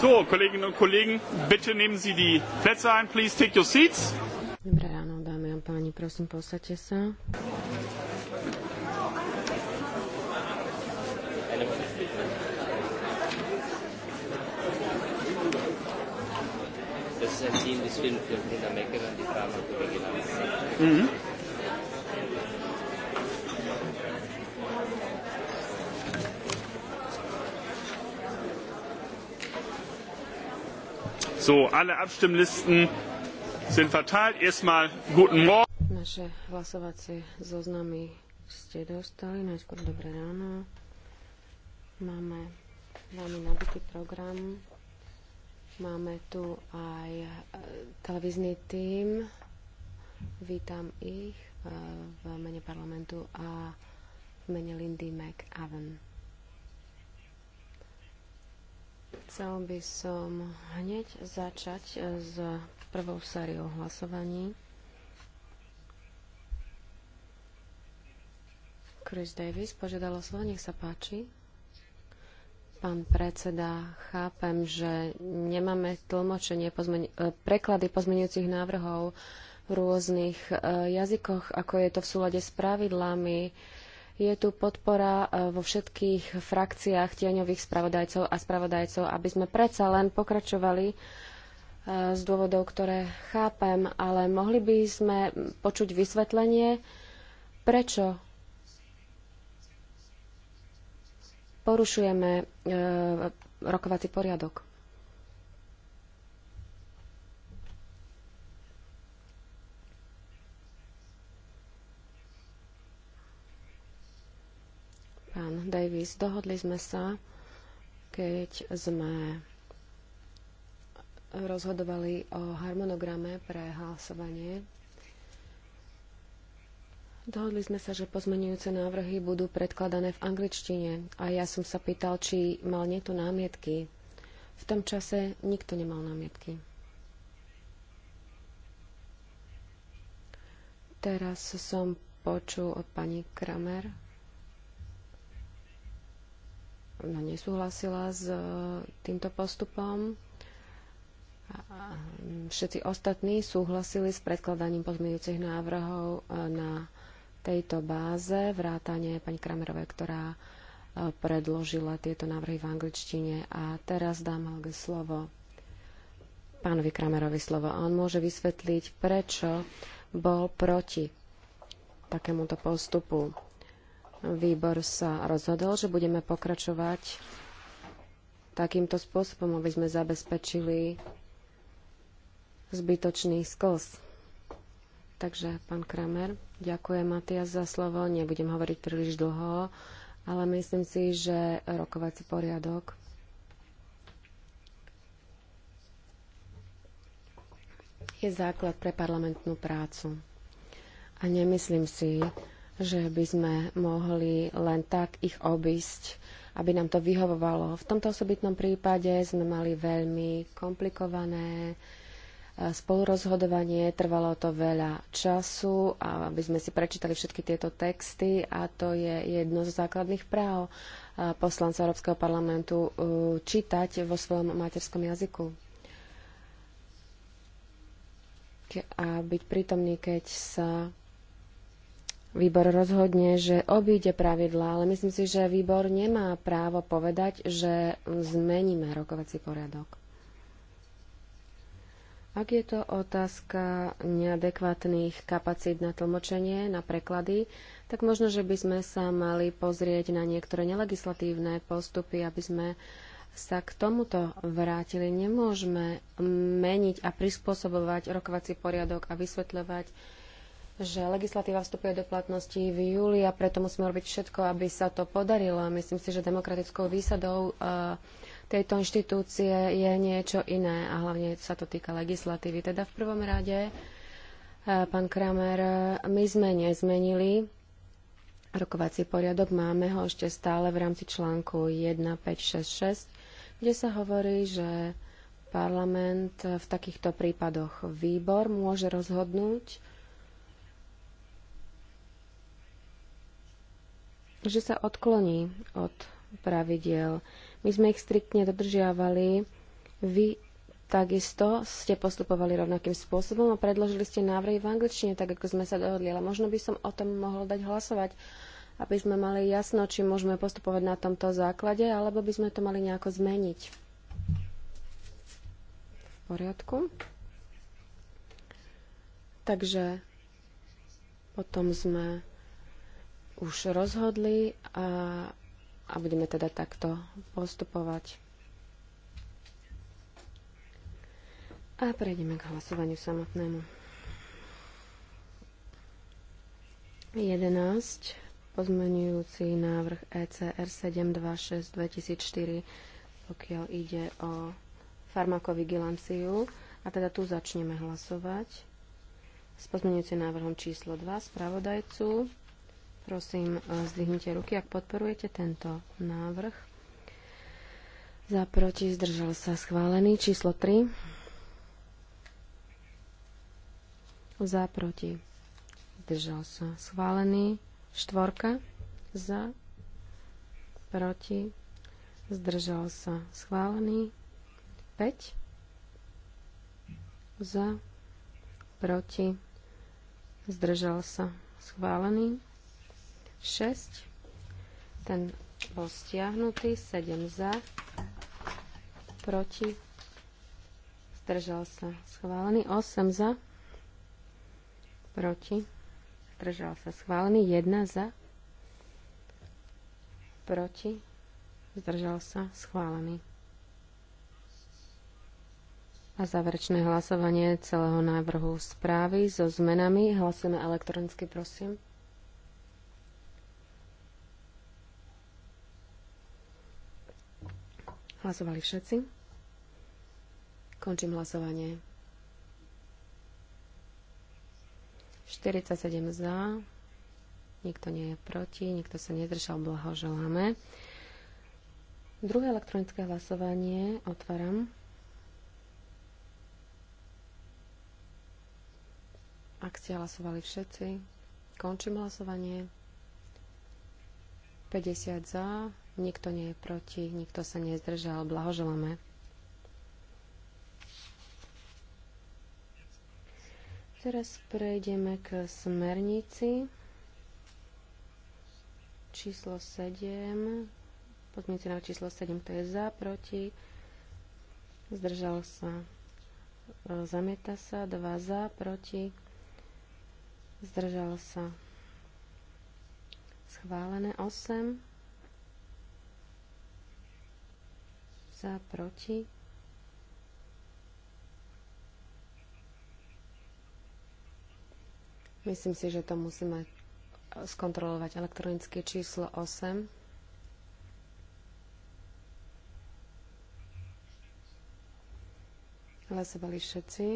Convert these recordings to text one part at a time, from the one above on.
So, Kolleginnen und Kollegen, bitte nehmen Sie die Plätze ein. Please take your seats. Dobré ráno, dámy a páni, prosím, posaďte sa. Das ist So, alle Abstimmlisten sind verteilt. Erstmal guten Morgen. Naše hlasovacie zoznamy ste dostali. Najskôr dobré ráno. Máme, nabitý program. Máme tu aj e, televízny tím. Vítam ich e, v mene parlamentu a v mene Lindy McAven. Chcel by som hneď začať e, s prvou sériou hlasovaní. Chris Davis o slovo, nech sa páči. Pán predseda, chápem, že nemáme tlmočenie pozmeni- e, preklady pozmenujúcich návrhov v rôznych e, jazykoch, ako je to v súlade s pravidlami je tu podpora e, vo všetkých frakciách tieňových spravodajcov a spravodajcov, aby sme predsa len pokračovali e, z dôvodov, ktoré chápem, ale mohli by sme počuť vysvetlenie, prečo porušujeme e, rokovací poriadok. Pán Davis, dohodli sme sa, keď sme rozhodovali o harmonograme pre hlasovanie. Dohodli sme sa, že pozmenujúce návrhy budú predkladané v angličtine a ja som sa pýtal, či mal niekto námietky. V tom čase nikto nemal námietky. Teraz som počul od pani Kramer no, nesúhlasila s e, týmto postupom. Všetci ostatní súhlasili s predkladaním pozmeňujúcich návrhov e, na tejto báze, vrátane pani Kramerovej, ktorá e, predložila tieto návrhy v angličtine. A teraz dám slovo pánovi Kramerovi slovo. A on môže vysvetliť, prečo bol proti takémuto postupu. Výbor sa rozhodol, že budeme pokračovať takýmto spôsobom, aby sme zabezpečili zbytočný skos. Takže, pán Kramer, ďakujem Matias za slovo. Nebudem hovoriť príliš dlho, ale myslím si, že rokovací poriadok je základ pre parlamentnú prácu. A nemyslím si, že by sme mohli len tak ich obísť, aby nám to vyhovovalo. V tomto osobitnom prípade sme mali veľmi komplikované e, spolurozhodovanie, trvalo to veľa času, aby sme si prečítali všetky tieto texty a to je jedno z základných práv e, poslanca Európskeho parlamentu e, čítať vo svojom materskom jazyku a byť prítomný, keď sa Výbor rozhodne, že obíde pravidlá, ale myslím si, že výbor nemá právo povedať, že zmeníme rokovací poriadok. Ak je to otázka neadekvátnych kapacít na tlmočenie, na preklady, tak možno, že by sme sa mali pozrieť na niektoré nelegislatívne postupy, aby sme sa k tomuto vrátili. Nemôžeme meniť a prispôsobovať rokovací poriadok a vysvetľovať, že legislatíva vstupuje do platnosti v júli a preto musíme robiť všetko, aby sa to podarilo. Myslím si, že demokratickou výsadou e, tejto inštitúcie je niečo iné a hlavne sa to týka legislatívy. Teda v prvom rade, e, pán Kramer, my sme nezmenili rokovací poriadok, máme ho ešte stále v rámci článku 1566, kde sa hovorí, že parlament v takýchto prípadoch výbor môže rozhodnúť, že sa odkloní od pravidiel. My sme ich striktne dodržiavali. Vy takisto ste postupovali rovnakým spôsobom a predložili ste návrhy v angličtine, tak ako sme sa dohodli. Ale možno by som o tom mohol dať hlasovať, aby sme mali jasno, či môžeme postupovať na tomto základe, alebo by sme to mali nejako zmeniť. V poriadku. Takže potom sme už rozhodli a, a budeme teda takto postupovať. A prejdeme k hlasovaniu samotnému. 11. Pozmenujúci návrh ECR 726 2004, pokiaľ ide o farmakovigilanciu. A teda tu začneme hlasovať s pozmenujúcim návrhom číslo 2 spravodajcu. Prosím, e, zdvihnite ruky, ak podporujete tento návrh. Za proti zdržal sa schválený. Číslo 3. Za proti zdržal sa schválený. Štvorka. Za proti zdržal sa schválený. 5. Za proti zdržal sa schválený. 6. Ten bol stiahnutý. 7 za. Proti. Zdržal sa. Schválený. 8 za. Proti. Zdržal sa. Schválený. 1 za. Proti. Zdržal sa. Schválený. A záverečné hlasovanie celého návrhu správy so zmenami. Hlasujeme elektronicky, prosím. Hlasovali všetci? Končím hlasovanie. 47 za, nikto nie je proti, nikto sa nezdržal, blahoželáme. Druhé elektronické hlasovanie otváram. Ak ste hlasovali všetci, končím hlasovanie. 50 za, Nikto nie je proti, nikto sa nezdržal. Blahoželáme. Teraz prejdeme k smernici číslo 7. Pozmite na číslo 7, to je za, proti. Zdržal sa. Zamieta sa. 2 za, proti. Zdržal sa. Schválené 8. za, proti. Myslím si, že to musíme skontrolovať elektronické číslo 8. Hlasovali všetci.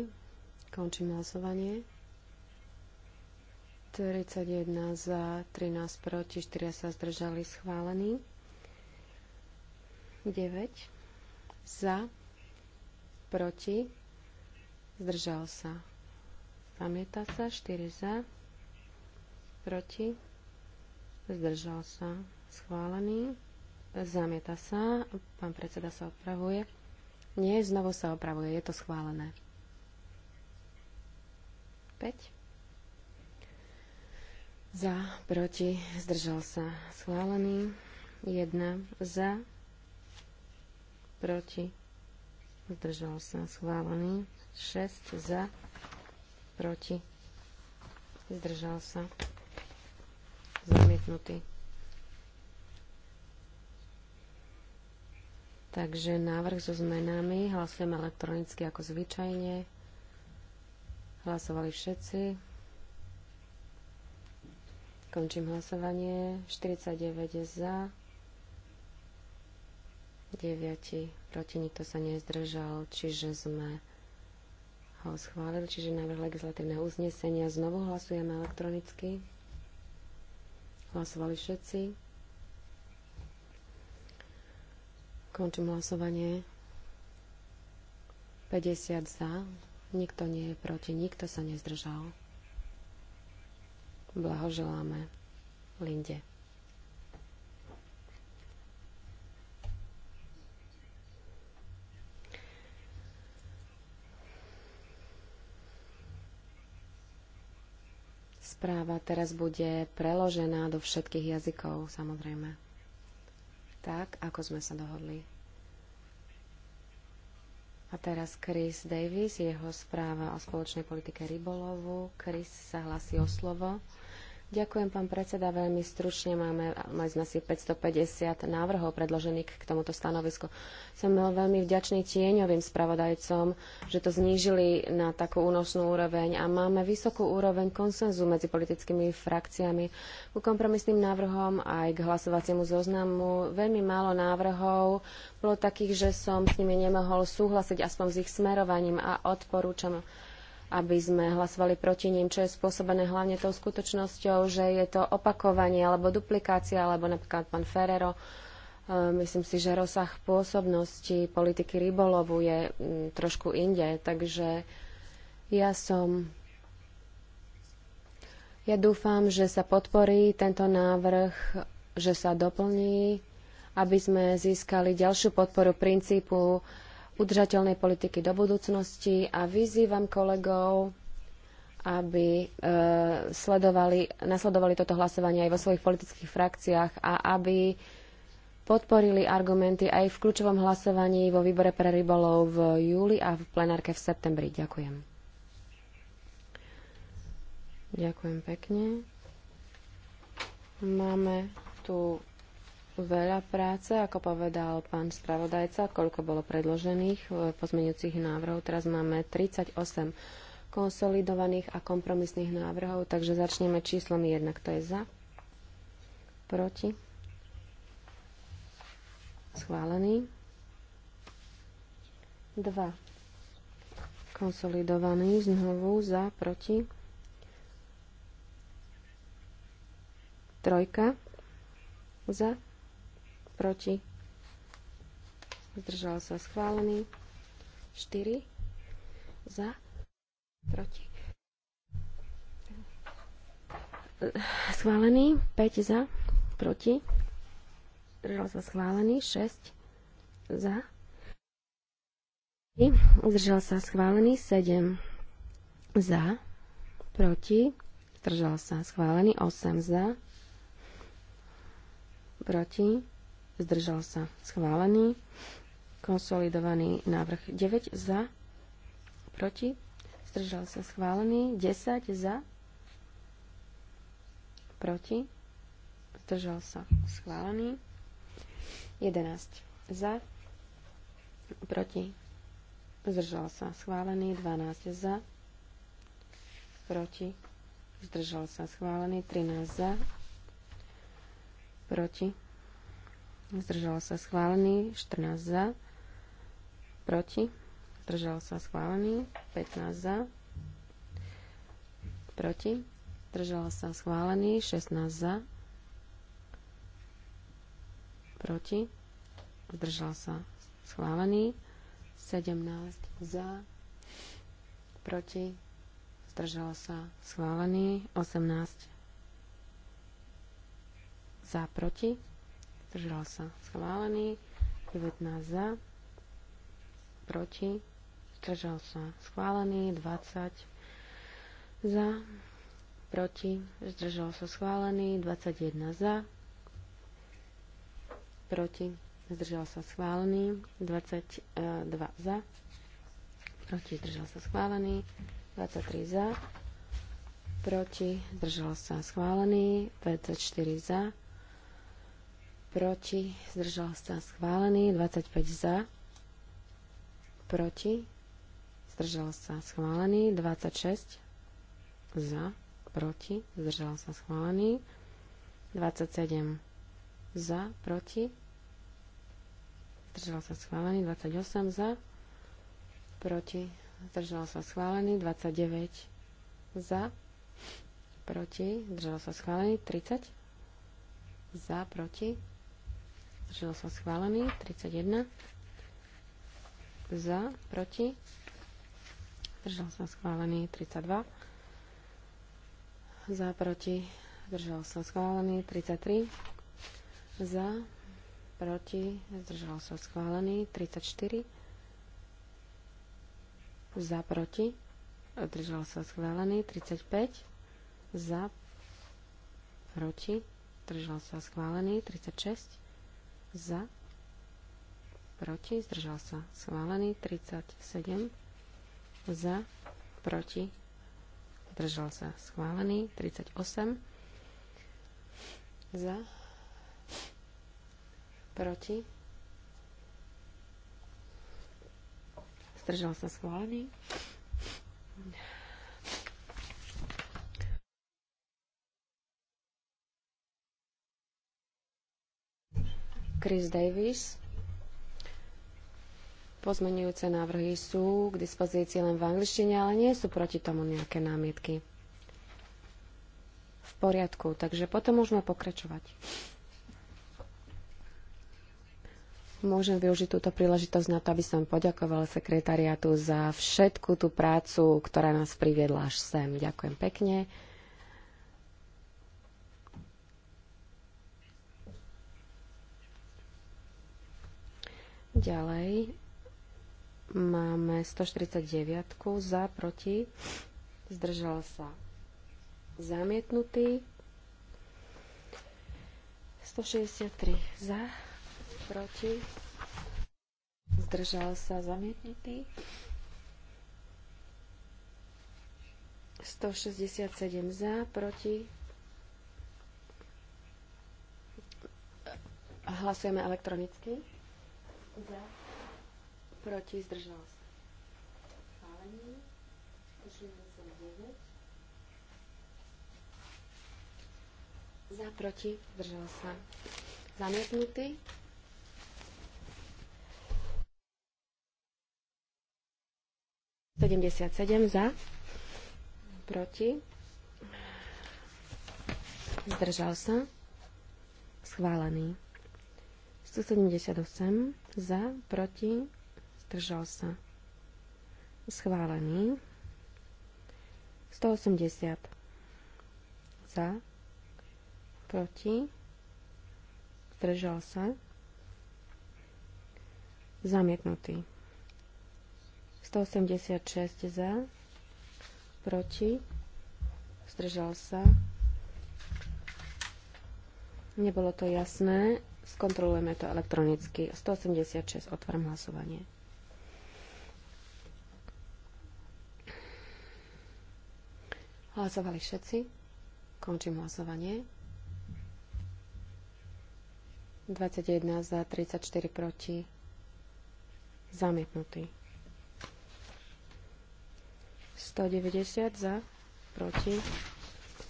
Končím hlasovanie. 41 za, 13 proti, 4 sa zdržali schválení. 9. Za, proti, zdržal sa. Pamätá sa, 4 za, proti, zdržal sa. Schválený. Zamieta sa, pán predseda sa opravuje. Nie, znovu sa opravuje, je to schválené. 5. Za, proti, zdržal sa. Schválený. 1. Za, proti, zdržal sa schválený, 6 za, proti, zdržal sa zamietnutý. Takže návrh so zmenami hlasujeme elektronicky ako zvyčajne. Hlasovali všetci. Končím hlasovanie. 49 je za, 9 proti, nikto sa nezdržal, čiže sme ho schválili, čiže návrh legislatívneho uznesenia. Znovu hlasujeme elektronicky. Hlasovali všetci. Končím hlasovanie. 50 za, nikto nie je proti, nikto sa nezdržal. Blahoželáme Linde. správa teraz bude preložená do všetkých jazykov, samozrejme. Tak, ako sme sa dohodli. A teraz Chris Davis, jeho správa o spoločnej politike rybolovu. Chris sa hlasí o slovo. Ďakujem, pán predseda. Veľmi stručne máme, mali sme si 550 návrhov predložených k tomuto stanovisku. Som veľmi vďačný tieňovým spravodajcom, že to znížili na takú únosnú úroveň a máme vysokú úroveň konsenzu medzi politickými frakciami ku kompromisným návrhom aj k hlasovaciemu zoznamu. Veľmi málo návrhov bolo takých, že som s nimi nemohol súhlasiť aspoň s ich smerovaním a odporúčam aby sme hlasovali proti ním, čo je spôsobené hlavne tou skutočnosťou, že je to opakovanie alebo duplikácia, alebo napríklad pán Ferrero. E, myslím si, že rozsah pôsobnosti politiky rybolovu je mm, trošku inde, takže ja som ja dúfam, že sa podporí tento návrh, že sa doplní, aby sme získali ďalšiu podporu princípu udržateľnej politiky do budúcnosti a vyzývam kolegov, aby e, sledovali, nasledovali toto hlasovanie aj vo svojich politických frakciách a aby podporili argumenty aj v kľúčovom hlasovaní vo výbore pre rybolov v júli a v plenárke v septembri. Ďakujem. Ďakujem pekne. Máme tu veľa práce, ako povedal pán spravodajca, koľko bolo predložených e, pozmeňujúcich návrhov. Teraz máme 38 konsolidovaných a kompromisných návrhov, takže začneme číslom 1. Kto je za? Proti? Schválený. 2. Konsolidovaný znovu za, proti. Trojka za, proti, zdržal sa schválený, 4 za, proti, schválený, 5 za, proti, zdržal sa schválený, 6 za, zdržal sa schválený, 7 za, proti, zdržal sa schválený, 8 za, proti, zdržal sa schválený. Konsolidovaný návrh 9 za, proti, zdržal sa schválený. 10 za, proti, zdržal sa schválený. 11 za, proti, zdržal sa schválený. 12 za, proti, zdržal sa schválený. 13 za, proti, zdržal sa schválený, 14 za, proti, zdržal sa schválený, 15 za, proti, zdržal sa schválený, 16 za, proti, zdržal sa schválený, 17 za, proti, zdržal sa schválený, 18 za, proti, zdržal sa schválený, 19 za, proti, zdržal sa schválený, 20 za, proti, zdržal sa schválený, 21 za, proti, zdržal sa schválený, 22 za, proti, zdržal sa schválený, 23 za, proti, zdržal sa schválený, 24 za, proti, zdržal sa schválený, 25 za, proti, zdržal sa schválený, 26 za, proti, zdržal sa schválený, 27 za, proti, zdržal sa schválený, 28 za, proti, zdržal sa schválený, 29 za, proti, zdržal sa schválený, 30 za, proti, Zdržal sa schválený. 31. Za. Proti. Zdržal sa schválený. 32. Za. Proti. Zdržal sa schválený. 33. Za. Proti. Zdržal sa schválený. 34. Za. Proti. Zdržal sa schválený. 35. Za. Proti. Zdržal sa schválený. 36 za, proti, zdržal sa schválený, 37 za, proti, zdržal sa schválený, 38 za, proti, zdržal sa schválený. Chris Davis. Pozmenujúce návrhy sú k dispozícii len v angličtine, ale nie sú proti tomu nejaké námietky. V poriadku, takže potom môžeme pokračovať. Môžem využiť túto príležitosť na to, aby som poďakovala sekretariatu za všetku tú prácu, ktorá nás priviedla až sem. Ďakujem pekne. Ďalej máme 149 za, proti, zdržal sa zamietnutý. 163 za, proti, zdržal sa zamietnutý. 167 za, proti. Hlasujeme elektronicky. Za. Proti. Zdržal sa. Schválený. 169. Za. Proti. Zdržal sa. Zamietnutý. Sedemdesiat sedem za. Proti. Zdržal sa. Schválený. 178 za, proti, zdržal sa. Schválený. 180 za, proti, zdržal sa. Zamietnutý. 186 za, proti, zdržal sa. Nebolo to jasné. Skontrolujeme to elektronicky. 186. Otváram hlasovanie. Hlasovali všetci. Končím hlasovanie. 21 za, 34 proti. Zamietnutý. 190 za, proti.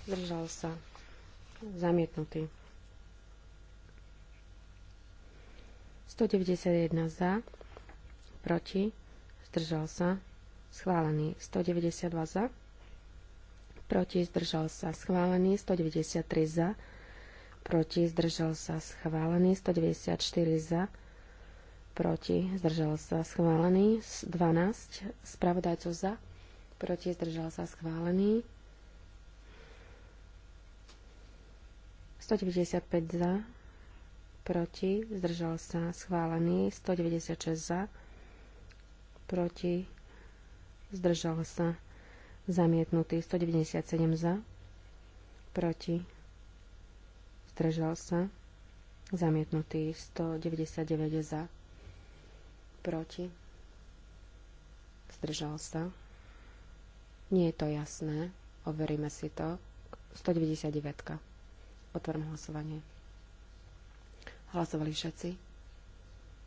Zdržal sa. Zamietnutý. 191 za, proti, zdržal sa, schválený. 192 za, proti, zdržal sa, schválený. 193 za, proti, zdržal sa, schválený. 194 za, proti, zdržal sa, schválený. 12, spravodajcov za, proti, zdržal sa, schválený. 195 za, proti, zdržal sa, schválený, 196 za, proti, zdržal sa, zamietnutý, 197 za, proti, zdržal sa, zamietnutý, 199 za, proti, zdržal sa. Nie je to jasné, overíme si to. 199. Otvorím hlasovanie. Hlasovali všetci.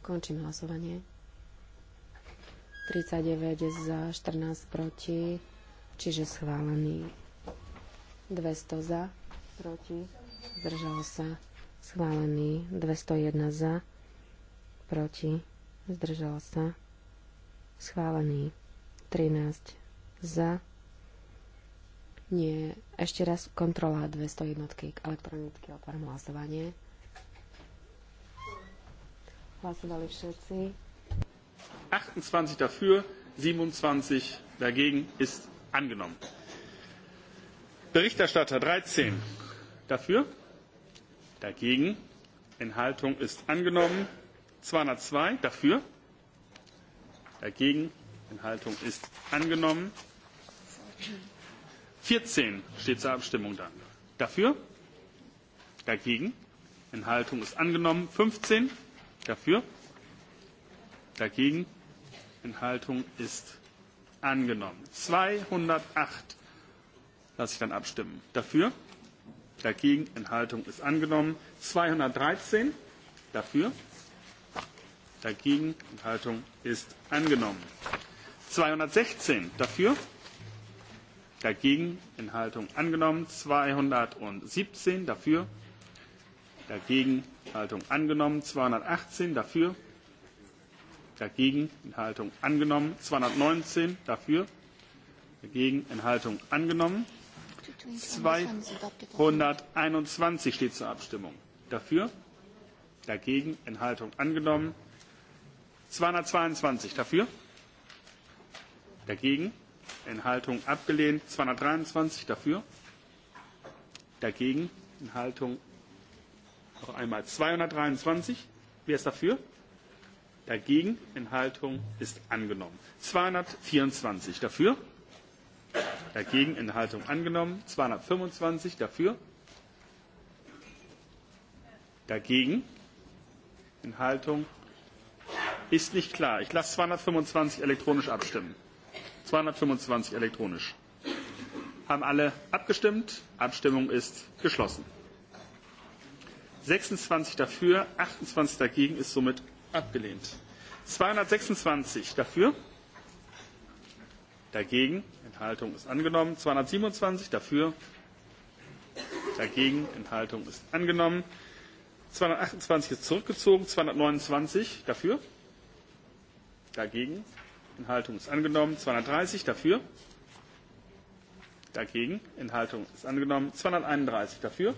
Končím hlasovanie. 39 za, 14 proti, čiže schválený. 200 za, proti, zdržal sa. Schválený. 201 za, proti, zdržal sa. Schválený. 13 za. Nie, ešte raz kontrola 201 elektronicky otváram hlasovanie. Hlasovali 28 dafür, 27 dagegen ist angenommen. Berichterstatter 13 dafür, dagegen, Enthaltung ist angenommen. 202 dafür, dagegen, Enthaltung ist angenommen. 14 steht zur Abstimmung dann. Dafür, dagegen, Enthaltung ist angenommen. 15 Dafür? Dagegen? Enthaltung ist angenommen. 208 lasse ich dann abstimmen. Dafür? Dagegen? Enthaltung ist angenommen. 213 dafür? Dagegen? Enthaltung ist angenommen. 216 dafür? Dagegen? Enthaltung angenommen. 217 dafür? Dagegen Enthaltung angenommen. 218 dafür. Dagegen Enthaltung angenommen. 219 dafür. Dagegen Enthaltung angenommen. 221 steht zur Abstimmung. Dafür. Dagegen Enthaltung angenommen. 222 dafür. Dagegen Enthaltung abgelehnt. 223 dafür. Dagegen Enthaltung noch einmal 223. Wer ist dafür? Dagegen. Enthaltung ist angenommen. 224 dafür. Dagegen. Enthaltung angenommen. 225 dafür. Dagegen. Enthaltung ist nicht klar. Ich lasse 225 elektronisch abstimmen. 225 elektronisch. Haben alle abgestimmt? Abstimmung ist geschlossen sechsundzwanzig dafür, achtundzwanzig dagegen ist somit abgelehnt. 226 dafür, dagegen, Enthaltung ist angenommen. 227 dafür, dagegen, Enthaltung ist angenommen. 228 ist zurückgezogen, 229 dafür, dagegen, Enthaltung ist angenommen. 230 dafür, dagegen, Enthaltung ist angenommen. 231 dafür,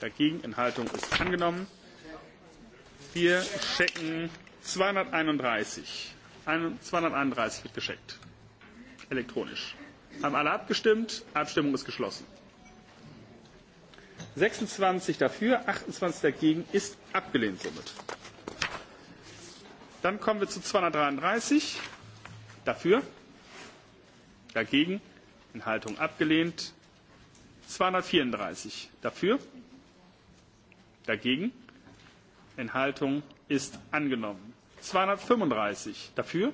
Dagegen Enthaltung ist angenommen. Wir checken 231. 231 wird gescheckt. Elektronisch. Haben alle abgestimmt? Abstimmung ist geschlossen. 26 dafür, 28 dagegen ist abgelehnt somit. Dann kommen wir zu 233. Dafür. Dagegen. Enthaltung abgelehnt. 234. Dafür dagegen enthaltung ist angenommen zweihundertfünfunddreißig dafür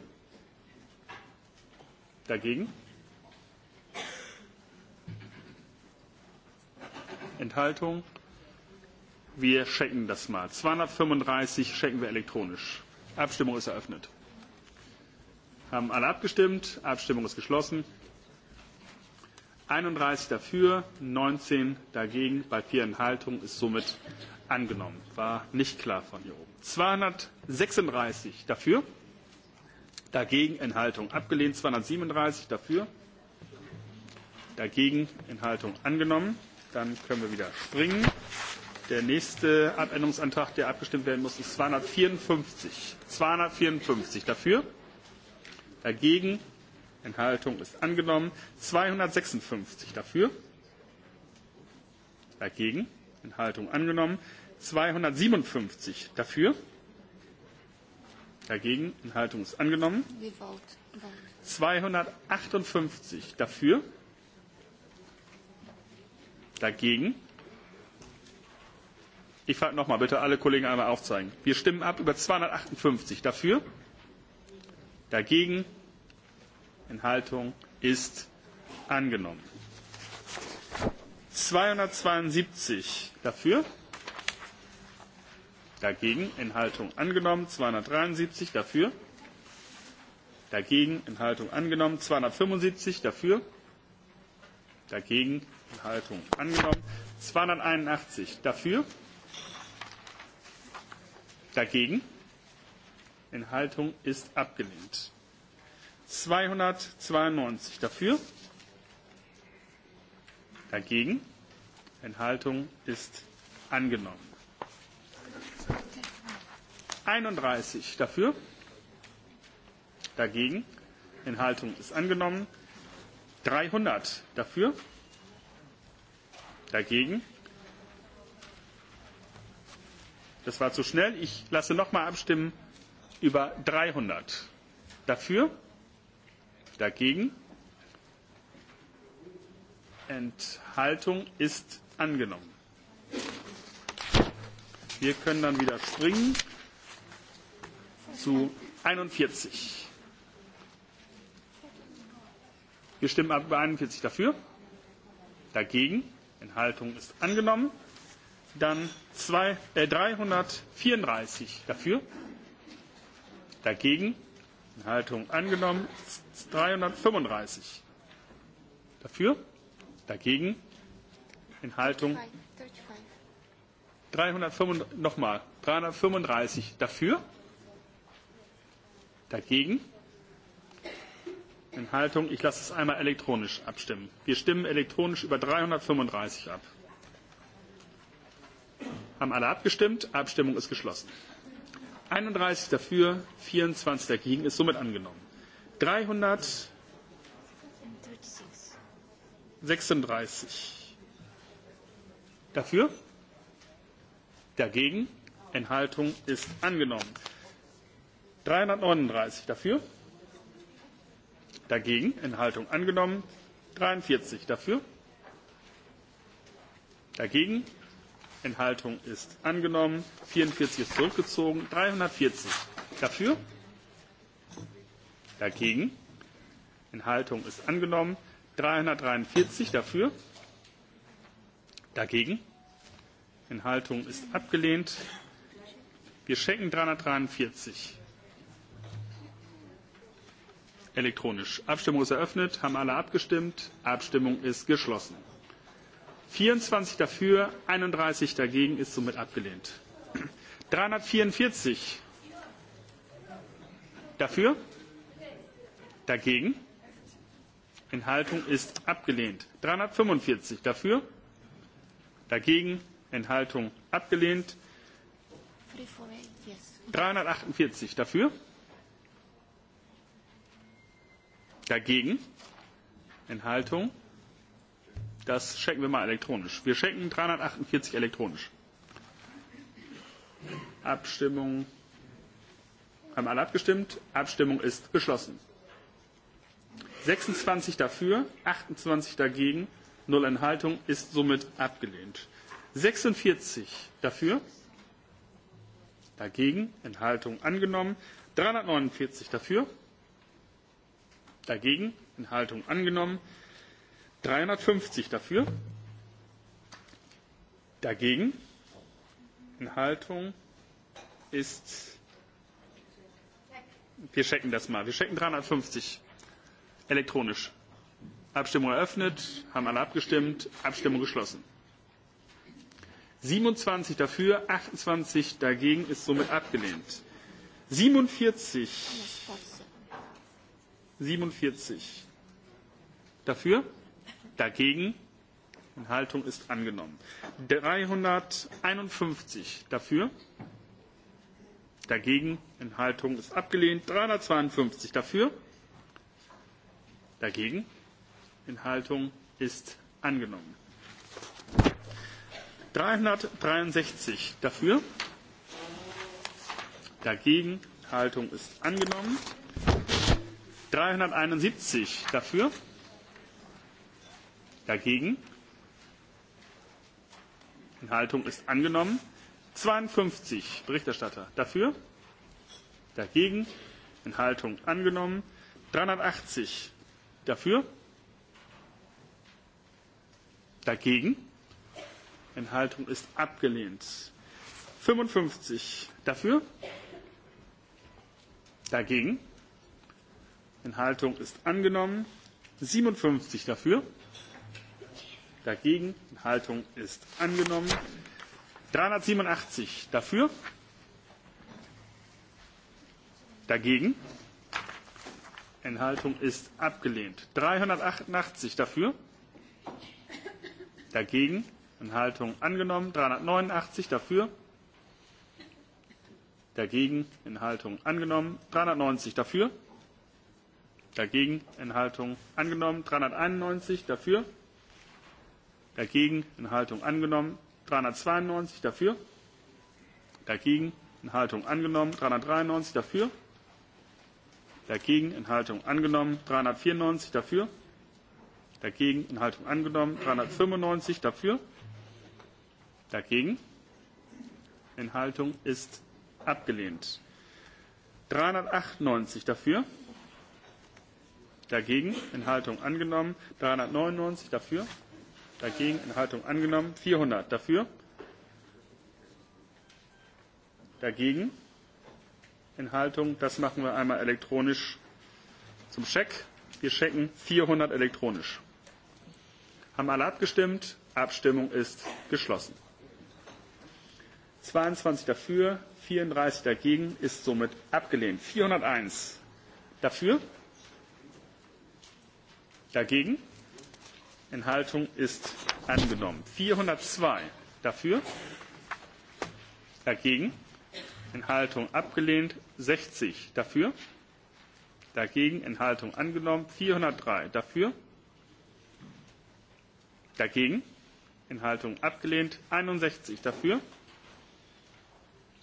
dagegen enthaltung wir checken das mal zweihundertfünfunddreißig checken wir elektronisch abstimmung ist eröffnet haben alle abgestimmt abstimmung ist geschlossen einunddreißig dafür neunzehn dagegen bei vier enthaltungen ist somit angenommen. War nicht klar von hier oben. 236 dafür. Dagegen Enthaltung abgelehnt. 237 dafür. Dagegen Enthaltung angenommen. Dann können wir wieder springen. Der nächste Abänderungsantrag, der abgestimmt werden muss, ist 254. 254 dafür. Dagegen Enthaltung ist angenommen. 256 dafür. Dagegen. Enthaltung angenommen zweihundertsiebenundfünfzig dafür dagegen enthaltung ist angenommen zweihundertachtundfünfzig dafür dagegen ich frage nochmal bitte alle kollegen einmal aufzeigen wir stimmen ab über zweihundertachtundfünfzig dafür dagegen enthaltung ist angenommen zweihundertzweiundsiebzig dafür Dagegen Enthaltung angenommen. 273 dafür. Dagegen Enthaltung angenommen. 275 dafür. Dagegen Enthaltung angenommen. 281 dafür. Dagegen Enthaltung ist abgelehnt. 292 dafür. Dagegen Enthaltung ist angenommen einunddreißig dafür dagegen enthaltung ist angenommen dreihundert dafür dagegen das war zu schnell ich lasse noch abstimmen über dreihundert dafür dagegen enthaltung ist angenommen wir können dann wieder springen zu einundvierzig. Wir stimmen ab über 41 dafür. Dagegen. Enthaltung ist angenommen. Dann zwei, äh, 334 dafür. Dagegen. Enthaltung angenommen. 335 dafür. Dagegen. Enthaltung. 335 nochmal. 335 dafür. Dagegen? Enthaltung? Ich lasse es einmal elektronisch abstimmen. Wir stimmen elektronisch über 335 ab. Haben alle abgestimmt? Abstimmung ist geschlossen. 31 dafür, 24 dagegen ist somit angenommen. 336 dafür, dagegen, Enthaltung ist angenommen dreihundertneununddreißig dafür dagegen enthaltung angenommen dreiundvierzig dafür dagegen enthaltung ist angenommen vierundvierzig ist zurückgezogen dreihundertvierzig dafür dagegen enthaltung ist angenommen dreihundertdreiundvierzig dafür dagegen enthaltung ist abgelehnt wir schenken dreihundertdreiundvierzig elektronisch. Abstimmung ist eröffnet. Haben alle abgestimmt? Abstimmung ist geschlossen. 24 dafür, 31 dagegen ist somit abgelehnt. 344 dafür, dagegen, Enthaltung ist abgelehnt. 345 dafür, dagegen, Enthaltung abgelehnt. 348 dafür Dagegen? Enthaltung? Das checken wir mal elektronisch. Wir checken 348 elektronisch. Abstimmung. Haben alle abgestimmt? Abstimmung ist geschlossen. 26 dafür, 28 dagegen, 0 Enthaltung ist somit abgelehnt. 46 dafür, dagegen, Enthaltung angenommen, 349 dafür, dagegen, Enthaltung angenommen. 350 dafür, dagegen, Enthaltung ist. Wir checken das mal. Wir checken 350 elektronisch. Abstimmung eröffnet, haben alle abgestimmt, Abstimmung geschlossen. 27 dafür, 28 dagegen ist somit abgelehnt. 47 47. Dafür? Dagegen? Enthaltung ist angenommen. 351 dafür. Dagegen? Enthaltung ist abgelehnt. 352 dafür. Dagegen? Enthaltung ist angenommen. 363 dafür. Dagegen? Enthaltung ist angenommen. 371 dafür, dagegen. Enthaltung ist angenommen. 52 Berichterstatter dafür, dagegen. Enthaltung angenommen. 380 dafür, dagegen. Enthaltung ist abgelehnt. 55 dafür, dagegen. Enthaltung ist angenommen. 57 dafür. Dagegen. Enthaltung ist angenommen. 387 dafür. Dagegen. Enthaltung ist abgelehnt. 388 dafür. Dagegen. Enthaltung angenommen. 389 dafür. Dagegen. Enthaltung angenommen. 390 dafür. Dagegen Enthaltung angenommen. 391 dafür. Dagegen Enthaltung angenommen. 392 dafür. Dagegen Enthaltung angenommen. 393 dafür. Dagegen Enthaltung angenommen. 394 dafür. Dagegen Enthaltung angenommen. 395 dafür. Dagegen Enthaltung ist abgelehnt. 398 dafür dagegen, Enthaltung angenommen. 399 dafür, dagegen, Enthaltung angenommen. 400 dafür, dagegen, Enthaltung. Das machen wir einmal elektronisch zum Check. Wir checken 400 elektronisch. Haben alle abgestimmt? Abstimmung ist geschlossen. 22 dafür, 34 dagegen ist somit abgelehnt. 401 dafür, Dagegen? Enthaltung ist angenommen. 402 dafür. Dagegen? Enthaltung abgelehnt. 60 dafür. Dagegen? Enthaltung angenommen. 403 dafür. Dagegen? Enthaltung abgelehnt. 61 dafür.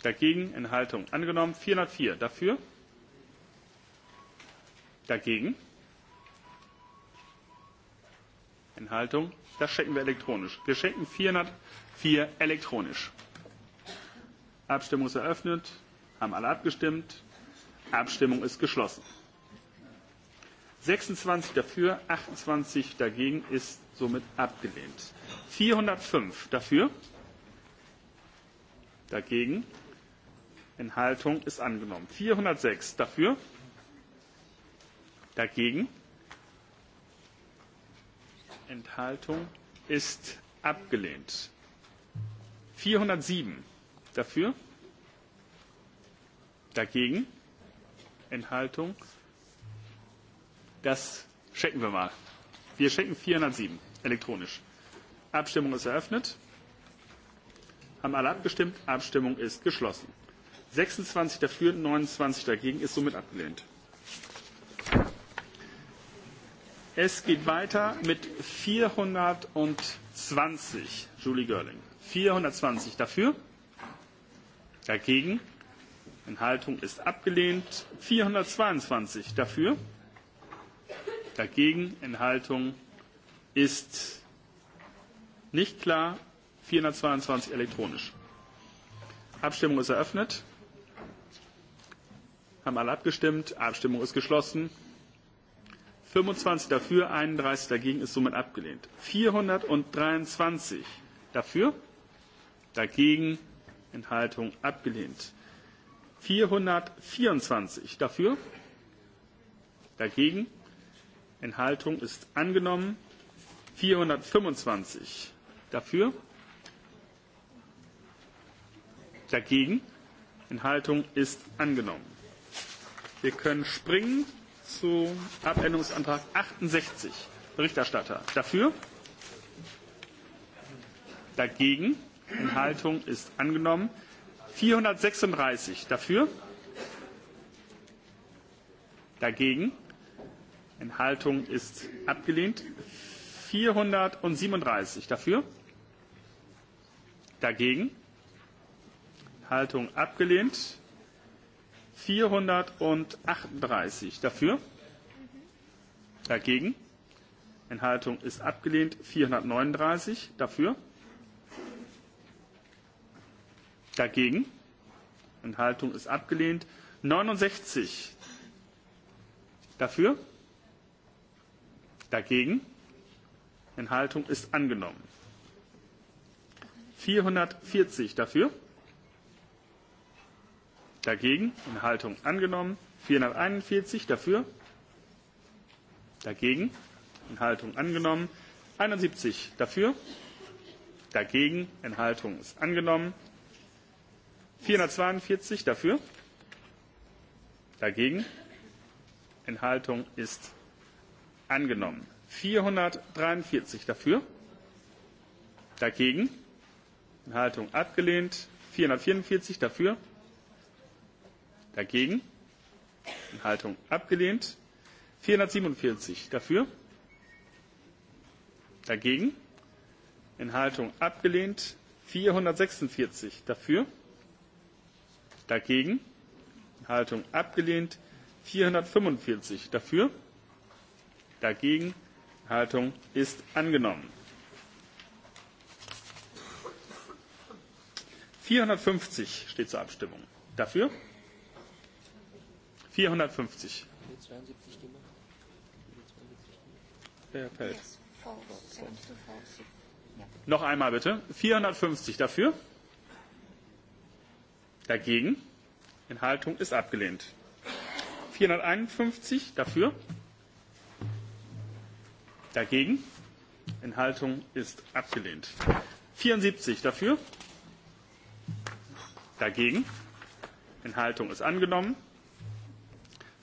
Dagegen? Enthaltung angenommen. 404 dafür. Dagegen? Enthaltung. Das checken wir elektronisch. Wir checken 404 elektronisch. Abstimmung ist eröffnet. Haben alle abgestimmt. Abstimmung ist geschlossen. 26 dafür, 28 dagegen ist somit abgelehnt. 405 dafür, dagegen, Enthaltung ist angenommen. 406 dafür, dagegen, Enthaltung ist abgelehnt. 407 dafür, dagegen, Enthaltung. Das checken wir mal. Wir checken 407 elektronisch. Abstimmung ist eröffnet. Haben alle abgestimmt? Abstimmung ist geschlossen. 26 dafür, 29 dagegen ist somit abgelehnt. Es geht weiter mit 420. Julie Görling. 420 dafür. Dagegen. Enthaltung ist abgelehnt. 422 dafür. Dagegen. Enthaltung ist nicht klar. 422 elektronisch. Abstimmung ist eröffnet. Haben alle abgestimmt. Abstimmung ist geschlossen fünfundzwanzig dafür, einunddreißig dagegen ist somit abgelehnt. 423 dafür, dagegen Enthaltung abgelehnt. 424 dafür, dagegen Enthaltung ist angenommen. 425 dafür, dagegen Enthaltung ist angenommen. Wir können springen zu Abänderungsantrag 68. Berichterstatter. Dafür? Dagegen? Enthaltung ist angenommen. 436. Dafür? Dagegen? Enthaltung ist abgelehnt. 437. Dafür? Dagegen? Enthaltung abgelehnt vierhundertachtunddreißig dafür. Dagegen. Enthaltung ist abgelehnt. 439 dafür. Dagegen. Enthaltung ist abgelehnt. 69 dafür. Dagegen. Enthaltung ist angenommen. 440 dafür. Dagegen Enthaltung angenommen. 441 dafür. Dagegen Enthaltung angenommen. 71 dafür. Dagegen Enthaltung ist angenommen. 442 dafür. Dagegen Enthaltung ist angenommen. 443 dafür. Dagegen Enthaltung abgelehnt. 444 dafür dagegen enthaltung abgelehnt vierhundertsiebenundvierzig dafür dagegen enthaltung abgelehnt vierhundertsechsundvierzig dafür dagegen enthaltung abgelehnt vierhundertfünfundvierzig dafür dagegen enthaltung ist angenommen vierhundertfünfzig steht zur abstimmung dafür vierhundertfünfzig noch einmal bitte vierhundertfünfzig dafür dagegen enthaltung ist abgelehnt vierhunderteinundfünfzig dafür dagegen enthaltung ist abgelehnt vierundsiebzig dafür dagegen enthaltung ist angenommen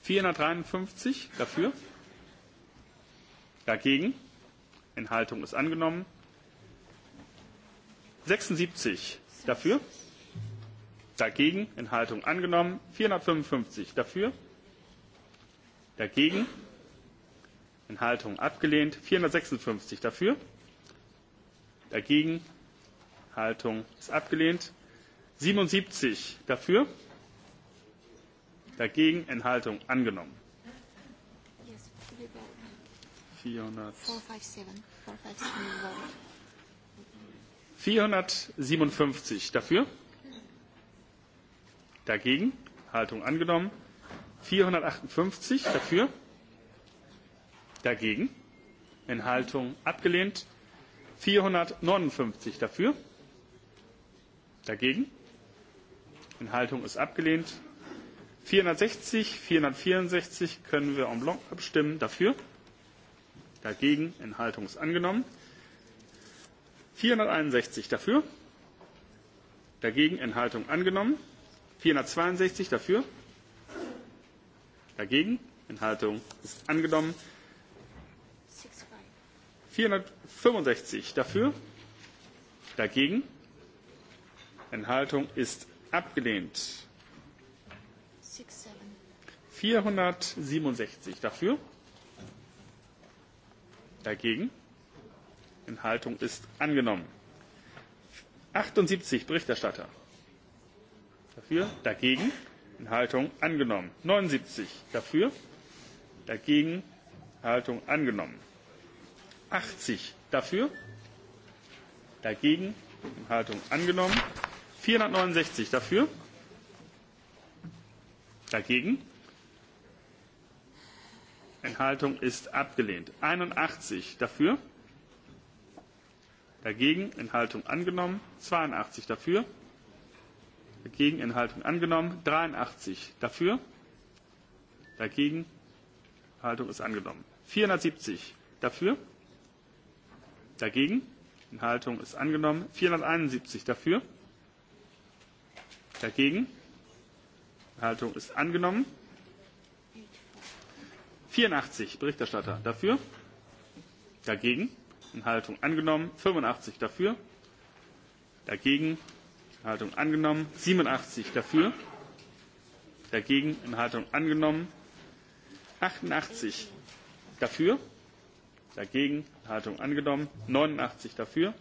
vierhundertdreiundfünfzig dafür. Dagegen. Enthaltung ist angenommen. 76 dafür. Dagegen. Enthaltung angenommen. 455 dafür. Dagegen. Enthaltung abgelehnt. 456 dafür. Dagegen. Haltung ist abgelehnt. 77 dafür. Dagegen Enthaltung angenommen. 457 dafür. Dagegen Haltung angenommen. 458 dafür. Dagegen Enthaltung abgelehnt. 459 dafür. Dagegen Enthaltung ist abgelehnt vierhundertsechzig vierhundertvierundsechzig können wir en bloc abstimmen dafür dagegen enthaltung ist angenommen vierhunderteinundsechzig dafür dagegen enthaltung angenommen vierhundertzweiundsechzig dafür dagegen enthaltung ist angenommen vierhundertfünfundsechzig dafür dagegen enthaltung ist abgelehnt vierhundertsiebenundsechzig dafür. Dagegen. Enthaltung ist angenommen. 78 Berichterstatter. Dafür. Dagegen. Enthaltung angenommen. 79 dafür. Dagegen. Enthaltung angenommen. 80 dafür. Dagegen. Enthaltung angenommen. 469 dafür. Dagegen. Enthaltung ist abgelehnt. 81 dafür. Dagegen Enthaltung angenommen. 82 dafür. Dagegen Enthaltung angenommen. 83 dafür. Dagegen Enthaltung ist angenommen. 470 dafür. Dagegen Enthaltung ist angenommen. 471 dafür. Dagegen Enthaltung ist angenommen vierundachtzig Berichterstatter dafür, dagegen, Enthaltung angenommen, 85 dafür, dagegen, Enthaltung angenommen, 87 dafür, dagegen, Enthaltung angenommen, 88 dafür, dagegen, Enthaltung angenommen, 89 dafür,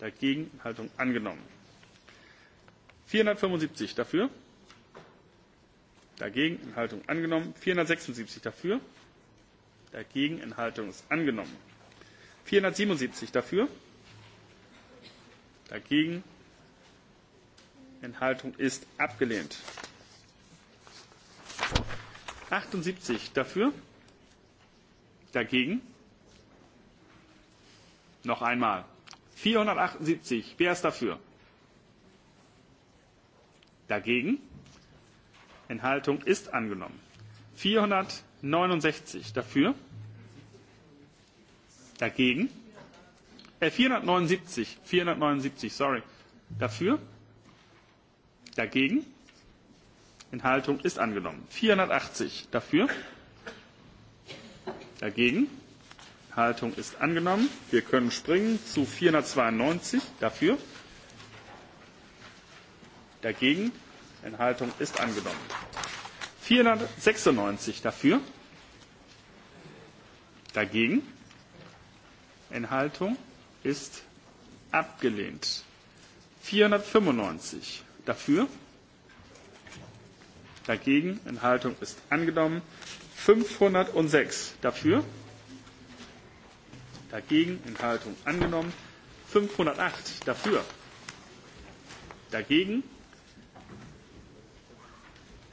dagegen, Enthaltung angenommen, 475 dafür, Dagegen Enthaltung angenommen. 476 dafür. Dagegen Enthaltung ist angenommen. 477 dafür. Dagegen Enthaltung ist abgelehnt. 78 dafür. Dagegen. Noch einmal. 478. Wer ist dafür? Dagegen. Enthaltung ist angenommen. 469 dafür. Dagegen. Äh, 479, 479, sorry. Dafür. Dagegen. Enthaltung ist angenommen. 480 dafür. Dagegen. Haltung ist angenommen. Wir können springen zu 492 dafür. Dagegen. Enthaltung ist angenommen. 496 dafür. Dagegen. Enthaltung ist abgelehnt. 495 dafür. Dagegen. Enthaltung ist angenommen. 506 dafür. Dagegen. Enthaltung angenommen. 508 dafür. Dagegen.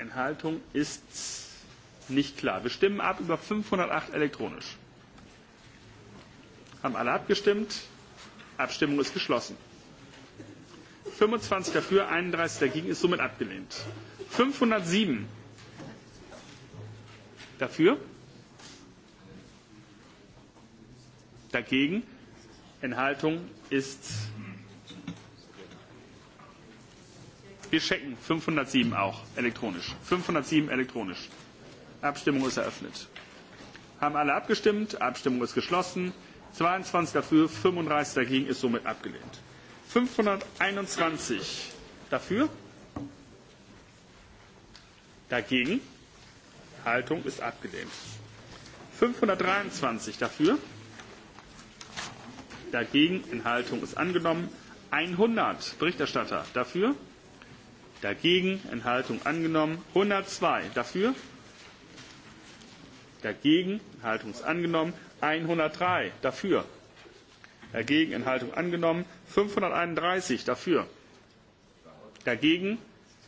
Enthaltung ist nicht klar. Wir stimmen ab über 508 elektronisch. Haben alle abgestimmt? Abstimmung ist geschlossen. 25 dafür, 31 dagegen ist somit abgelehnt. 507 dafür, dagegen, Enthaltung ist Wir checken 507 auch elektronisch. 507 elektronisch. Abstimmung ist eröffnet. Haben alle abgestimmt? Abstimmung ist geschlossen. 22 dafür, 35 dagegen ist somit abgelehnt. 521 dafür. Dagegen. Haltung ist abgelehnt. 523 dafür. Dagegen. Enthaltung ist angenommen. 100 Berichterstatter dafür. Dagegen Enthaltung angenommen. 102 dafür. Dagegen Enthaltung ist angenommen. 103 dafür. Dagegen Enthaltung angenommen. 531 dafür. Dagegen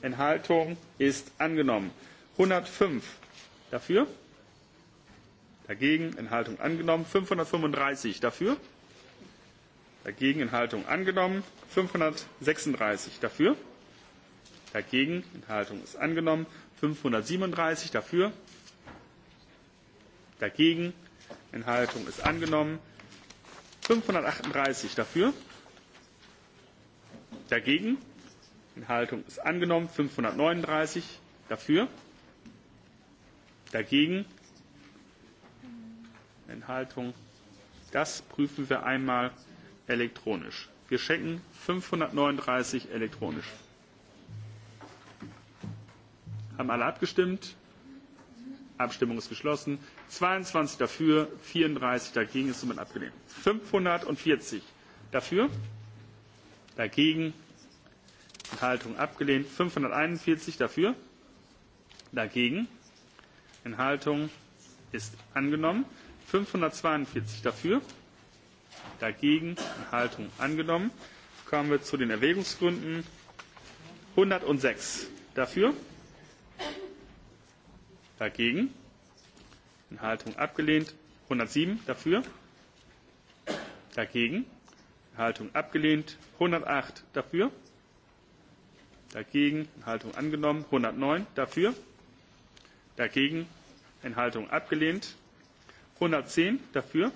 Enthaltung ist angenommen. 105 dafür. Dagegen Enthaltung angenommen. 535 dafür. Dagegen Enthaltung angenommen. 536 dafür. Dagegen. Enthaltung ist angenommen. 537 dafür. Dagegen. Enthaltung ist angenommen. 538 dafür. Dagegen. Enthaltung ist angenommen. 539 dafür. Dagegen. Enthaltung. Das prüfen wir einmal elektronisch. Wir checken 539 elektronisch. Haben alle abgestimmt? Abstimmung ist geschlossen. 22 dafür, 34 dagegen ist somit abgelehnt. 540 dafür, dagegen, Enthaltung abgelehnt. 541 dafür, dagegen, Enthaltung ist angenommen. 542 dafür, dagegen, Enthaltung angenommen. Kommen wir zu den Erwägungsgründen. 106 dafür, dagegen Enthaltung abgelehnt 107 dafür dagegen Enthaltung abgelehnt 108 dafür dagegen Enthaltung angenommen 109 dafür dagegen Enthaltung abgelehnt 110 dafür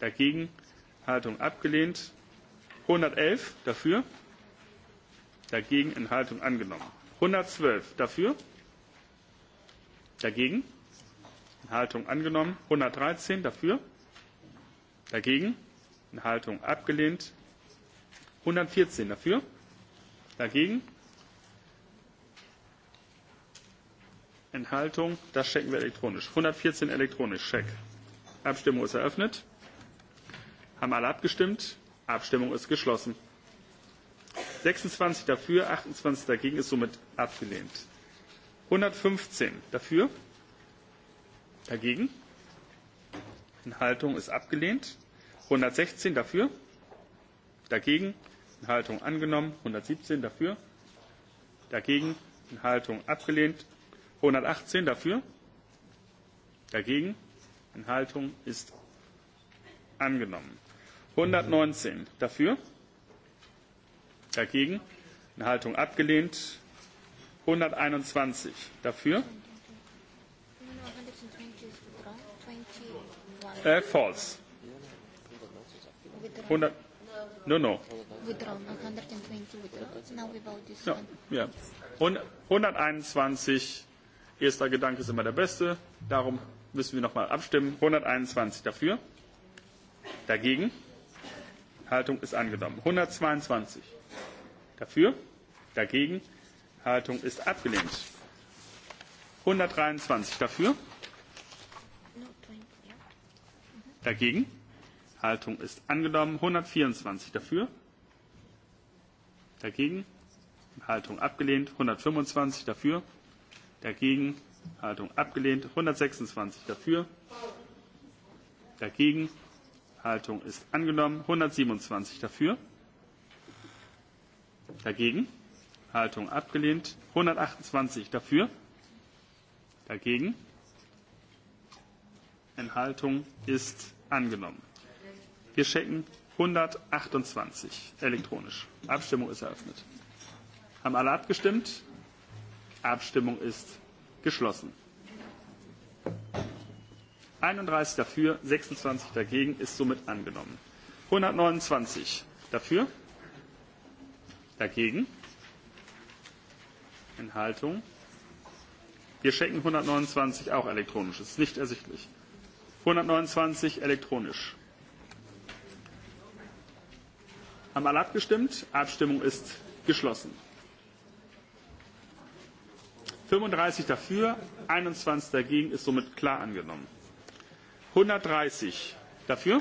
dagegen Enthaltung abgelehnt 111 dafür dagegen Enthaltung angenommen 112 dafür Dagegen? Enthaltung angenommen. 113 dafür. Dagegen? Enthaltung abgelehnt. 114 dafür. Dagegen? Enthaltung. Das checken wir elektronisch. 114 elektronisch. Check. Abstimmung ist eröffnet. Haben alle abgestimmt? Abstimmung ist geschlossen. 26 dafür, 28 dagegen ist somit abgelehnt einhundertfünfzehn dafür dagegen enthaltung ist abgelehnt einhundertsechzehn dafür dagegen enthaltung angenommen einhundertsiebzehn dafür dagegen enthaltung abgelehnt einhundertachtzehn dafür dagegen enthaltung ist angenommen einhundertneunzehn dafür dagegen enthaltung abgelehnt 121 dafür. Äh, false. 100, no, no. Withdrawn, 120 no, Yeah. 121, erster Gedanke ist immer der beste. Darum müssen wir nochmal abstimmen. 121 dafür. Dagegen. Haltung ist angenommen. 122 dafür. Dagegen. Enthaltung ist abgelehnt. 123 dafür. Dagegen. Haltung ist angenommen. 124 dafür. Dagegen. Haltung abgelehnt. 125 dafür. Dagegen. Haltung abgelehnt. 126 dafür. Dagegen. Haltung ist angenommen. 127 dafür. Dagegen. Haltung abgelehnt. 128 dafür. Dagegen. Enthaltung ist angenommen. Wir checken 128 elektronisch. Abstimmung ist eröffnet. Haben alle abgestimmt? Abstimmung ist geschlossen. 31 dafür, 26 dagegen ist somit angenommen. 129 dafür, dagegen Enthaltung. Wir schicken 129 auch elektronisch. Ist nicht ersichtlich. 129 elektronisch. Haben alle abgestimmt? Abstimmung ist geschlossen. 35 dafür, 21 dagegen ist somit klar angenommen. 130 dafür,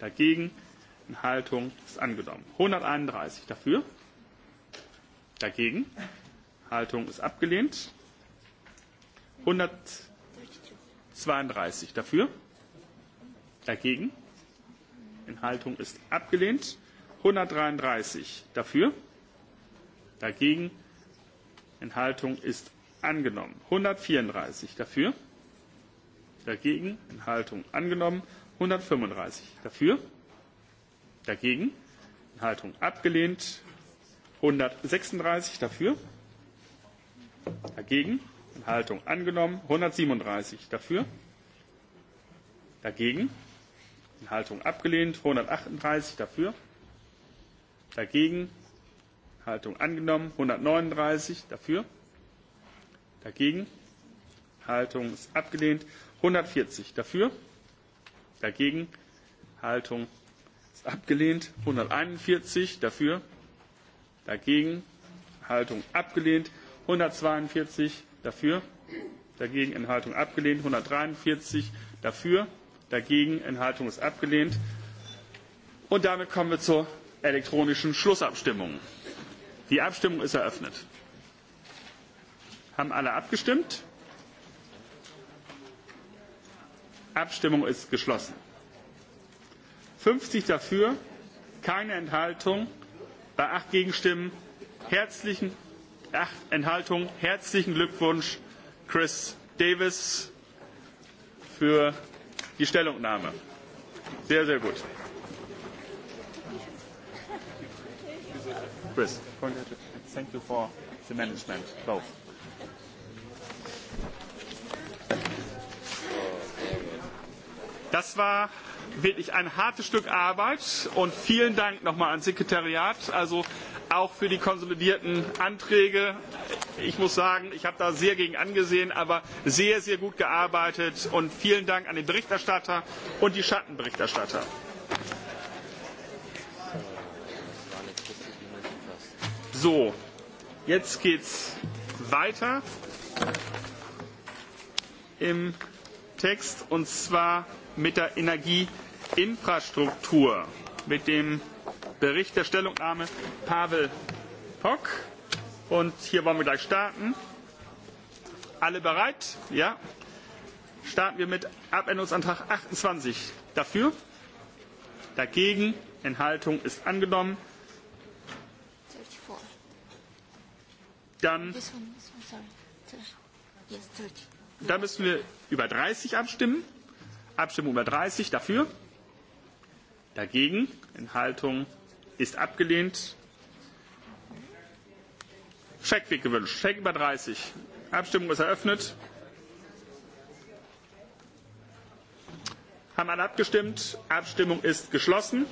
dagegen, Enthaltung ist angenommen. 131 dafür, Dagegen? Haltung ist abgelehnt. 132 dafür. Dagegen? Enthaltung ist abgelehnt. 133 dafür. Dagegen? Enthaltung ist angenommen. 134 dafür. Dagegen? Enthaltung angenommen. 135 dafür. Dagegen? Enthaltung abgelehnt. 136 dafür. Dagegen. Enthaltung angenommen. 137 dafür. Dagegen. Enthaltung abgelehnt. 138 dafür. Dagegen. Enthaltung angenommen. 139 dafür. Dagegen. Enthaltung ist abgelehnt. 140 dafür. Dagegen. Enthaltung ist abgelehnt. 141 dafür dagegen Enthaltung abgelehnt. 142 dafür, dagegen Enthaltung abgelehnt. 143 dafür, dagegen Enthaltung ist abgelehnt. Und damit kommen wir zur elektronischen Schlussabstimmung. Die Abstimmung ist eröffnet. Haben alle abgestimmt? Abstimmung ist geschlossen. 50 dafür, keine Enthaltung bei acht Gegenstimmen, herzlichen, acht Enthaltungen. Herzlichen Glückwunsch, Chris Davis, für die Stellungnahme. Sehr, sehr gut. Chris, thank you for the management, both. Das war wirklich ein hartes Stück Arbeit und vielen Dank nochmal ans Sekretariat, also auch für die konsolidierten Anträge. Ich muss sagen, ich habe da sehr gegen angesehen, aber sehr, sehr gut gearbeitet und vielen Dank an den Berichterstatter und die Schattenberichterstatter. So, jetzt geht's weiter im Text und zwar mit der Energieinfrastruktur mit dem Bericht der Stellungnahme Pavel Pock. Und hier wollen wir gleich starten. Alle bereit? Ja. Starten wir mit Abänderungsantrag 28. Dafür? Dagegen? Enthaltung ist angenommen. Dann, dann müssen wir über 30 abstimmen. Abstimmung über 30 dafür. Dagegen. Enthaltung ist abgelehnt. Check wird gewünscht. Check über 30. Abstimmung ist eröffnet. Haben alle abgestimmt? Abstimmung ist geschlossen.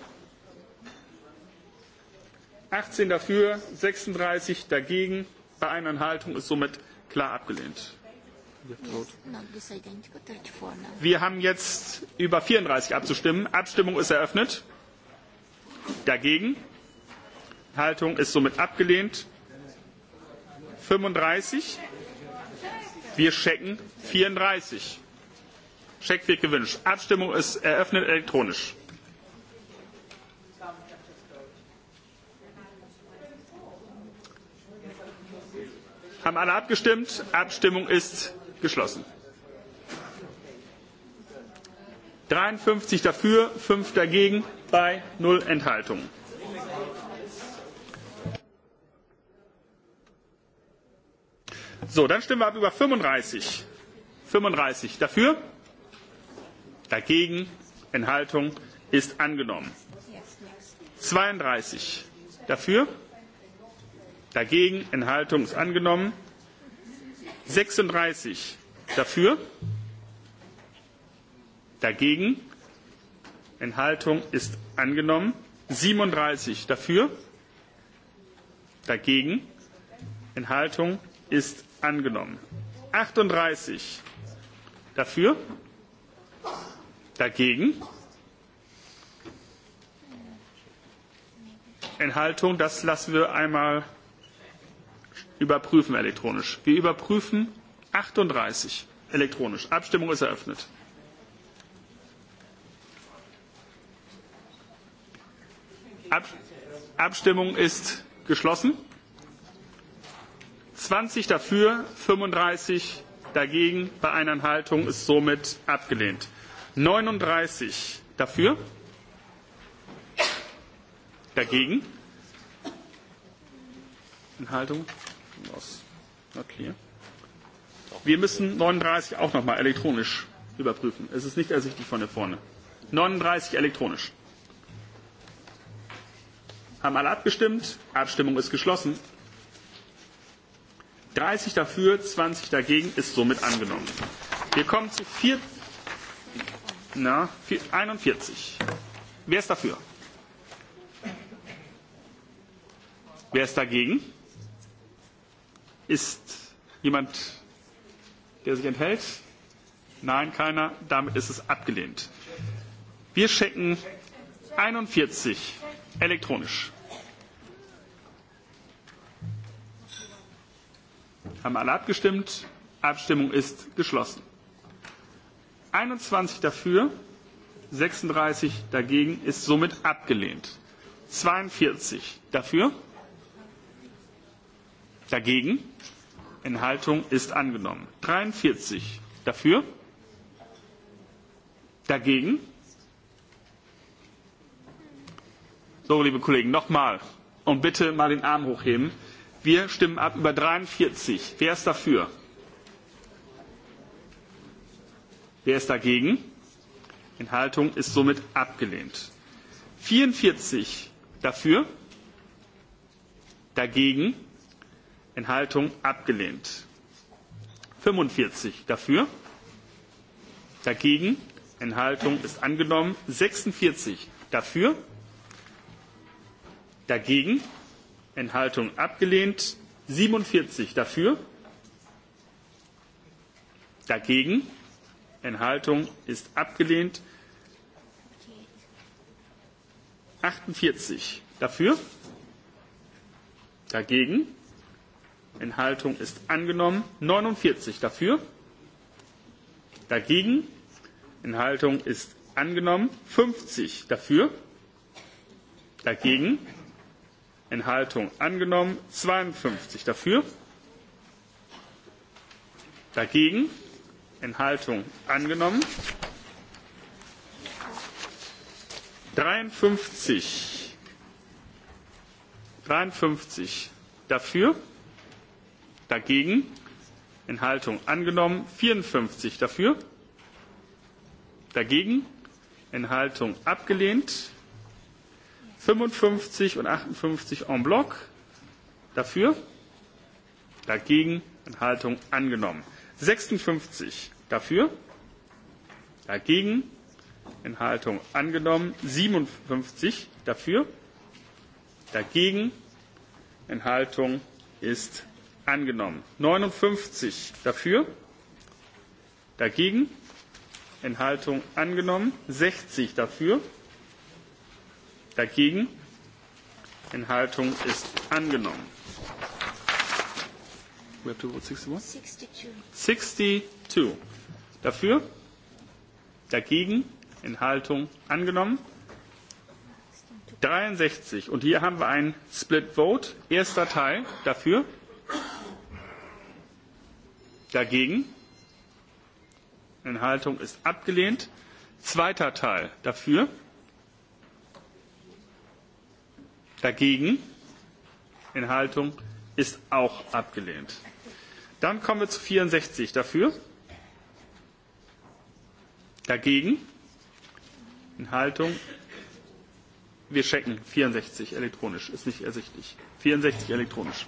18 dafür, 36 dagegen. Bei einer Enthaltung ist somit klar abgelehnt. Wir haben jetzt über 34 abzustimmen. Abstimmung ist eröffnet. Dagegen. Haltung ist somit abgelehnt. 35. Wir checken 34. Check wird gewünscht. Abstimmung ist eröffnet elektronisch. Haben alle abgestimmt? Abstimmung ist geschlossen. dreiundfünfzig dafür fünf dagegen bei null enthaltungen. So, dann stimmen wir ab über 35. 35 dafür, dagegen, Enthaltung ist angenommen. 32 dafür, dagegen, Enthaltung ist angenommen sechsunddreißig dafür dagegen enthaltung ist angenommen siebenunddreißig dafür dagegen enthaltung ist angenommen achtunddreißig dafür dagegen enthaltung das lassen wir einmal überprüfen elektronisch. Wir überprüfen 38 elektronisch. Abstimmung ist eröffnet. Ab Abstimmung ist geschlossen. 20 dafür, 35 dagegen, bei einer Enthaltung ist somit abgelehnt. 39 dafür, dagegen, Enthaltung aus. Okay. Wir müssen 39 auch nochmal elektronisch überprüfen. Es ist nicht ersichtlich von hier vorne. 39 elektronisch. Haben alle abgestimmt? Abstimmung ist geschlossen. 30 dafür, 20 dagegen ist somit angenommen. Wir kommen zu vier na, vier, 41. Wer ist dafür? Wer ist dagegen? Ist jemand, der sich enthält? Nein, keiner. Damit ist es abgelehnt. Wir checken 41 elektronisch. Haben alle abgestimmt? Abstimmung ist geschlossen. 21 dafür, 36 dagegen ist somit abgelehnt. 42 dafür, dagegen enthaltung ist angenommen dreiundvierzig dafür dagegen so liebe kollegen nochmal und bitte mal den arm hochheben wir stimmen ab über dreiundvierzig wer ist dafür wer ist dagegen enthaltung ist somit abgelehnt vierundvierzig dafür dagegen Enthaltung abgelehnt. 45 dafür, dagegen, Enthaltung ist angenommen. 46 dafür, dagegen, Enthaltung abgelehnt. 47 dafür, dagegen, Enthaltung ist abgelehnt. 48 dafür, dagegen, Enthaltung ist angenommen. 49 dafür. Dagegen. Enthaltung ist angenommen. 50 dafür. Dagegen. Enthaltung angenommen. 52 dafür. Dagegen. Enthaltung angenommen. 53. 53 dafür dagegen Enthaltung angenommen 54 dafür dagegen Enthaltung abgelehnt 55 und 58 en bloc dafür dagegen Enthaltung angenommen 56 dafür dagegen Enthaltung angenommen 57 dafür dagegen Enthaltung ist angenommen. neunundfünfzig dafür dagegen enthaltung angenommen sechzig dafür dagegen enthaltung ist angenommen. We two 62. Dafür? Dagegen? Enthaltung angenommen? 63. Und hier haben wir ein Split Vote. Erster Teil dafür? dagegen enthaltung ist abgelehnt zweiter teil dafür dagegen enthaltung ist auch abgelehnt dann kommen wir zu 64 dafür dagegen enthaltung wir checken 64 elektronisch ist nicht ersichtlich 64 elektronisch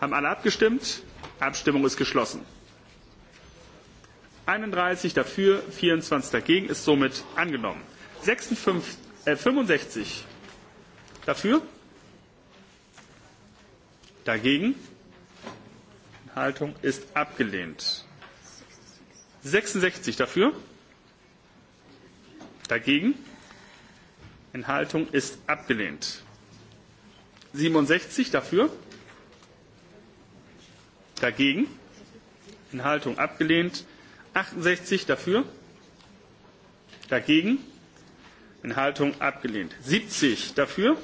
haben alle abgestimmt Abstimmung ist geschlossen. 31 dafür, 24 dagegen ist somit angenommen. 56, äh, 65 dafür, dagegen, Enthaltung ist abgelehnt. 66 dafür, dagegen, Enthaltung ist abgelehnt. 67 dafür, dagegen, Enthaltung abgelehnt, 68 dafür, dagegen, Enthaltung abgelehnt, 70 dafür,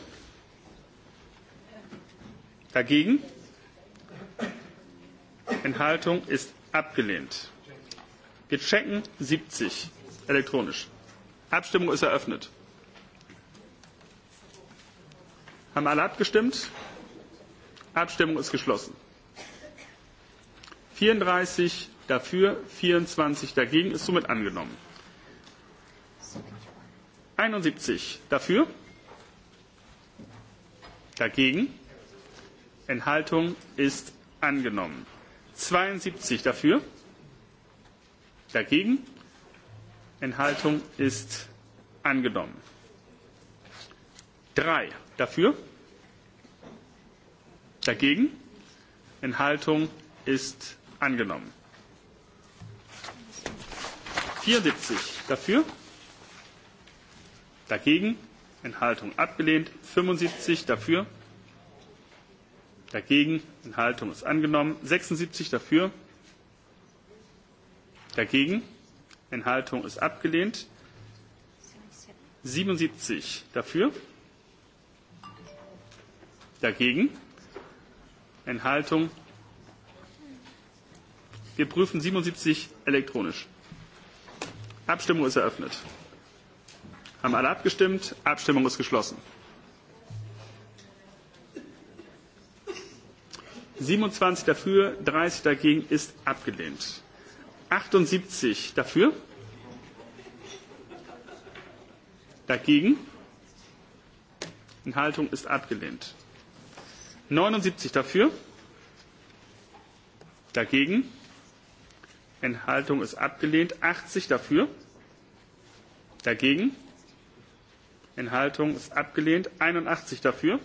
dagegen, Enthaltung ist abgelehnt. Wir checken 70 elektronisch. Abstimmung ist eröffnet. Haben alle abgestimmt? Abstimmung ist geschlossen vierunddreißig dafür vierundzwanzig dagegen ist somit angenommen einundsiebzig dafür dagegen enthaltung ist angenommen zweiundsiebzig dafür dagegen enthaltung ist angenommen drei dafür dagegen enthaltung ist angenommen. 74 dafür, dagegen, Enthaltung abgelehnt. 75 dafür, dagegen, Enthaltung ist angenommen. 76 dafür, dagegen, Enthaltung ist abgelehnt. 77 dafür, dagegen, Enthaltung Wir prüfen 77 elektronisch. Abstimmung ist eröffnet. Haben alle abgestimmt? Abstimmung ist geschlossen. 27 dafür, 30 dagegen ist abgelehnt. 78 dafür, dagegen, Enthaltung ist abgelehnt. 79 dafür, dagegen, Enthaltung ist abgelehnt. 80 dafür. Dagegen. Enthaltung ist abgelehnt. 81 dafür.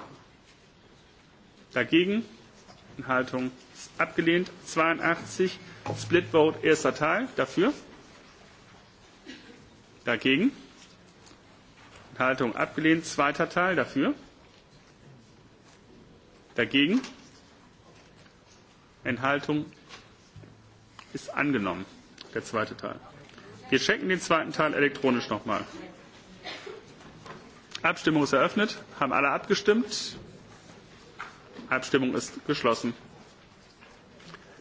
Dagegen. Enthaltung ist abgelehnt. 82. Split Vote erster Teil. Dafür. Dagegen. Enthaltung abgelehnt. Zweiter Teil. Dafür. Dagegen. Enthaltung ist angenommen, der zweite Teil. Wir checken den zweiten Teil elektronisch nochmal. Abstimmung ist eröffnet. Haben alle abgestimmt? Abstimmung ist geschlossen.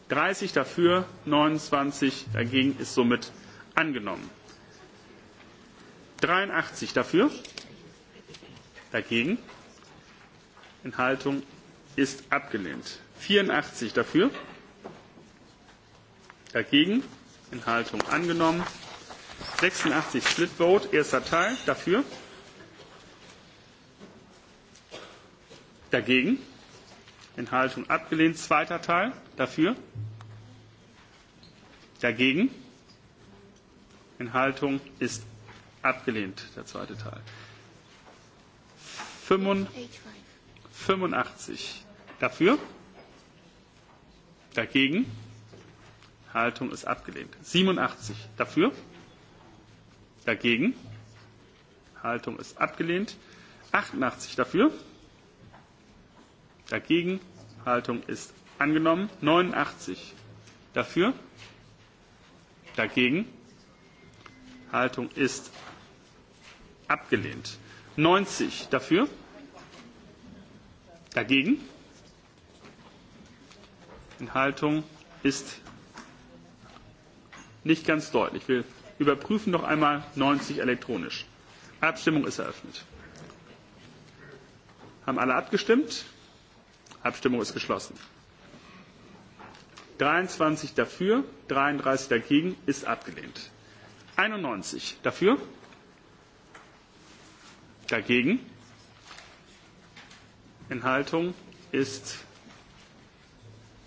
30 dafür, 29 dagegen ist somit angenommen. 83 dafür, dagegen, Enthaltung ist abgelehnt. 84 dafür, Dagegen? Enthaltung angenommen. 86 Split Vote, erster Teil, dafür. Dagegen? Enthaltung abgelehnt, zweiter Teil, dafür. Dagegen? Enthaltung ist abgelehnt, der zweite Teil. 85 dafür. Dagegen? Haltung ist abgelehnt. 87 dafür. Dagegen. Haltung ist abgelehnt. 88 dafür. Dagegen. Haltung ist angenommen. 89 dafür. Dagegen. Haltung ist abgelehnt. 90 dafür. Dagegen. Enthaltung ist nicht ganz deutlich. Wir überprüfen noch einmal 90 elektronisch. Abstimmung ist eröffnet. Haben alle abgestimmt? Abstimmung ist geschlossen. 23 dafür, 33 dagegen ist abgelehnt. 91 dafür, dagegen, Enthaltung ist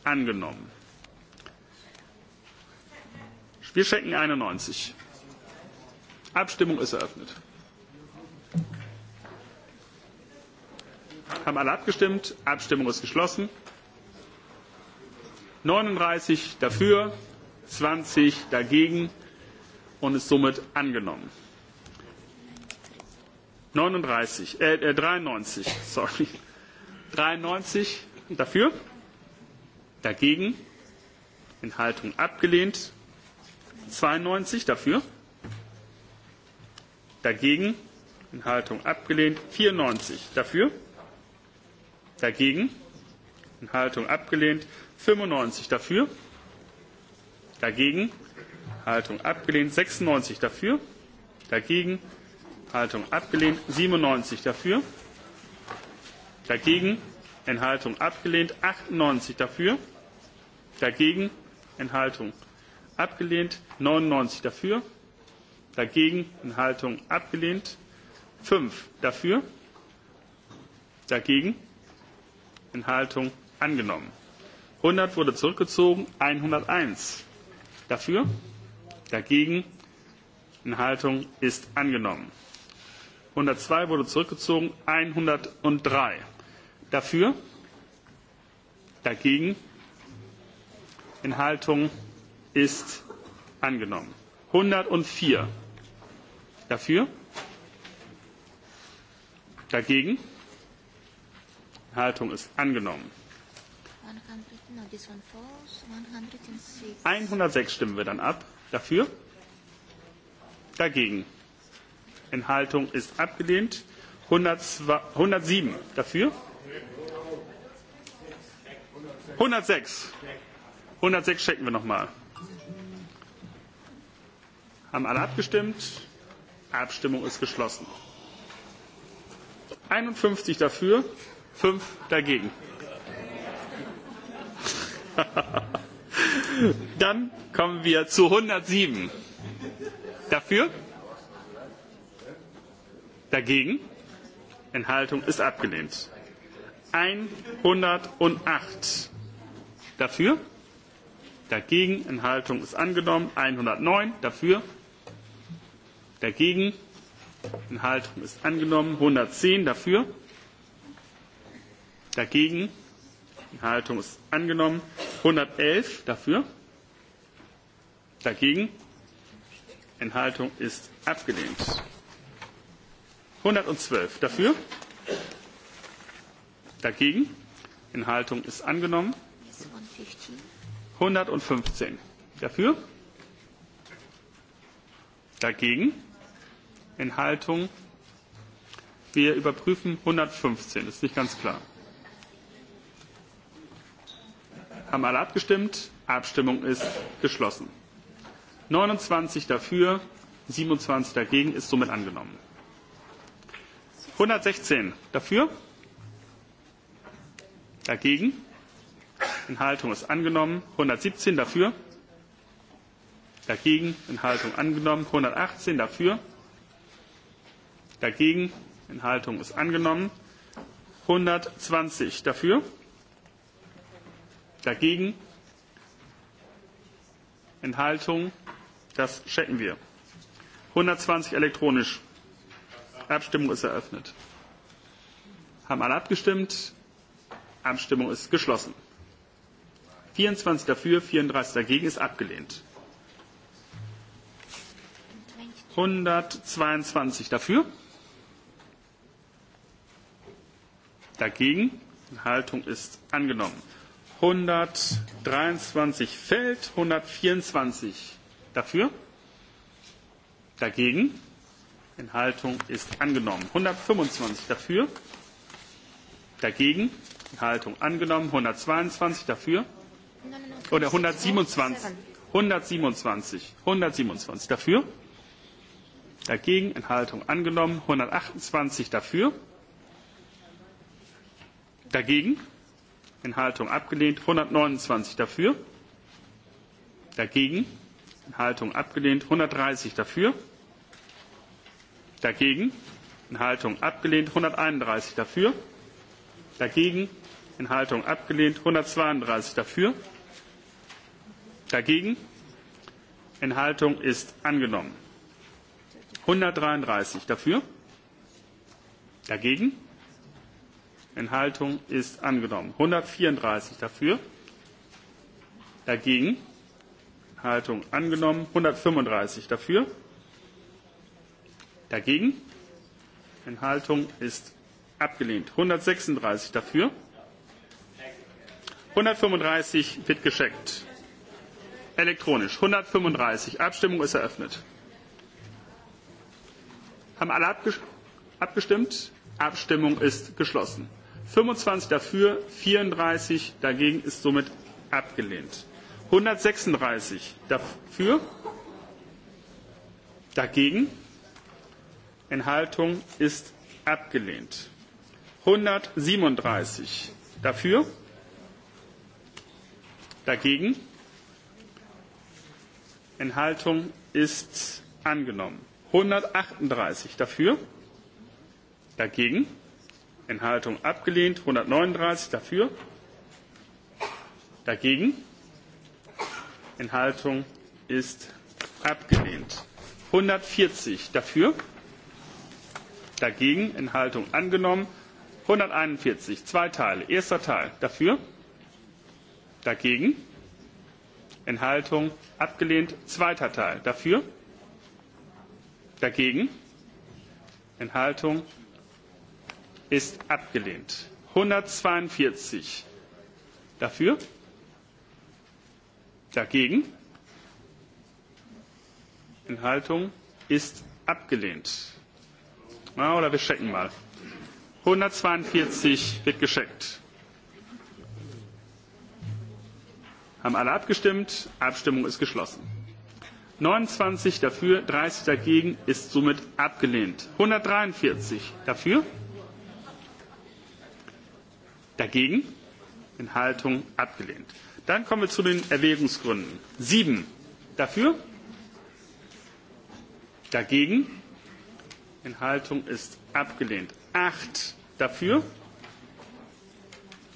angenommen. Wir schenken 91. Abstimmung ist eröffnet. Haben alle abgestimmt? Abstimmung ist geschlossen. 39 dafür, 20 dagegen und ist somit angenommen. 39, äh, äh, 93, sorry. 93 dafür, dagegen, Enthaltung abgelehnt. 92 dafür. Dagegen. Enthaltung abgelehnt. 94 dafür. Dagegen. Enthaltung abgelehnt. 95 dafür. Dagegen. Enthaltung abgelehnt. 96 dafür. Dagegen. Enthaltung abgelehnt. 97 dafür. Dagegen. Enthaltung abgelehnt. 98 dafür. Dagegen. Enthaltung abgelehnt. 99 dafür. Dagegen Enthaltung abgelehnt. 5 dafür. Dagegen Enthaltung angenommen. 100 wurde zurückgezogen. 101 dafür. Dagegen Enthaltung ist angenommen. 102 wurde zurückgezogen. 103 dafür. Dagegen Enthaltung ist angenommen. 104 dafür, dagegen. Haltung ist angenommen. 106 stimmen wir dann ab. Dafür? Dagegen. Enthaltung ist abgelehnt. 102, 107 dafür? 106. 106 checken wir nochmal. Haben alle abgestimmt? Abstimmung ist geschlossen. 51 dafür, 5 dagegen. Dann kommen wir zu 107. Dafür? Dagegen? Enthaltung ist abgelehnt. 108. Dafür? Dagegen? Enthaltung ist angenommen. 109. Dafür? Dagegen? Enthaltung ist angenommen. 110 dafür. Dagegen? Enthaltung ist angenommen. 111 dafür. Dagegen? Enthaltung ist abgelehnt. 112 dafür. Dagegen? Enthaltung ist angenommen. 115 dafür. Dagegen? Enthaltung? Wir überprüfen 115. Ist nicht ganz klar. Haben alle abgestimmt? Abstimmung ist geschlossen. 29 dafür, 27 dagegen ist somit angenommen. 116 dafür, dagegen, Enthaltung ist angenommen. 117 dafür, Dagegen Enthaltung angenommen. 118 dafür. Dagegen Enthaltung ist angenommen. 120 dafür. Dagegen Enthaltung. Das checken wir. 120 elektronisch. Abstimmung ist eröffnet. Haben alle abgestimmt? Abstimmung ist geschlossen. 24 dafür, 34 dagegen ist abgelehnt. einhundertzweiundzwanzig dafür dagegen Enthaltung ist angenommen 123 fällt 124 dafür dagegen Enthaltung ist angenommen 125 dafür dagegen Enthaltung angenommen 122 dafür oder 127 127 127 dafür dagegen Enthaltung angenommen, 128 dafür, dagegen Enthaltung abgelehnt, 129 dafür, dagegen Enthaltung abgelehnt, 130 dafür, dagegen Enthaltung abgelehnt, 131 dafür, dagegen Enthaltung abgelehnt, 132 dafür, dagegen Enthaltung ist angenommen einhundertdreiunddreißig dafür dagegen enthaltung ist angenommen einhundertvierunddreißig dafür dagegen enthaltung angenommen einhundertfünfunddreißig dafür dagegen enthaltung ist abgelehnt einhundertsechsunddreißig dafür einhundertfünfunddreißig wird gecheckt elektronisch einhundertfünfunddreißig abstimmung ist eröffnet Haben alle abgestimmt? Abstimmung ist geschlossen. 25 dafür, 34 dagegen ist somit abgelehnt. 136 dafür, dagegen, Enthaltung ist abgelehnt. 137 dafür, dagegen, Enthaltung ist angenommen einhundertachtunddreißig dafür dagegen enthaltung abgelehnt einhundertneununddreißig dafür dagegen enthaltung ist abgelehnt einhundertvierzig dafür dagegen enthaltung angenommen einhunderteinundvierzig zwei teile erster teil dafür dagegen enthaltung abgelehnt zweiter teil dafür dagegen enthaltung ist abgelehnt einhundertzweiundvierzig dafür dagegen enthaltung ist abgelehnt Na, oder wir checken mal einhundertzweiundvierzig wird gescheckt haben alle abgestimmt abstimmung ist geschlossen neunundzwanzig dafür dreißig dagegen ist somit abgelehnt. einhundertdreiundvierzig dafür dagegen enthaltung abgelehnt. dann kommen wir zu den erwägungsgründen sieben dafür dagegen enthaltung ist abgelehnt. acht dafür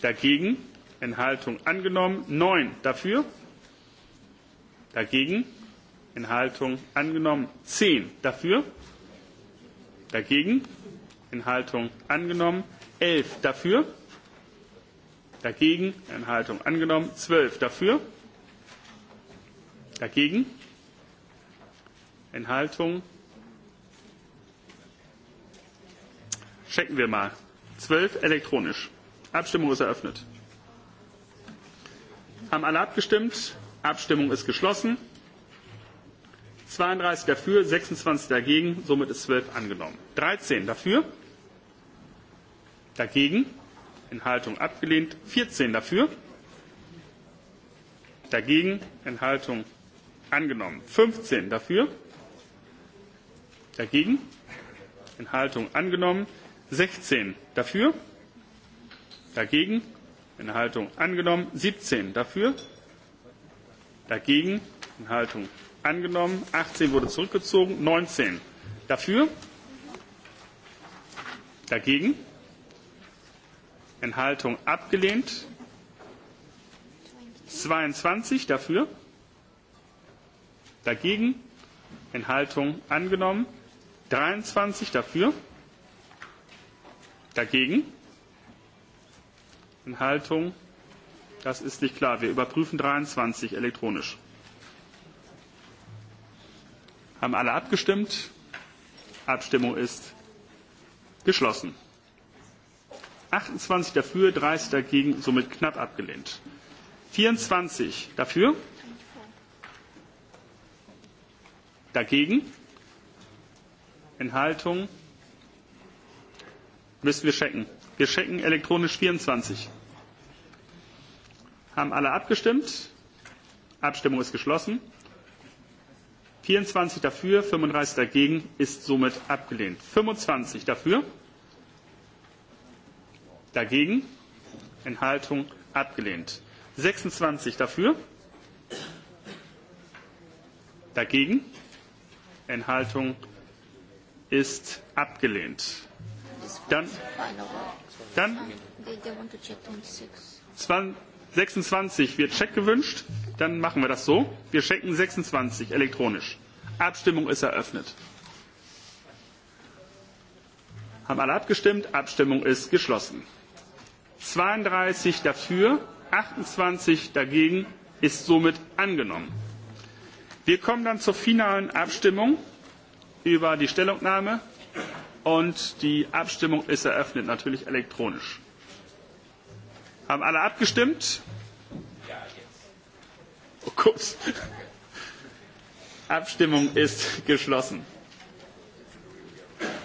dagegen enthaltung angenommen neun dafür dagegen Enthaltung angenommen. Zehn dafür, dagegen, Enthaltung angenommen. Elf dafür, dagegen, Enthaltung angenommen. Zwölf dafür, dagegen, Enthaltung. Checken wir mal. Zwölf elektronisch. Abstimmung ist eröffnet. Haben alle abgestimmt? Abstimmung ist geschlossen zweiunddreißig dafür, sechsundzwanzig dagegen, somit ist zwölf angenommen. Dreizehn dafür, dagegen, Enthaltung abgelehnt. Vierzehn dafür, dagegen, Enthaltung angenommen. Fünfzehn dafür, dagegen, Enthaltung angenommen. Sechzehn dafür, dagegen, Enthaltung angenommen. Siebzehn dafür, dagegen, Enthaltung angenommen. 18 wurde zurückgezogen. 19 dafür. Dagegen. Enthaltung abgelehnt. 22 dafür. Dagegen. Enthaltung angenommen. 23 dafür. Dagegen. Enthaltung. Das ist nicht klar. Wir überprüfen 23 elektronisch. Haben alle abgestimmt? Abstimmung ist geschlossen. 28 dafür, 30 dagegen, somit knapp abgelehnt. 24 dafür, dagegen, Enthaltung, müssen wir checken. Wir checken elektronisch 24. Haben alle abgestimmt? Abstimmung ist geschlossen vierundzwanzig dafür, fünfunddreißig dagegen ist somit abgelehnt. Fünfundzwanzig dafür, dagegen, Enthaltung abgelehnt. Sechsundzwanzig dafür, dagegen, Enthaltung ist abgelehnt. Dann, dann sechsundzwanzig wird Check gewünscht. Dann machen wir das so. Wir checken 26 elektronisch. Abstimmung ist eröffnet. Haben alle abgestimmt? Abstimmung ist geschlossen. 32 dafür, 28 dagegen ist somit angenommen. Wir kommen dann zur finalen Abstimmung über die Stellungnahme und die Abstimmung ist eröffnet, natürlich elektronisch. Haben alle abgestimmt? Oh Abstimmung ist geschlossen.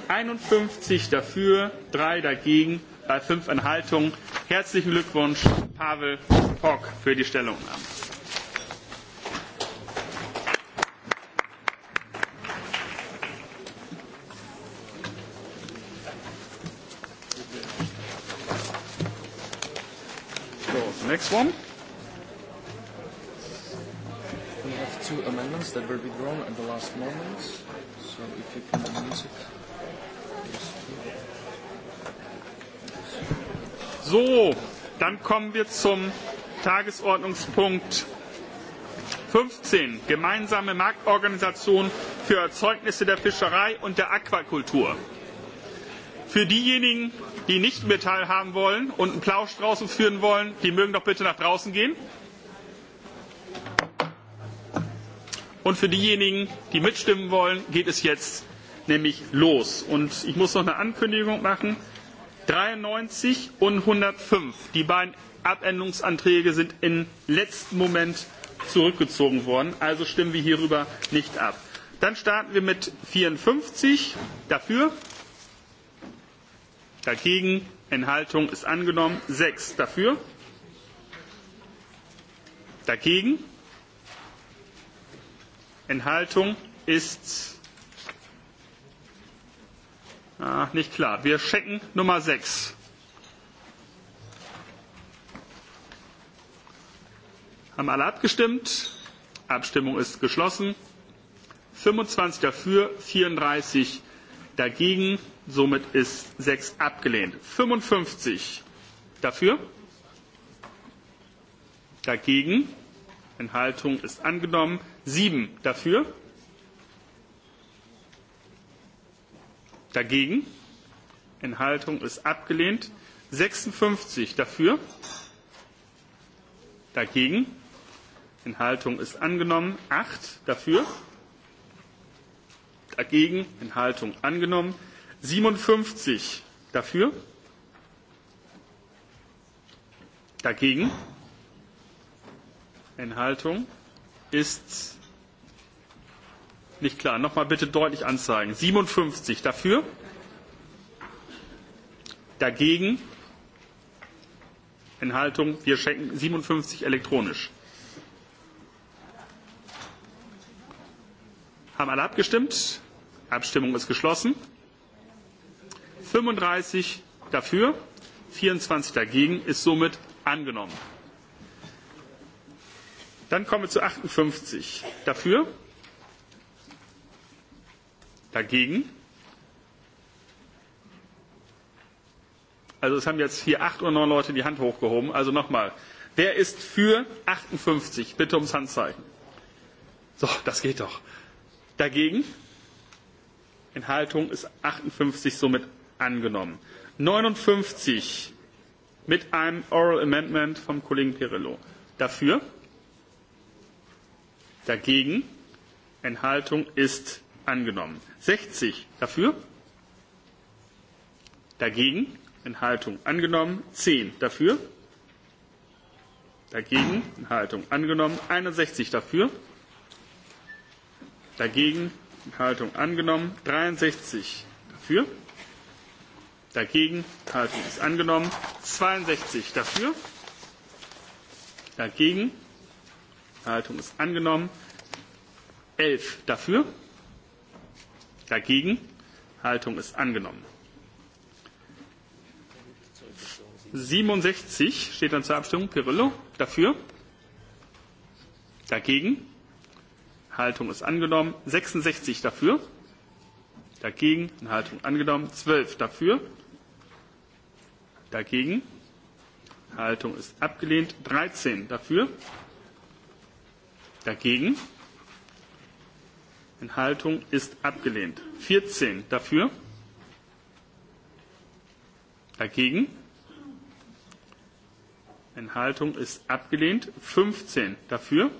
51 dafür, 3 dagegen, bei 5 Enthaltungen. Herzlichen Glückwunsch, Pavel Hock für die Stellungnahme. next one. We have two amendments that were withdrawn at the last moment, so if you can announce it. So, dann kommen wir zum Tagesordnungspunkt 15, gemeinsame Marktorganisation für Erzeugnisse der Fischerei und der Aquakultur. Für diejenigen, die nicht mehr teilhaben wollen und einen Plausch draußen führen wollen, die mögen doch bitte nach draußen gehen. Und für diejenigen, die mitstimmen wollen, geht es jetzt nämlich los. Und ich muss noch eine Ankündigung machen. 93 und 105, die beiden Abänderungsanträge sind im letzten Moment zurückgezogen worden. Also stimmen wir hierüber nicht ab. Dann starten wir mit 54 dafür, Dagegen Enthaltung ist angenommen. Sechs dafür. Dagegen Enthaltung ist nicht klar. Wir checken Nummer sechs. Haben alle abgestimmt? Abstimmung ist geschlossen. 25 dafür, 34 dagegen. Somit ist sechs abgelehnt. 55 dafür. Dagegen. Enthaltung ist angenommen. Sieben dafür. Dagegen. Enthaltung ist abgelehnt. 56 dafür. Dagegen. Enthaltung ist angenommen. Acht dafür. Dagegen. Enthaltung angenommen siebenundfünfzig dafür dagegen Enthaltung ist nicht klar. Nochmal bitte deutlich anzeigen. 57 dafür, dagegen Enthaltung. Wir schenken 57 elektronisch. Haben alle abgestimmt? Abstimmung ist geschlossen fünfunddreißig dafür vierundzwanzig dagegen ist somit angenommen. dann kommen wir zu achtundfünfzig dafür dagegen also es haben jetzt hier acht oder neun Leute die Hand hochgehoben also nochmal wer ist für 58 bitte ums Handzeichen so das geht doch dagegen Enthaltung ist 58 somit angenommen. neunundfünfzig mit einem Oral Amendment vom Kollegen Pirillo. Dafür? Dagegen? Enthaltung ist angenommen. Sechzig dafür? Dagegen? Enthaltung angenommen. Zehn dafür? Dagegen? Enthaltung angenommen. Einundsechzig dafür? Dagegen? Enthaltung angenommen. Dreiundsechzig dafür? Dagegen. Enthaltung ist angenommen. 62 dafür. Dagegen. Enthaltung ist angenommen. 11 dafür. Dagegen. Enthaltung ist angenommen. 67 steht dann zur Abstimmung. Pirillo dafür. Dagegen. Haltung ist angenommen. 66 dafür. Dagegen. Haltung angenommen. 12 dafür. Dagegen? Haltung ist abgelehnt. 13 dafür. Dagegen? Enthaltung ist abgelehnt. 14 dafür. Dagegen? Enthaltung ist abgelehnt. 15 dafür.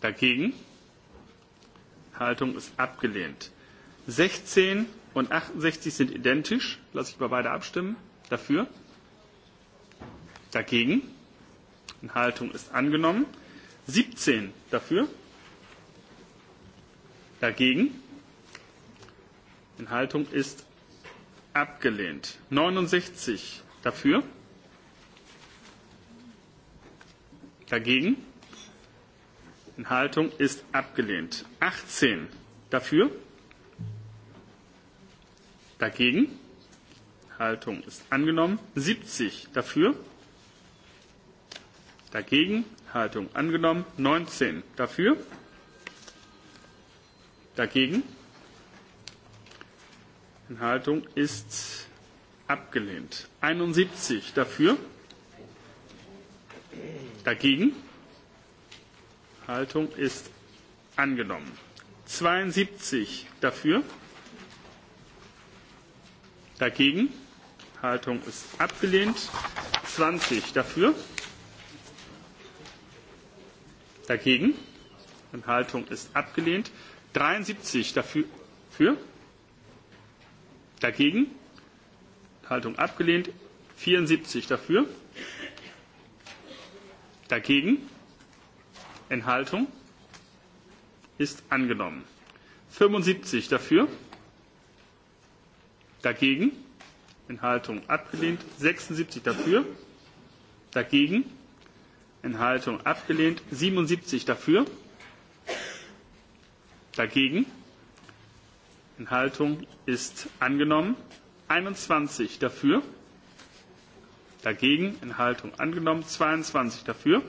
Dagegen? Haltung ist abgelehnt. 16 und 68 sind identisch. Lasse ich über beide abstimmen. Dafür. Dagegen. Enthaltung ist angenommen. 17 dafür. Dagegen. Enthaltung ist abgelehnt. 69 dafür. Dagegen. Enthaltung ist abgelehnt. 18 dafür. Dagegen? Haltung ist angenommen. 70 dafür. Dagegen? Haltung angenommen. 19 dafür. Dagegen? Haltung ist abgelehnt. 71 dafür. Dagegen? Haltung ist angenommen. 72 dafür. Dagegen? Haltung ist abgelehnt. 20 dafür. Dagegen? Enthaltung ist abgelehnt. 73 dafür. Für? Dagegen? Haltung abgelehnt. 74 dafür. Dagegen? Enthaltung ist angenommen. 75 dafür. Dagegen? Enthaltung abgelehnt. 76 dafür. Dagegen? Enthaltung abgelehnt. 77 dafür. Dagegen? Enthaltung ist angenommen. 21 dafür. Dagegen? Enthaltung angenommen. 22 dafür.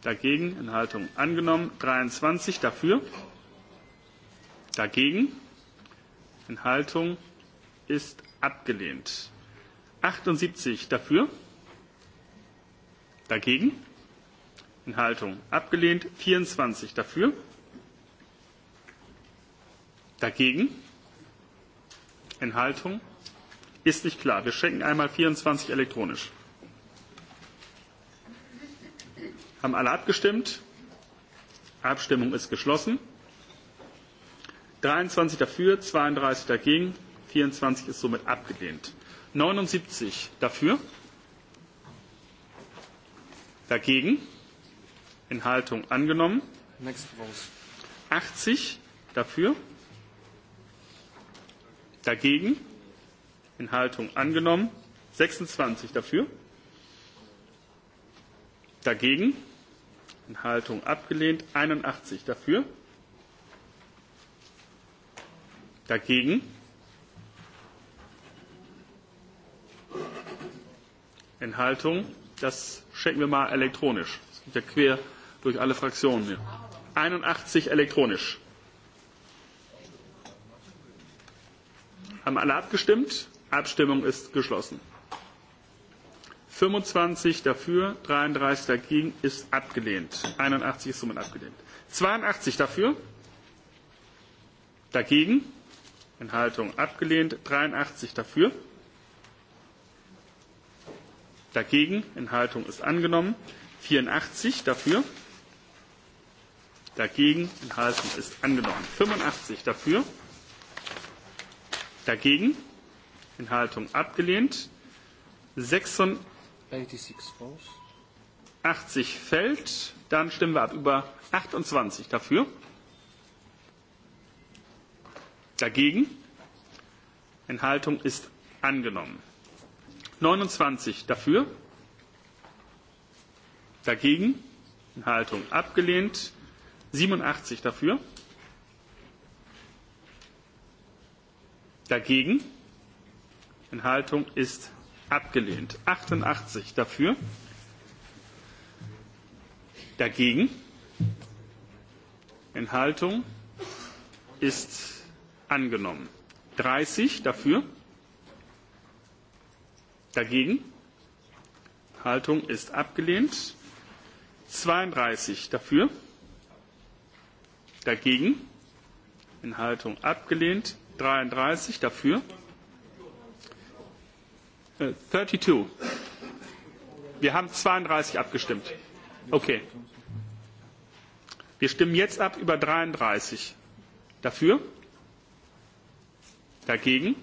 Dagegen? Enthaltung angenommen. 23 dafür. Dagegen? Enthaltung ist abgelehnt. 78 dafür, dagegen, Enthaltung abgelehnt. 24 dafür, dagegen, Enthaltung ist nicht klar. Wir schenken einmal 24 elektronisch. Haben alle abgestimmt? Abstimmung ist geschlossen dreiundzwanzig dafür, zweiunddreißig dagegen, vierundzwanzig ist somit abgelehnt. Neunundsiebzig dafür, dagegen, Enthaltung angenommen. Achtzig dafür, dagegen, Enthaltung angenommen. Sechsundzwanzig dafür, dagegen, Enthaltung abgelehnt. Einundachtzig dafür Dagegen? Enthaltung? Das checken wir mal elektronisch. Das geht ja quer durch alle Fraktionen hier. 81 elektronisch. Haben alle abgestimmt? Abstimmung ist geschlossen. 25 dafür, 33 dagegen ist abgelehnt. 81 ist somit abgelehnt. 82 dafür, dagegen Enthaltungen abgelehnt. 83 dafür. Dagegen. Enthaltung ist angenommen. 84 dafür. Dagegen. Enthaltung ist angenommen. 85 dafür. Dagegen. Enthaltung abgelehnt. 86 80 fällt. Dann stimmen wir ab über 28 dafür. Dagegen? Enthaltung ist angenommen. 29 dafür. Dagegen? Enthaltung abgelehnt. 87 dafür. Dagegen? Enthaltung ist abgelehnt. 88 dafür. Dagegen? Enthaltung ist angenommen. dreißig dafür. Dagegen. Haltung ist abgelehnt. 32 dafür. Dagegen. Enthaltung abgelehnt. 33 dafür. Äh, 32. Wir haben 32 abgestimmt. Okay. Wir stimmen jetzt ab über 33. Dafür. Dagegen?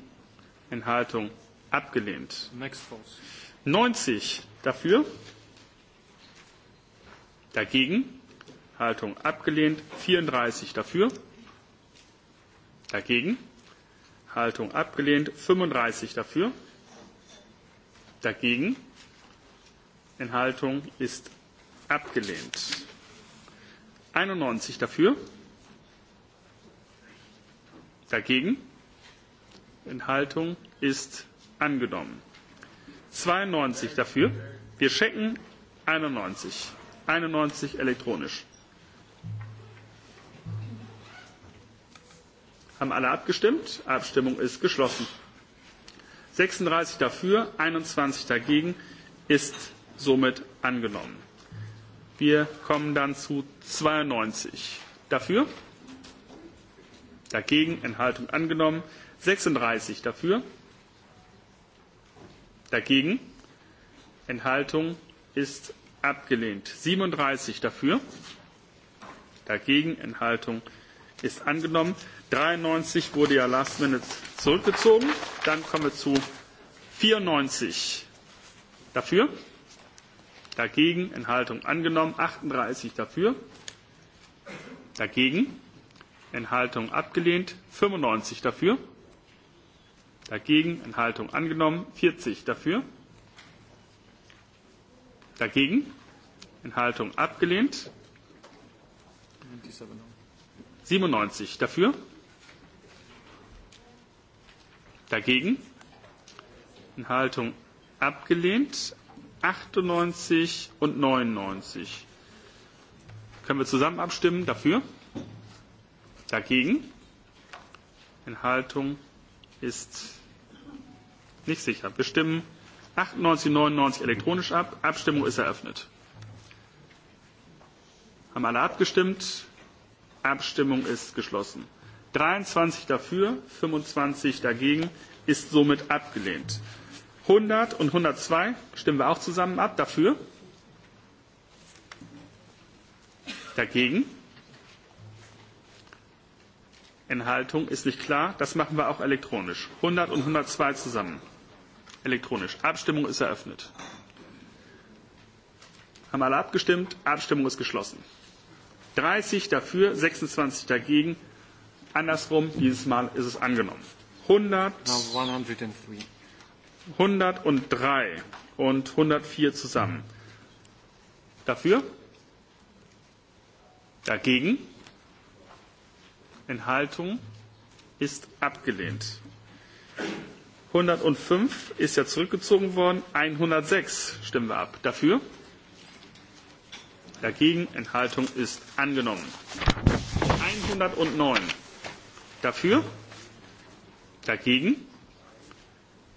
Enthaltung abgelehnt. Next 90 dafür. Dagegen? Haltung abgelehnt. 34 dafür. Dagegen? Haltung abgelehnt. 35 dafür. Dagegen? Enthaltung ist abgelehnt. 91 dafür. Dagegen? Enthaltung ist angenommen. 92 dafür. Wir checken 91. 91 elektronisch. Haben alle abgestimmt? Abstimmung ist geschlossen. 36 dafür, 21 dagegen ist somit angenommen. Wir kommen dann zu 92. Dafür? Dagegen? Enthaltung angenommen sechsunddreißig dafür, dagegen, Enthaltung ist abgelehnt. 37 dafür, dagegen, Enthaltung ist angenommen. 93 wurde ja last minute zurückgezogen. Dann kommen wir zu 94 dafür, dagegen, Enthaltung angenommen. 38 dafür, dagegen, Enthaltung abgelehnt. 95 dafür Dagegen Enthaltung angenommen. 40 dafür. Dagegen Enthaltung abgelehnt. 97 dafür. Dagegen Enthaltung abgelehnt. 98 und 99. Können wir zusammen abstimmen? Dafür? Dagegen? Enthaltung ist Nicht sicher. Wir stimmen 98, 99 elektronisch ab. Abstimmung ist eröffnet. Haben alle abgestimmt? Abstimmung ist geschlossen. 23 dafür, 25 dagegen ist somit abgelehnt. 100 und 102 stimmen wir auch zusammen ab. Dafür? Dagegen? Enthaltung ist nicht klar. Das machen wir auch elektronisch. 100 und 102 zusammen elektronisch. Abstimmung ist eröffnet. Haben alle abgestimmt? Abstimmung ist geschlossen. 30 dafür, 26 dagegen. Andersrum, dieses Mal ist es angenommen. 100, 103 und 104 zusammen. Dafür? Dagegen? Enthaltung ist abgelehnt. 105 ist ja zurückgezogen worden. 106 stimmen wir ab. Dafür? Dagegen? Enthaltung ist angenommen. 109. Dafür? Dagegen?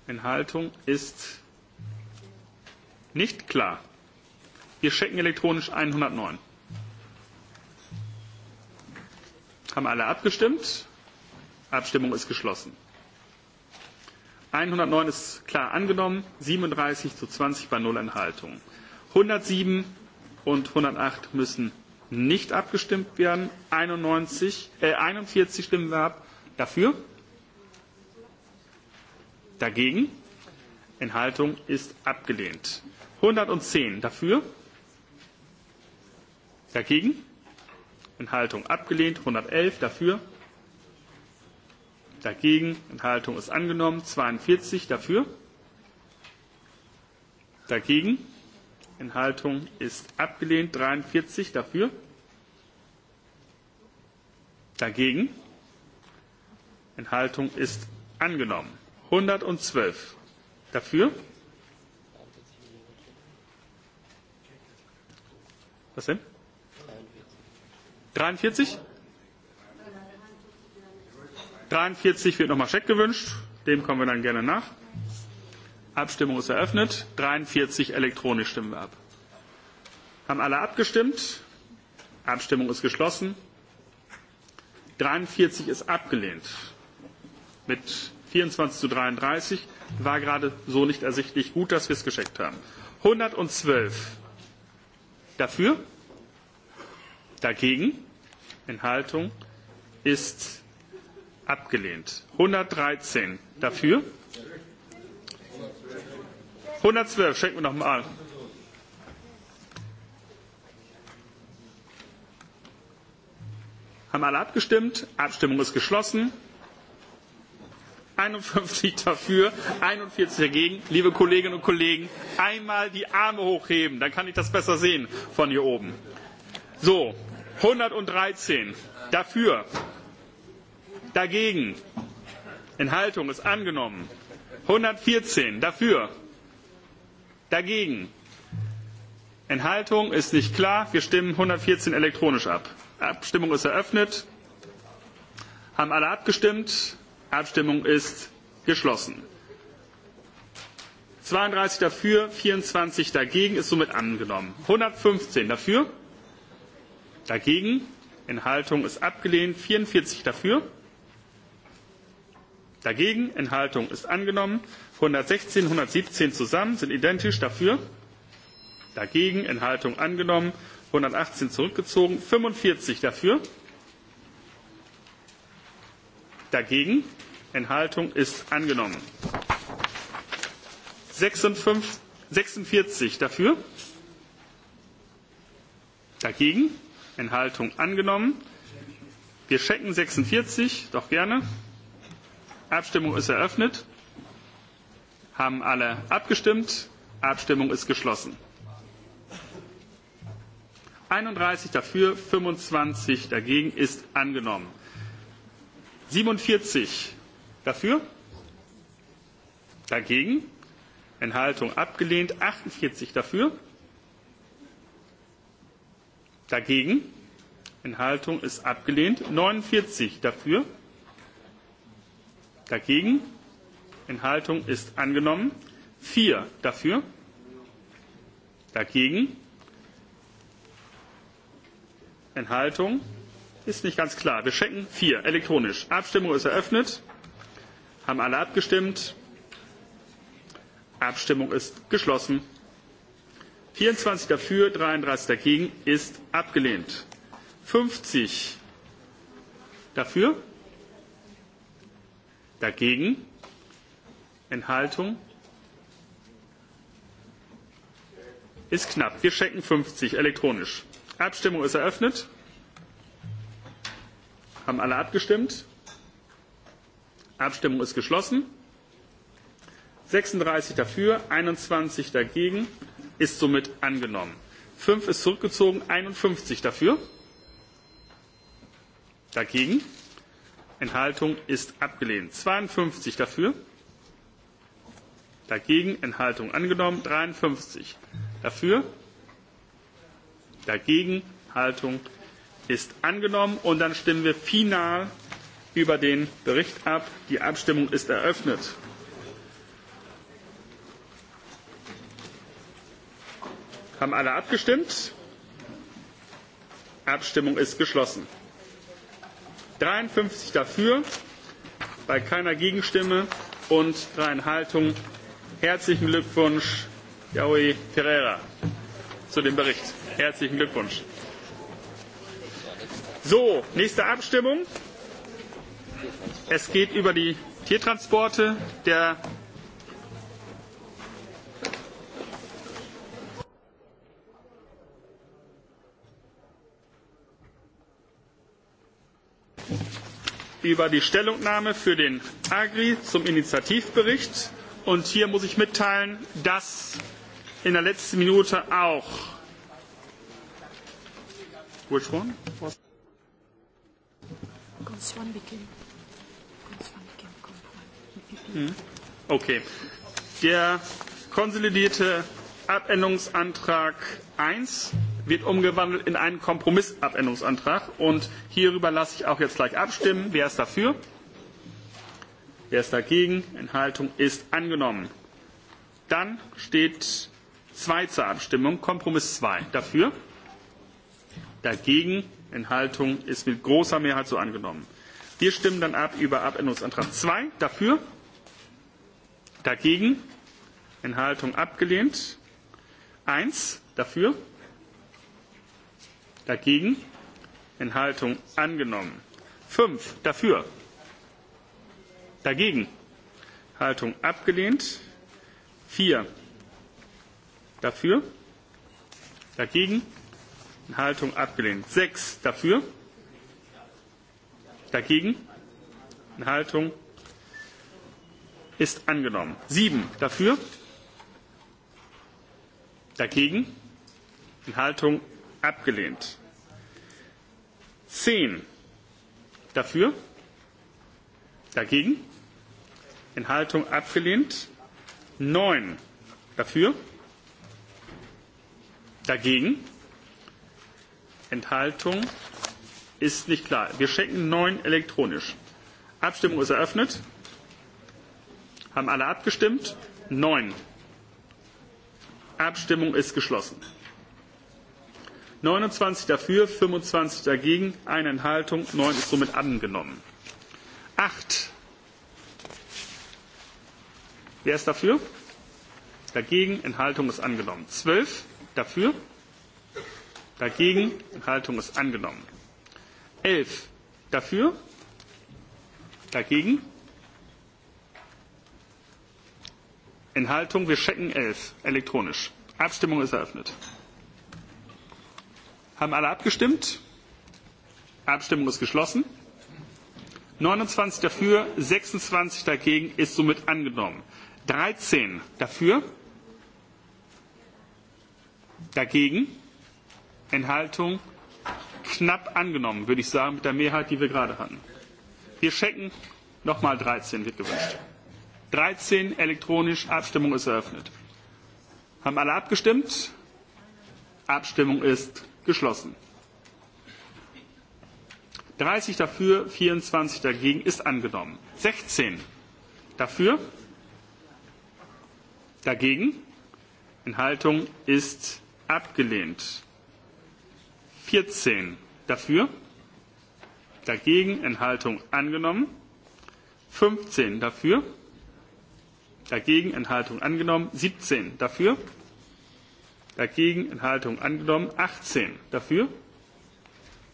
Enthaltung ist nicht klar. Wir checken elektronisch 109. Haben alle abgestimmt? Abstimmung ist geschlossen einhundertneun ist klar angenommen, siebenunddreißig zu zwanzig bei null Enthaltungen. 107 und 108 müssen nicht abgestimmt werden. 91, äh, 41 stimmen wir ab. Dafür? Dagegen? Enthaltung ist abgelehnt. 110 dafür? Dagegen? Enthaltung abgelehnt. 111 dafür? dagegen, Enthaltung ist angenommen, 42 dafür, dagegen, Enthaltung ist abgelehnt, 43 dafür, dagegen, Enthaltung ist angenommen, 112 dafür, was denn? 43? dreiundvierzig wird nochmal Scheck gewünscht. Dem kommen wir dann gerne nach. Abstimmung ist eröffnet. 43 elektronisch stimmen wir ab. Haben alle abgestimmt? Abstimmung ist geschlossen. 43 ist abgelehnt. Mit 24 zu 33 war gerade so nicht ersichtlich. Gut, dass wir es gescheckt haben. 112 dafür, dagegen, Enthaltung ist abgelehnt. 113 dafür. 112 schenken wir nochmal. Haben alle abgestimmt? Abstimmung ist geschlossen. 51 dafür, 41 dagegen. Liebe Kolleginnen und Kollegen, einmal die Arme hochheben, dann kann ich das besser sehen von hier oben. So, 113 dafür, dagegen enthaltung ist angenommen einhundertvierzehn dafür dagegen enthaltung ist nicht klar wir stimmen einhundertvierzehn elektronisch ab abstimmung ist eröffnet haben alle abgestimmt abstimmung ist geschlossen zweiunddreißig dafür vierundzwanzig dagegen ist somit angenommen einhundertfünfzehn dafür dagegen enthaltung ist abgelehnt vierundvierzig dafür dagegen enthaltung ist angenommen einhundertsechzehn einhundertsiebzehn zusammen sind identisch dafür dagegen enthaltung angenommen 118 zurückgezogen 45 dafür dagegen enthaltung ist angenommen 56, 46 dafür dagegen enthaltung angenommen wir checken 46 doch gerne Abstimmung ist eröffnet. Haben alle abgestimmt? Abstimmung ist geschlossen. 31 dafür, 25 dagegen ist angenommen. 47 dafür, dagegen, Enthaltung abgelehnt, 48 dafür, dagegen, Enthaltung ist abgelehnt, 49 dafür, Dagegen? Enthaltung ist angenommen. Vier dafür. Dagegen? Enthaltung ist nicht ganz klar. Wir checken vier elektronisch. Abstimmung ist eröffnet. Haben alle abgestimmt? Abstimmung ist geschlossen. 24 dafür, 33 dagegen ist abgelehnt. 50 dafür, Dagegen? Enthaltung? Ist knapp. Wir checken 50 elektronisch. Abstimmung ist eröffnet. Haben alle abgestimmt? Abstimmung ist geschlossen. 36 dafür, 21 dagegen, ist somit angenommen. 5 ist zurückgezogen, 51 dafür, dagegen Enthaltung ist abgelehnt. 52 dafür, dagegen Enthaltung angenommen. 53 dafür, dagegen Enthaltung ist angenommen. Und dann stimmen wir final über den Bericht ab. Die Abstimmung ist eröffnet. Haben alle abgestimmt? Abstimmung ist geschlossen dreiundfünfzig dafür, bei keiner Gegenstimme und drei Enthaltungen. Herzlichen Glückwunsch, Jaui Ferreira, zu dem Bericht. Herzlichen Glückwunsch. So, nächste Abstimmung. Es geht über die Tiertransporte. Der über die Stellungnahme für den Agri zum Initiativbericht. Und hier muss ich mitteilen, dass in der letzten Minute auch Which one? Was hm? Okay. Der konsolidierte Abänderungsantrag 1 wird umgewandelt in einen Kompromissabänderungsantrag. Und hierüber lasse ich auch jetzt gleich abstimmen. Wer ist dafür? Wer ist dagegen? Enthaltung ist angenommen. Dann steht zwei zur Abstimmung. Kompromiss zwei Dafür? Dagegen? Enthaltung ist mit großer Mehrheit so angenommen. Wir stimmen dann ab über Abänderungsantrag zwei Dafür? Dagegen? Enthaltung abgelehnt. Eins Dafür? Dagegen? Enthaltung angenommen. Fünf Dafür? Dagegen? Haltung abgelehnt. Vier Dafür? Dagegen? Enthaltung abgelehnt. Sechs Dafür? Dagegen? Enthaltung ist angenommen. Sieben Dafür? Dagegen? Enthaltung abgelehnt zehn dafür dagegen enthaltung abgelehnt neun dafür dagegen enthaltung ist nicht klar wir schenken neun elektronisch abstimmung ist eröffnet haben alle abgestimmt neun abstimmung ist geschlossen neunundzwanzig dafür, fünfundzwanzig dagegen, eine Enthaltung. neun ist somit angenommen. Acht. Wer ist dafür? Dagegen. Enthaltung ist angenommen. Zwölf. Dafür. Dagegen. Enthaltung ist angenommen. Elf. Dafür. Dagegen. Enthaltung. Wir checken elf elektronisch. Abstimmung ist eröffnet. Haben alle abgestimmt? Abstimmung ist geschlossen. 29 dafür, 26 dagegen ist somit angenommen. 13 dafür, dagegen, Enthaltung knapp angenommen, würde ich sagen, mit der Mehrheit, die wir gerade hatten. Wir checken, nochmal 13 wird gewünscht. 13 elektronisch, Abstimmung ist eröffnet. Haben alle abgestimmt? Abstimmung ist geschlossen. dreißig dafür, vierundzwanzig dagegen ist angenommen. sechzehn dafür, dagegen, Enthaltung ist abgelehnt. vierzehn dafür, dagegen, Enthaltung angenommen. fünfzehn dafür, dagegen, Enthaltung angenommen. siebzehn dafür, Dagegen Enthaltung angenommen. 18 dafür.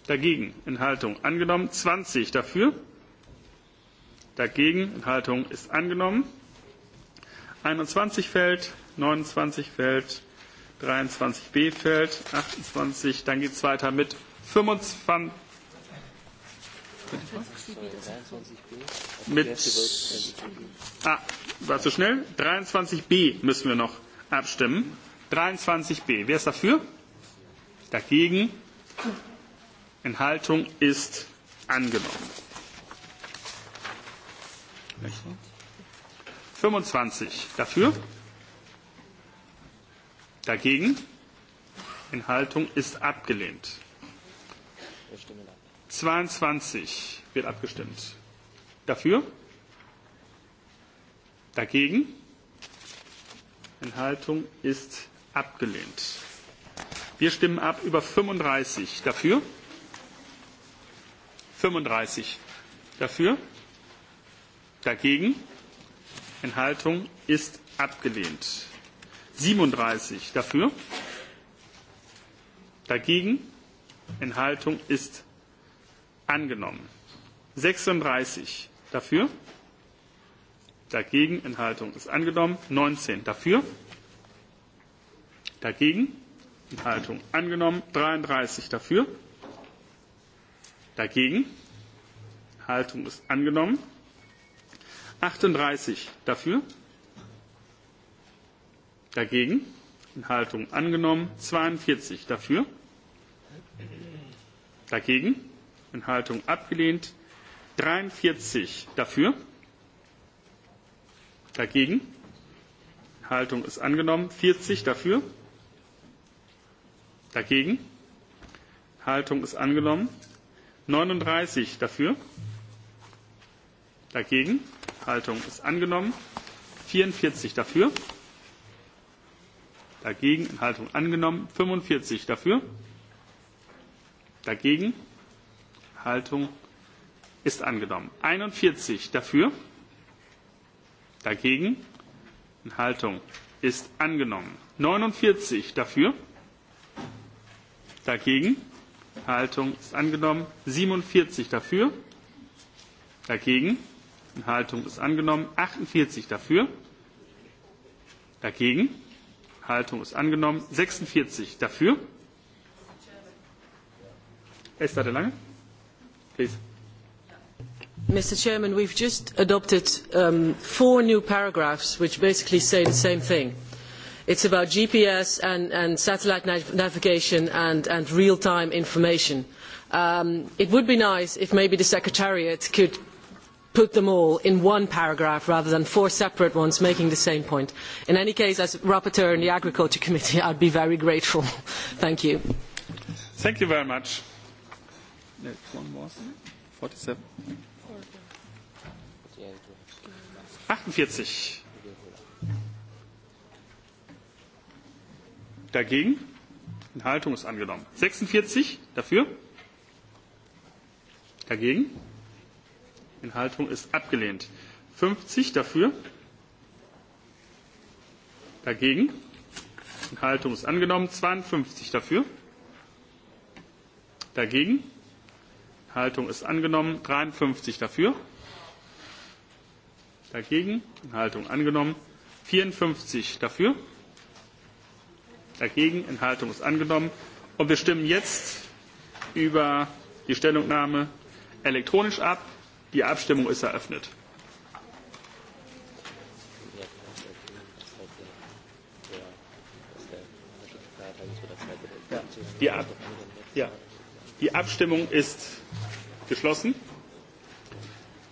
Dagegen Enthaltung angenommen. 20 dafür. Dagegen Enthaltung ist angenommen. 21 fällt, 29 fällt, 23b fällt, 28, dann geht es weiter mit 25. Mit, ah, war zu schnell. 23b müssen wir noch abstimmen. 23b. Wer ist dafür? Dagegen? Enthaltung ist angenommen. 25 dafür? Dagegen? Enthaltung ist abgelehnt. 22 wird abgestimmt. Dafür? Dagegen? Enthaltung ist abgelehnt. Wir stimmen ab über 35 dafür. 35 dafür. Dagegen. Enthaltung ist abgelehnt. 37 dafür. Dagegen. Enthaltung ist angenommen. 36 dafür. Dagegen. Enthaltung ist angenommen. 19 dafür. Dagegen? Enthaltung angenommen. 33 dafür. Dagegen? Haltung ist angenommen. 38 dafür. Dagegen? Enthaltung angenommen. 42 dafür. Dagegen? Enthaltung abgelehnt. 43 dafür. Dagegen? Enthaltung ist angenommen. 40 dafür. Dagegen? Haltung ist angenommen. 39 dafür. Dagegen? Haltung ist angenommen. 44 dafür. Dagegen? Haltung angenommen. 45 dafür. Dagegen? Haltung ist angenommen. 41 dafür. Dagegen? Haltung ist angenommen. 49 dafür Dagegen. Enthaltung ist angenommen. 47 dafür. Dagegen. Enthaltung ist angenommen. 48 dafür. Dagegen. Enthaltung ist angenommen. 46 dafür. Esther de Lange. Please. Mr Chairman, we've just adopted um, four new paragraphs which basically say the same thing It is about GPS and, and satellite navigation and, real-time information. Um, it would be nice if maybe the Secretariat could put them all in one paragraph rather than four separate ones making the same point. In any case, as rapporteur in the Agriculture Committee, I would be very grateful. Thank you. Thank you very much. One more, 47. 48. dagegen, Enthaltung ist angenommen. 46 dafür, dagegen, Enthaltung ist abgelehnt. 50 dafür, dagegen, Enthaltung ist angenommen. 52 dafür, dagegen, Enthaltung ist angenommen. 53 dafür, dagegen, Enthaltung angenommen. 54 dafür, dagegen, Enthaltung ist angenommen. Und wir stimmen jetzt über die Stellungnahme elektronisch ab. Die Abstimmung ist eröffnet. Die, Ab ja. die Abstimmung ist geschlossen.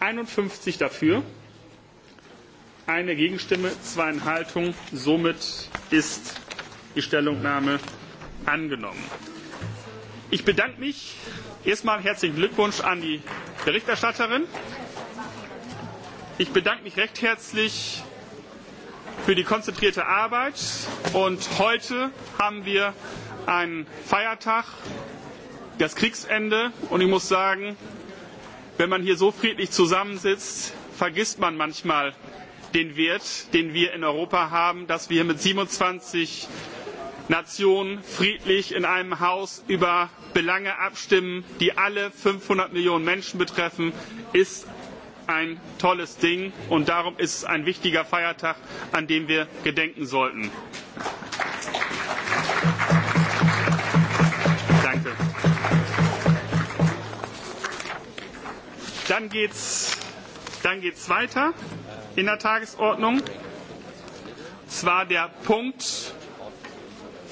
51 dafür, eine Gegenstimme, zwei Enthaltungen. Somit ist die Stellungnahme angenommen. Ich bedanke mich erstmal herzlichen Glückwunsch an die Berichterstatterin. Ich bedanke mich recht herzlich für die konzentrierte Arbeit und heute haben wir einen Feiertag, das Kriegsende und ich muss sagen, wenn man hier so friedlich zusammensitzt, vergisst man manchmal den Wert, den wir in Europa haben, dass wir mit 27 nationen friedlich in einem haus über belange abstimmen die alle fünfhundert millionen menschen betreffen ist ein tolles ding und darum ist es ein wichtiger feiertag an dem wir gedenken sollten. Danke. Dann geht es dann geht's weiter in der Tagesordnung. Zwar der Punkt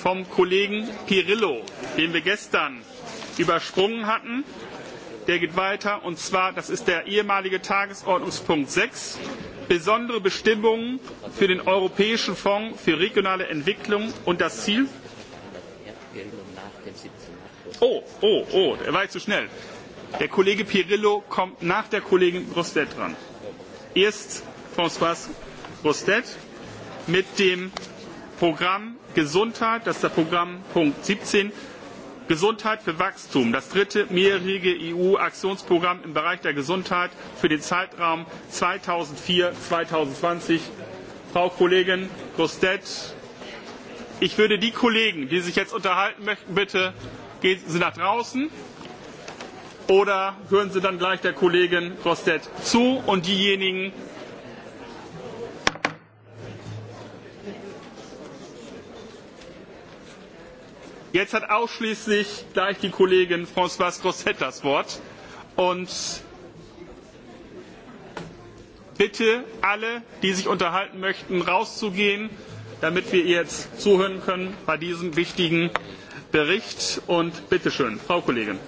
vom Kollegen Pirillo, den wir gestern übersprungen hatten. Der geht weiter, und zwar, das ist der ehemalige Tagesordnungspunkt 6, besondere Bestimmungen für den Europäischen Fonds für regionale Entwicklung und das Ziel. Oh, oh, oh, der war ich zu schnell. Der Kollege Pirillo kommt nach der Kollegin Grosstedt dran. Erst François Grosstedt mit dem Programm Gesundheit, das ist der Programmpunkt 17, Gesundheit für Wachstum, das dritte mehrjährige EU-Aktionsprogramm im Bereich der Gesundheit für den Zeitraum 2004-2020. Frau Kollegin Grostet, ich würde die Kollegen, die sich jetzt unterhalten möchten, bitte gehen Sie nach draußen oder hören Sie dann gleich der Kollegin Grostet zu und diejenigen, Jetzt hat ausschließlich gleich die Kollegin Françoise Grosset das Wort. Und bitte alle, die sich unterhalten möchten, rauszugehen, damit wir ihr jetzt zuhören können bei diesem wichtigen Bericht. Und bitte schön, Frau Kollegin.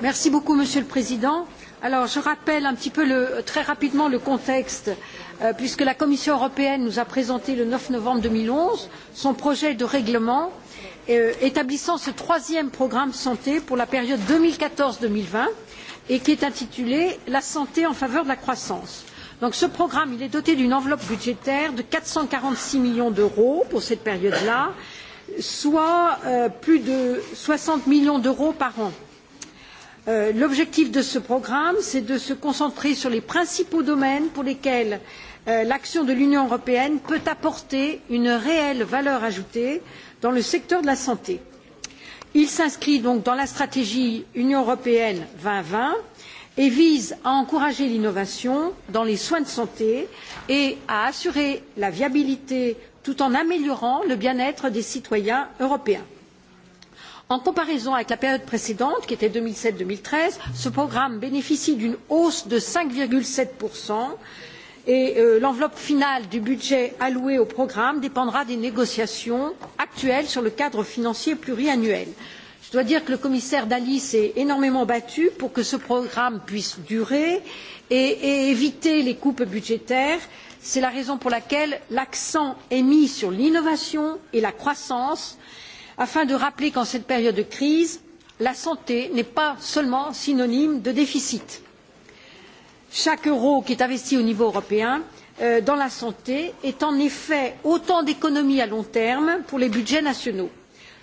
Merci beaucoup, Monsieur le Président. Alors, je rappelle un petit peu le, très rapidement le contexte. Euh, puisque la Commission européenne nous a présenté le 9 novembre 2011 son projet de règlement euh, établissant ce troisième programme santé pour la période deux mille quatorze deux mille vingt et qui est intitulé La santé en faveur de la croissance. Donc ce programme est doté d'une enveloppe budgétaire de quatre cent quarante six millions d'euros pour cette période là, soit euh, plus de soixante millions d'euros par an. Euh, L'objectif de ce programme, est de se concentrer sur les principaux domaines pour lesquels Euh, l'action de l'union européenne peut apporter une réelle valeur ajoutée dans le secteur de la santé. il s'inscrit donc dans la stratégie union européenne deux mille vingt et vise à encourager l'innovation dans les soins de santé et à assurer la viabilité tout en améliorant le bien être des citoyens européens. en comparaison avec la période précédente qui était deux mille sept deux mille treize ce programme bénéficie d'une hausse de cinq sept et euh, l'enveloppe finale du budget alloué au programme dépendra des négociations actuelles sur le cadre financier pluriannuel. je dois dire que le commissaire dalli s'est énormément battu pour que ce programme puisse durer et, et éviter les coupes budgétaires. c'est la raison pour laquelle l'accent est mis sur l'innovation et la croissance afin de rappeler qu'en cette période de crise la santé n'est pas seulement synonyme de déficit chaque euro qui est investi au niveau européen euh, dans la santé est en effet autant d'économies à long terme pour les budgets nationaux.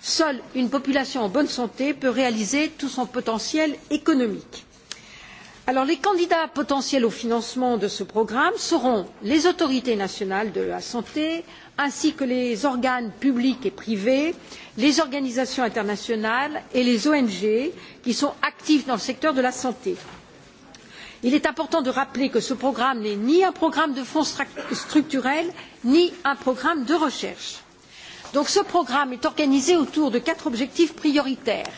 Seule une population en bonne santé peut réaliser tout son potentiel économique. Alors, les candidats potentiels au financement de ce programme seront les autorités nationales de la santé ainsi que les organes publics et privés les organisations internationales et les ong qui sont actifs dans le secteur de la santé il est important de rappeler que ce programme n'est ni un programme de fonds structurels ni un programme de recherche. ce programme est organisé autour de quatre objectifs prioritaires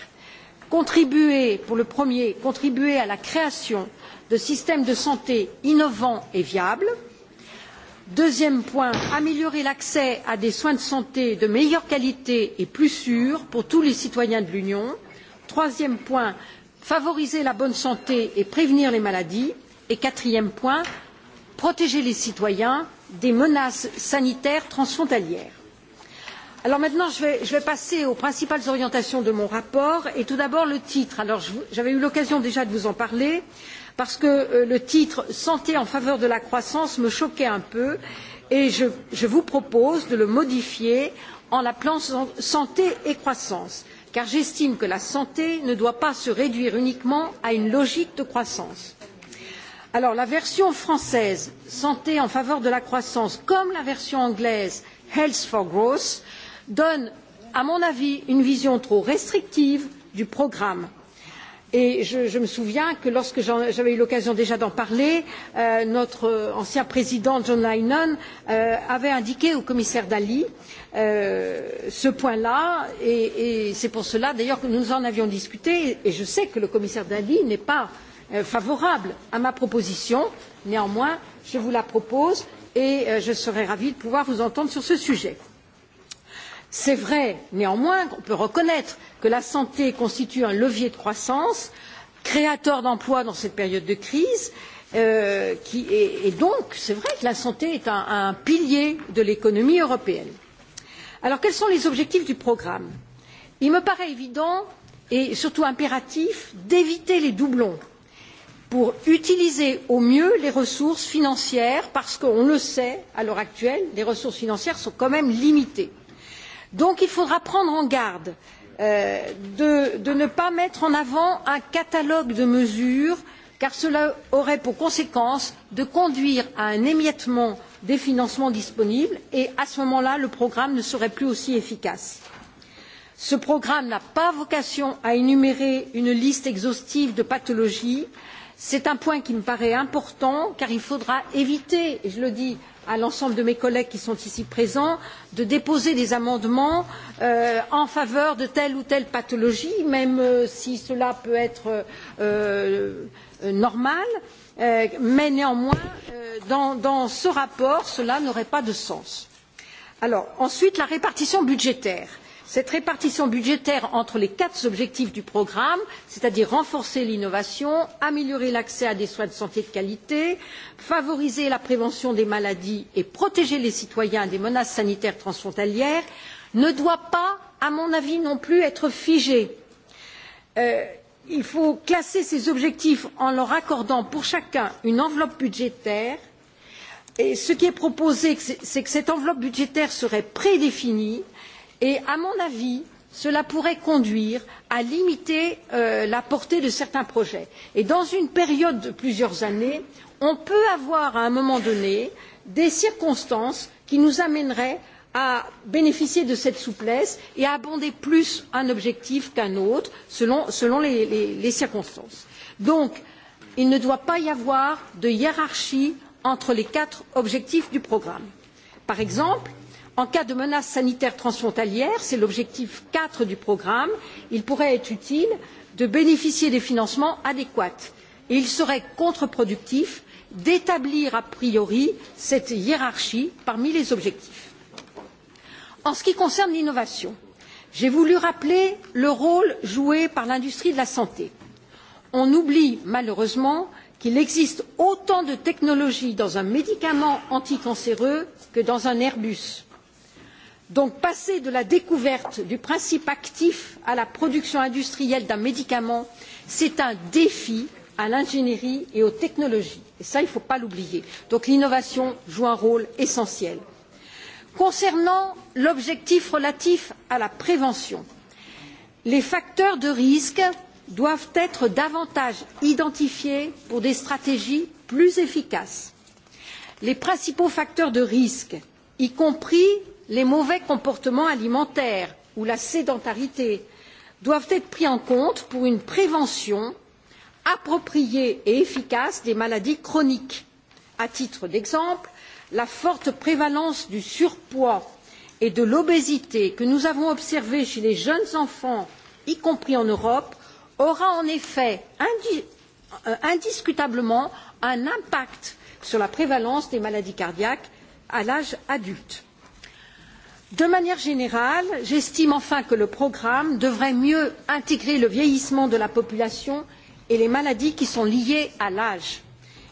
contribuer pour le premier contribuer à la création de systèmes de santé innovants et viables deuxième point améliorer l'accès à des soins de santé de meilleure qualité et plus sûrs pour tous les citoyens de l'union troisième point favoriser la bonne santé et prévenir les maladies et quatrième point protéger les citoyens des menaces sanitaires transfrontalières. Alors maintenant je vais, je vais passer aux principales orientations de mon rapport et tout d'abord le titre. j'avais eu l'occasion déjà de vous en parler parce que euh, le titre santé en faveur de la croissance me choquait un peu et je, je vous propose de le modifier en l'appelant santé et croissance car j'estime que la santé ne doit pas se réduire uniquement à une logique de croissance. Alors, la version française santé en faveur de la croissance comme la version anglaise health for growth donnent à mon avis une vision trop restrictive du programme. Et je, je me souviens que lorsque j'avais eu l'occasion déjà d'en parler, euh, notre ancien président John Lennon euh, avait indiqué au commissaire Dalli euh, ce point-là, et, et c'est pour cela d'ailleurs que nous en avions discuté, et je sais que le commissaire Dalli n'est pas euh, favorable à ma proposition. Néanmoins, je vous la propose et euh, je serai ravie de pouvoir vous entendre sur ce sujet. C'est vrai néanmoins qu'on peut reconnaître que la santé constitue un levier de croissance, créateur d'emplois dans cette période de crise, euh, qui est, et donc c'est vrai que la santé est un, un pilier de l'économie européenne. Alors quels sont les objectifs du programme Il me paraît évident et surtout impératif d'éviter les doublons pour utiliser au mieux les ressources financières parce qu'on le sait à l'heure actuelle les ressources financières sont quand même limitées donc il faudra prendre en garde euh, de, de ne pas mettre en avant un catalogue de mesures car cela aurait pour conséquence de conduire à un émiettement des financements disponibles et à ce moment là le programme ne serait plus aussi efficace. ce programme n'a pas vocation à énumérer une liste exhaustive de pathologies c'est un point qui me paraît important car il faudra éviter et je le dis à l'ensemble de mes collègues qui sont ici présents de déposer des amendements euh, en faveur de telle ou telle pathologie, même euh, si cela peut être euh, euh normal, euh, mais néanmoins, euh, dans, dans, ce rapport, cela n'aurait pas de sens. Alors, ensuite, la répartition budgétaire cette répartition budgétaire entre les quatre objectifs du programme c'est à dire renforcer l'innovation améliorer l'accès à des soins de santé de qualité favoriser la prévention des maladies et protéger les citoyens des menaces sanitaires transfrontalières ne doit pas à mon avis non plus être figée. Euh, il faut classer ces objectifs en leur accordant pour chacun une enveloppe budgétaire et ce qui est proposé c'est que cette enveloppe budgétaire serait prédéfinie et à mon avis cela pourrait conduire à limiter euh, la portée de certains projets et dans une période de plusieurs années on peut avoir à un moment donné des circonstances qui nous amèneraient à bénéficier de cette souplesse et à abonder plus un objectif qu'un autre selon, selon les, les, les circonstances. donc il ne doit pas y avoir de hiérarchie entre les quatre objectifs du programme. par exemple en cas de menace sanitaire transfrontalière c'est l'objectif quatre du programme il pourrait être utile de bénéficier des financements adéquats et il serait contreproductif d'établir a priori cette hiérarchie parmi les objectifs. en ce qui concerne l'innovation j'ai voulu rappeler le rôle joué par l'industrie de la santé. on oublie malheureusement qu'il existe autant de technologies dans un médicament anticancéreux que dans un airbus donc passer de la découverte du principe actif à la production industrielle d'un médicament c'est un défi à l'ingénierie et aux technologies et cela il ne faut pas l'oublier. donc l'innovation joue un rôle essentiel. concernant l'objectif relatif à la prévention les facteurs de risque doivent être davantage identifiés pour des stratégies plus efficaces. les principaux facteurs de risque y compris les mauvais comportements alimentaires ou la sédentarité doivent être pris en compte pour une prévention appropriée et efficace des maladies chroniques. à titre d'exemple la forte prévalence du surpoids et de l'obésité que nous avons observée chez les jeunes enfants y compris en europe aura en effet euh, indiscutablement un impact sur la prévalence des maladies cardiaques à l'âge adulte de manière générale j'estime enfin que le programme devrait mieux intégrer le vieillissement de la population et les maladies qui sont liées à l'âge.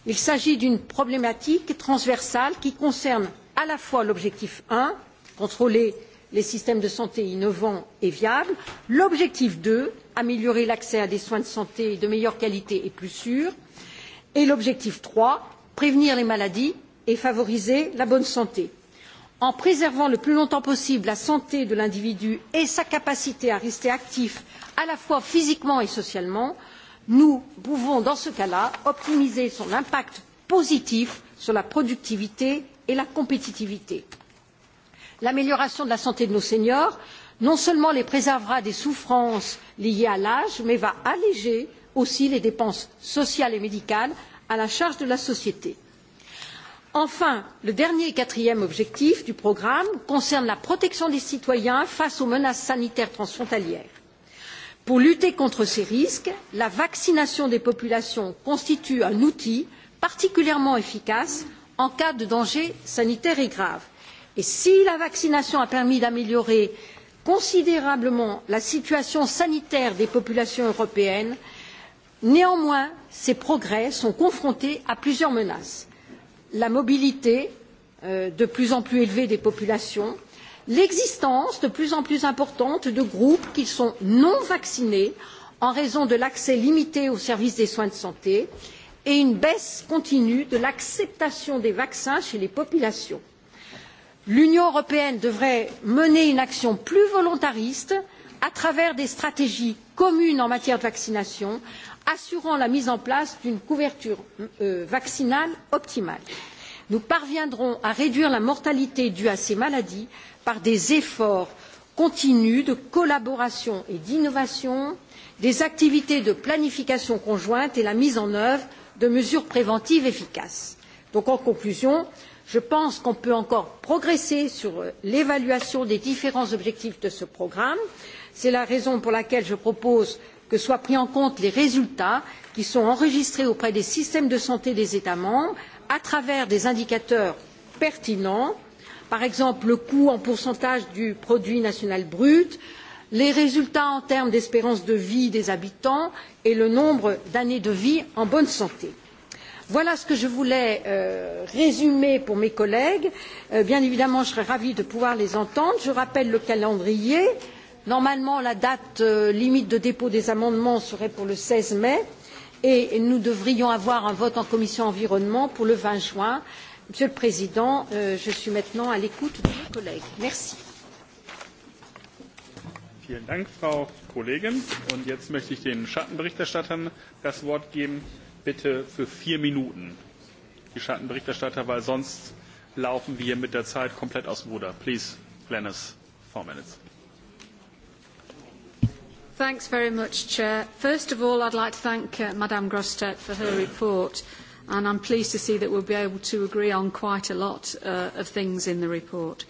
il s'agit d'une problématique transversale qui concerne à la fois l'objectif un contrôler les systèmes de santé innovants et viables l'objectif deux améliorer l'accès à des soins de santé de meilleure qualité et plus sûrs et l'objectif trois prévenir les maladies et favoriser la bonne santé en préservant le plus longtemps possible la santé de l'individu et sa capacité à rester actif à la fois physiquement et socialement nous pouvons dans ce cas là optimiser son impact positif sur la productivité et la compétitivité. l'amélioration de la santé de nos seniors non seulement les préservera des souffrances liées à l'âge mais va alléger aussi les dépenses sociales et médicales à la charge de la société enfin le dernier et quatrième objectif du programme concerne la protection des citoyens face aux menaces sanitaires transfrontalières. pour lutter contre ces risques la vaccination des populations constitue un outil particulièrement efficace en cas de danger sanitaire et grave et si la vaccination a permis d'améliorer considérablement la situation sanitaire des populations européennes néanmoins ces progrès sont confrontés à plusieurs menaces la mobilité euh, de plus en plus élevée des populations, l'existence de plus en plus importante de groupes qui sont non vaccinés en raison de l'accès limité aux services des soins de santé et une baisse continue de l'acceptation des vaccins chez les populations. L'Union européenne devrait mener une action plus volontariste à travers des stratégies communes en matière de vaccination assurant la mise en place d'une couverture euh, vaccinale optimale. Nous parviendrons à réduire la mortalité due à ces maladies par des efforts continus de collaboration et d'innovation, des activités de planification conjointe et la mise en œuvre de mesures préventives efficaces. Donc, en conclusion, je pense qu'on peut encore progresser sur euh, l'évaluation des différents objectifs de ce programme. C'est la raison pour laquelle je propose que soient pris en compte les résultats qui sont enregistrés auprès des systèmes de santé des États membres à travers des indicateurs pertinents, par exemple le coût en pourcentage du produit national brut, les résultats en termes d'espérance de vie des habitants et le nombre d'années de vie en bonne santé. Voilà ce que je voulais euh, résumer pour mes collègues. Euh, bien évidemment, je serais ravie de pouvoir les entendre. Je rappelle le calendrier. Euh, Normalement, la date euh, limite de dépôt des amendements serait pour le seize mai et nous devrions avoir un vote en commission environnement pour le vingt juin. Monsieur le Président, euh, je suis maintenant à l'écoute de vos collègues. Merci. Vielen Dank, Frau Kollegin. Und jetzt möchte ich den Schattenberichterstattern das Wort geben, bitte für vier Minuten. Die Schattenberichterstatter, weil sonst laufen wir mit der Zeit komplett aus dem Ruder. Please, Glennis, four minutes. Thanks very much, Chair. First of all, I'd like to thank uh, Madame Grostet for her report, and I'm pleased to see that we'll be able to agree on quite a lot uh, of things in the report.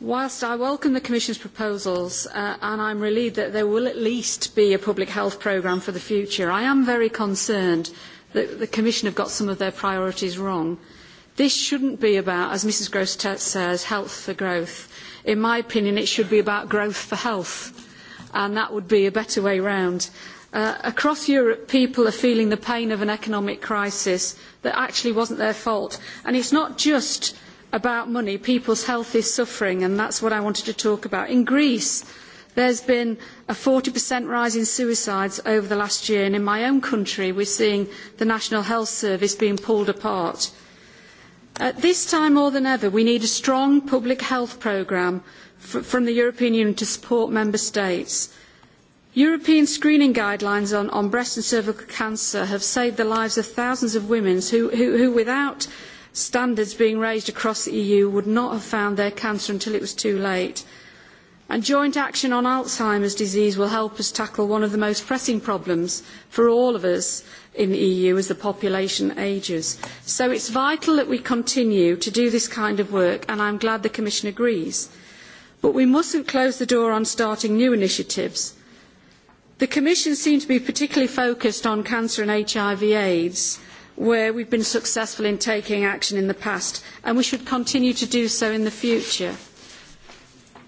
Whilst I welcome the Commission's proposals, uh, and I'm relieved that there will at least be a public health programme for the future, I am very concerned that the Commission have got some of their priorities wrong. This shouldn't be about, as Mrs Grostet says, health for growth. In my opinion, it should be about growth for health and that would be a better way round. Uh, across Europe, people are feeling the pain of an economic crisis that actually was not their fault. And it is not just about money. People's health is suffering, and that is what I wanted to talk about. In Greece, there has been a 40% rise in suicides over the last year, and in my own country, we are seeing the National Health Service being pulled apart. At this time more than ever, we need a strong public health programme from the European Union to support member states. European screening guidelines on, on, breast and cervical cancer have saved the lives of thousands of women who, who, who, without standards being raised across the EU, would not have found their cancer until it was too late. And joint action on Alzheimer's disease will help us tackle one of the most pressing problems for all of us in the EU as the population ages. So it is vital that we continue to do this kind of work, and I am glad the Commission agrees but we must not close the door on starting new initiatives. The Commission seems to be particularly focused on cancer and HIV AIDS, where we have been successful in taking action in the past, and we should continue to do so in the future.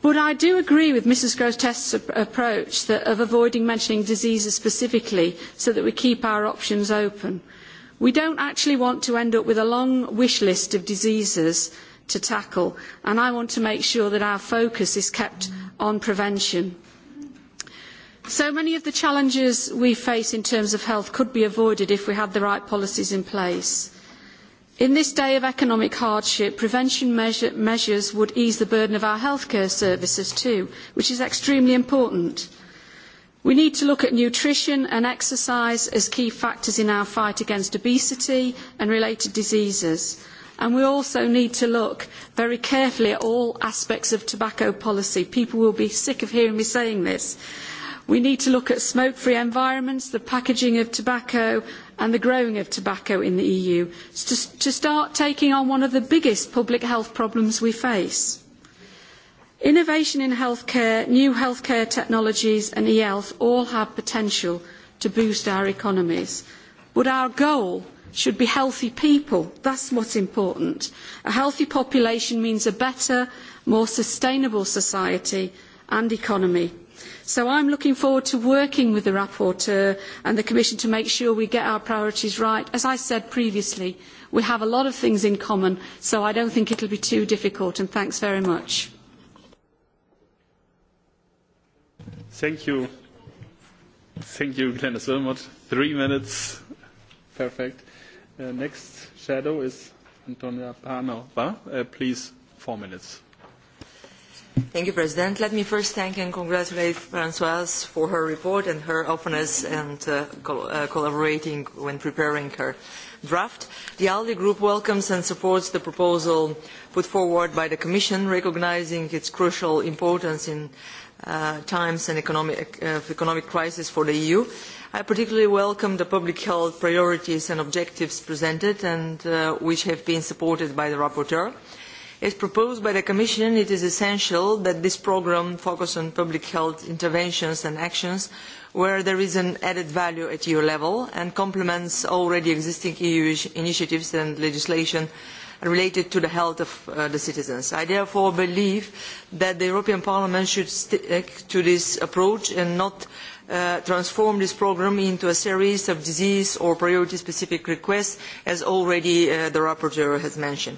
But I do agree with Mrs Grotesque's approach of avoiding mentioning diseases specifically so that we keep our options open. We do not actually want to end up with a long wish list of diseases to tackle. And I want to make sure that our focus is kept on prevention. So many of the challenges we face in terms of health could be avoided if we had the right policies in place. In this day of economic hardship, prevention measure, measures would ease the burden of our healthcare services too, which is extremely important. We need to look at nutrition and exercise as key factors in our fight against obesity and related diseases. And we also need to look very carefully at all aspects of tobacco policy. People will be sick of hearing me saying this. We need to look at smoke-free environments, the packaging of tobacco and the growing of tobacco in the EU to, to start taking on one of the biggest public health problems we face. Innovation in healthcare, new healthcare technologies and e-health all have potential to boost our economies. But our goal should be healthy people. That is what is important. A healthy population means a better, more sustainable society and economy. So I am looking forward to working with the rapporteur and the Commission to make sure we get our priorities right. As I said previously, we have a lot of things in common, so I do not think it will be too difficult, and thanks very much. Thank you. Thank you, Wilmot. Three minutes. Perfect mr uh, next shadow is Antonia Panova. Uh, please, four minutes. President. Let me first thank and congratulate franoise for her report and her openness and uh, collaborating when preparing her draft. The ALDE Group welcomes and supports the proposal put forward by the Commission, recognising its crucial importance in times of economic crisis for the EU i particularly welcome the public health priorities and objectives presented and uh, which have been supported by the rapporteur. As proposed by the Commission, it is essential that this programme focus on public health interventions and actions where there is an added value at EU level and complements already existing EU initiatives and legislation related to the health of uh, the citizens. I therefore believe that the European Parliament should stick to this approach and not Uh, transform this programme into a series of disease or priority specific requests as already uh, the rapporteur has mentioned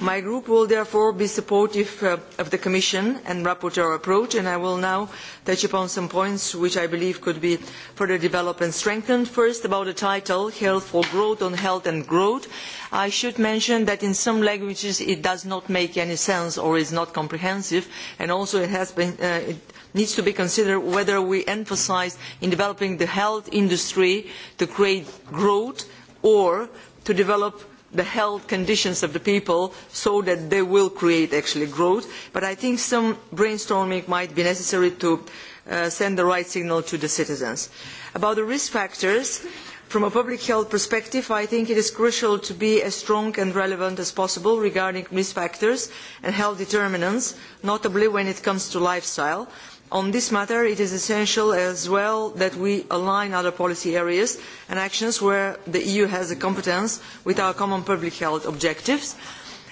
my group will therefore be supportive uh, of the commission and rapporteur approach and i will now touch upon some points which i believe could be further developed and strengthened. first about the title health for growth on health and growth i should mention that in some languages it does not make any sense or is not comprehensive and also it, uh, it needs to be considered whether we emphasise in developing the health industry to create growth or to develop the health conditions of the people so that they will create actually growth. But I think some brainstorming might be necessary to uh, send the right signal to the citizens. About the risk factors, from a public health perspective, I think it is crucial to be as strong and relevant as possible regarding risk factors and health determinants, notably when it comes to lifestyle on this matter it is essential as well that we align other policy areas and actions where the eu has a competence with our common public health objectives.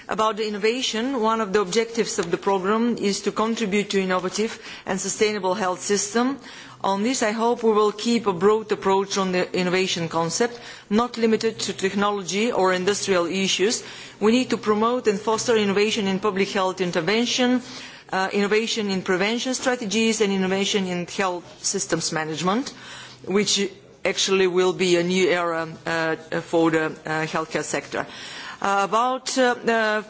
about the innovation one of the objectives of the programme is to contribute to an innovative and sustainable health system. on this i hope we will keep a broad approach on the innovation concept not limited to technology or industrial issues. we need to promote and foster innovation in public health intervention uh, innovation in prevention strategies and innovation in health systems management, which actually will be a new era uh, uh for the uh, healthcare sector. Uh, about uh, uh,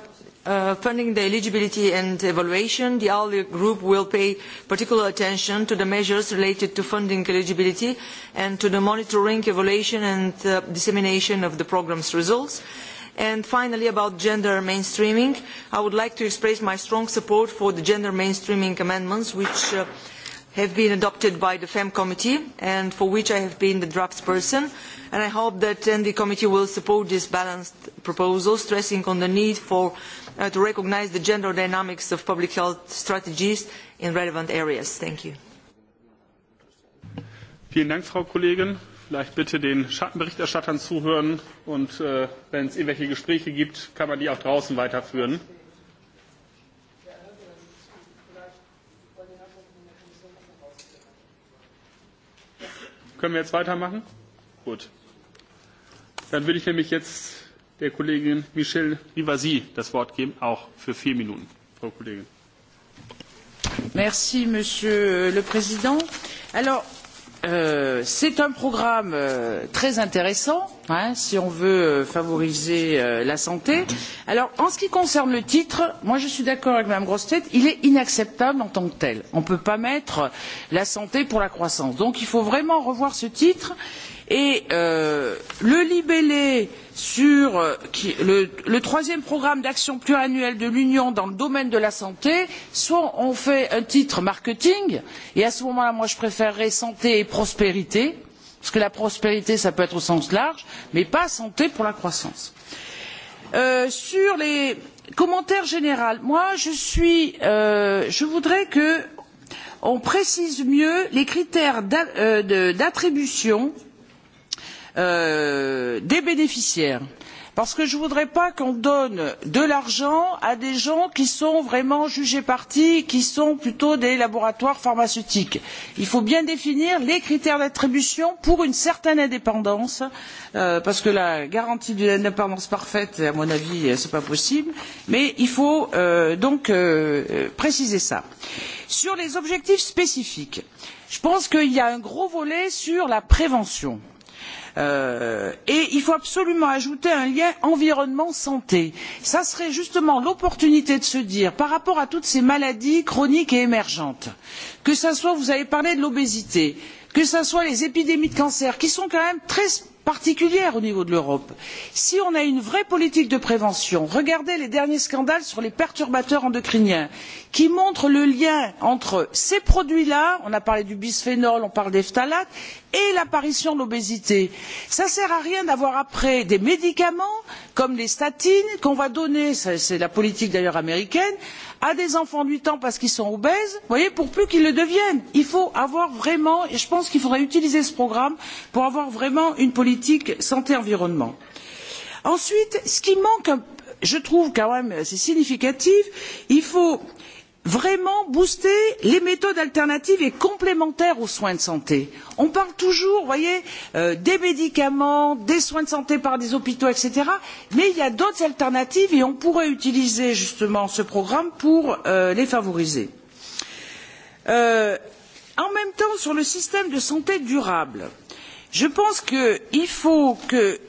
uh funding the eligibility and evaluation, the ALDE group will pay particular attention to the measures related to funding eligibility and to the monitoring, evaluation and uh, dissemination of the programme's results And finally, about gender mainstreaming, I would like to express my strong support for the gender mainstreaming amendments, which uh, have been adopted by the FEM committee and for which I have been the draftsperson. And I hope that the committee will support this balanced proposal, stressing on the need for, uh, to recognise the gender dynamics of public health strategies in relevant areas. Thank you. Vielen Dank, Frau Kollegin vielleicht bitte den Schattenberichterstattern zuhören und äh, wenn es irgendwelche Gespräche gibt, kann man die auch draußen weiterführen. Können wir jetzt weitermachen? Gut. Dann würde ich nämlich jetzt der Kollegin Michelle Rivasi das Wort geben, auch für vier Minuten. Frau Kollegin. Merci, Monsieur le Président. Alors, Euh, c'est un programme euh, très intéressant hein, si on veut euh, favoriser la santé. Alors, en ce qui concerne le titre, moi je suis d'accord avec Mme Grostet, il est inacceptable en tant que tel. On ne peut pas mettre la santé pour la croissance. Donc il faut vraiment revoir ce titre et euh, le libellé sur euh, le, troisième programme d'action pluriannuel de l'union dans le domaine de la santé soit on fait un titre marketing et à ce moment là moi je préférerais santé et prospérité parce que la prospérité ça peut être au sens large mais pas santé pour la croissance. Euh, sur les commentaires généraux moi je suis je voudrais que on précise mieux les critères d'attribution Euh, des bénéficiaires parce que je ne voudrais pas qu'on donne de l'argent à des gens qui sont vraiment juges et parties qui sont plutôt des laboratoires pharmaceutiques. il faut bien définir les critères d'attribution pour une certaine indépendance euh, parce que la garantie d'une indépendance parfaite à mon avis euh, ce n'est pas possible mais il faut donc préciser cela. sur les objectifs spécifiques je pense qu'il y a un gros volet sur la prévention. Euh, et il faut absolument ajouter un lien environnement santé. ce serait justement l'opportunité de se dire par rapport à toutes ces maladies chroniques et émergentes que ce soit vous avez parlé de l'obésité que ce soit les épidémies de cancer qui sont quand même très particulière au niveau de l'europe. si on a une vraie politique de prévention regardez les derniers scandales sur les perturbateurs endocriniens qui montrent le lien entre ces produits là on a parlé du bisphénol on parle des phtalates et l'apparition de l'obésité. cela ne sert à rien d'avoir après des médicaments comme les statines qu'on va donner c'est la politique d'ailleurs américaine à des enfants de huit ans parce qu'ils sont obèses voyez, pour peu qu'ils le deviennent. il faut avoir vraiment et je pense qu'il faudrait utiliser ce programme pour avoir vraiment une politique santé environnement. ensuite ce qui manque je trouve quand même c'est significatif il faut vraiment booster les méthodes alternatives et complémentaires aux soins de santé. on parle toujours vous voyez euh, des médicaments des soins de santé par des hôpitaux etc. mais il y a d'autres alternatives et on pourrait utiliser justement ce programme pour euh, les favoriser. Euh, en même temps sur le système de santé durable je pense qu'il faut que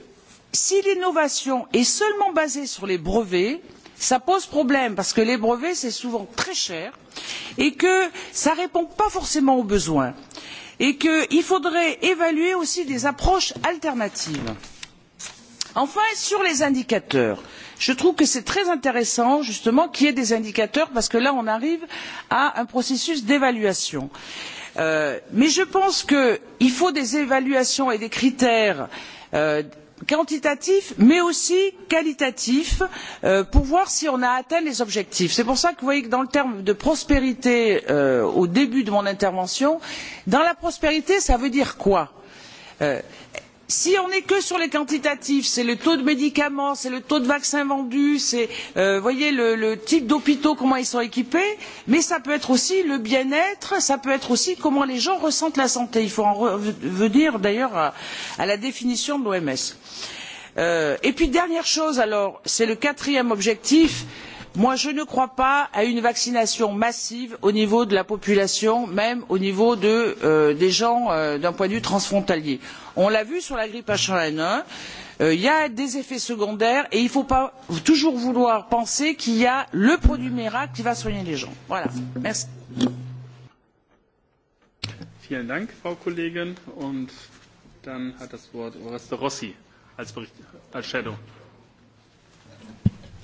si l'innovation est seulement basée sur les brevets Cela pose problème parce que les brevets sont souvent très cher et que cela ne répond pas forcément aux besoins et qu'il faudrait évaluer aussi des approches alternatives. enfin sur les indicateurs je trouve que c'est très intéressant justement qu'il y ait des indicateurs parce que là on arrive à un processus d'évaluation. Euh, mais je pense qu'il faut des évaluations et des critères euh, quantitatif mais aussi qualitatif euh, pour voir si on a atteint les objectifs. c'est pour cela que vous voyez que dans le terme de prospérité euh, au début de mon intervention dans la prospérité ça veut dire quoi? Euh, si on n'est que sur les quantitatifs c'est le taux de médicaments c'est le taux de vaccins vendus c'est euh, le, le type d'hôpitaux comment ils sont équipés mais ça peut être aussi le bien être ça peut être aussi comment les gens ressentent la santé il faut en revenir d'ailleurs à, à la définition de l'oms. Euh, et puis dernière chose alors c'est le quatrième objectif c'est Moi, je ne crois pas à une vaccination massive au niveau de la population même au niveau euh, des gens euh, d'un point de vue transfrontalier. on l'a vu sur la grippe h un n un euh, il y a des effets secondaires et il ne faut pas toujours vouloir penser qu'il y a le produit miracle qui va soigner les gens. voilà merci.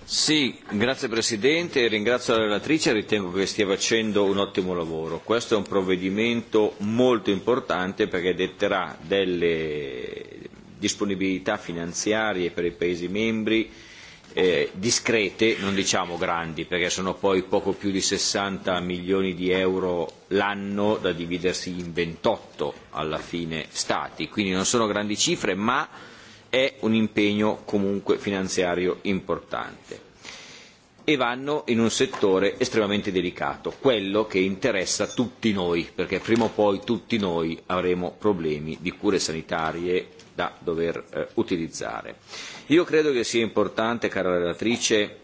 Sì, grazie Presidente, ringrazio la relatrice, ritengo che stia facendo un ottimo lavoro. Questo è un provvedimento molto importante perché detterà delle disponibilità finanziarie per i Paesi membri eh, discrete, non diciamo grandi, perché sono poi poco più di sessanta milioni di euro l'anno da dividersi in ventotto alla fine Stati, quindi non sono grandi cifre, ma è un impegno comunque finanziario importante e vanno in un settore estremamente delicato, quello che interessa tutti noi, perché prima o poi tutti noi avremo problemi di cure sanitarie da dover eh, utilizzare. Io credo che sia importante, cara relatrice,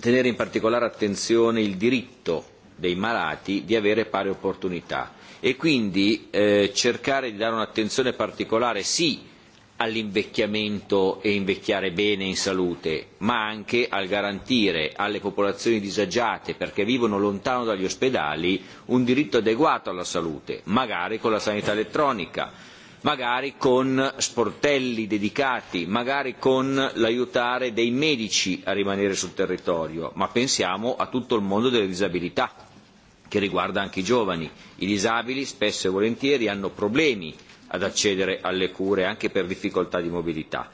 tenere in particolare attenzione il diritto dei malati di avere pari opportunità e quindi eh, cercare di dare un'attenzione particolare sì all'invecchiamento e invecchiare bene in salute, ma anche al garantire alle popolazioni disagiate perché vivono lontano dagli ospedali un diritto adeguato alla salute, magari con la sanità elettronica, magari con sportelli dedicati, magari con l'aiutare dei medici a rimanere sul territorio, ma pensiamo a tutto il mondo delle disabilità che riguarda anche i giovani. I disabili spesso e volentieri hanno problemi ad accedere alle cure anche per difficoltà di mobilità.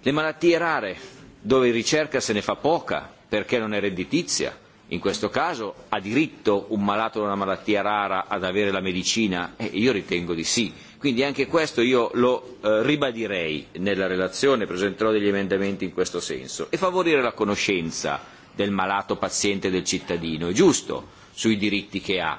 Le malattie rare, dove ricerca se ne fa poca perché non è redditizia, in questo caso ha diritto un malato di una malattia rara ad avere la medicina? Eh, io ritengo di sì. Quindi anche questo io lo eh, ribadirei nella relazione, presenterò degli emendamenti in questo senso. E favorire la conoscenza del malato paziente del cittadino, è giusto, sui diritti che ha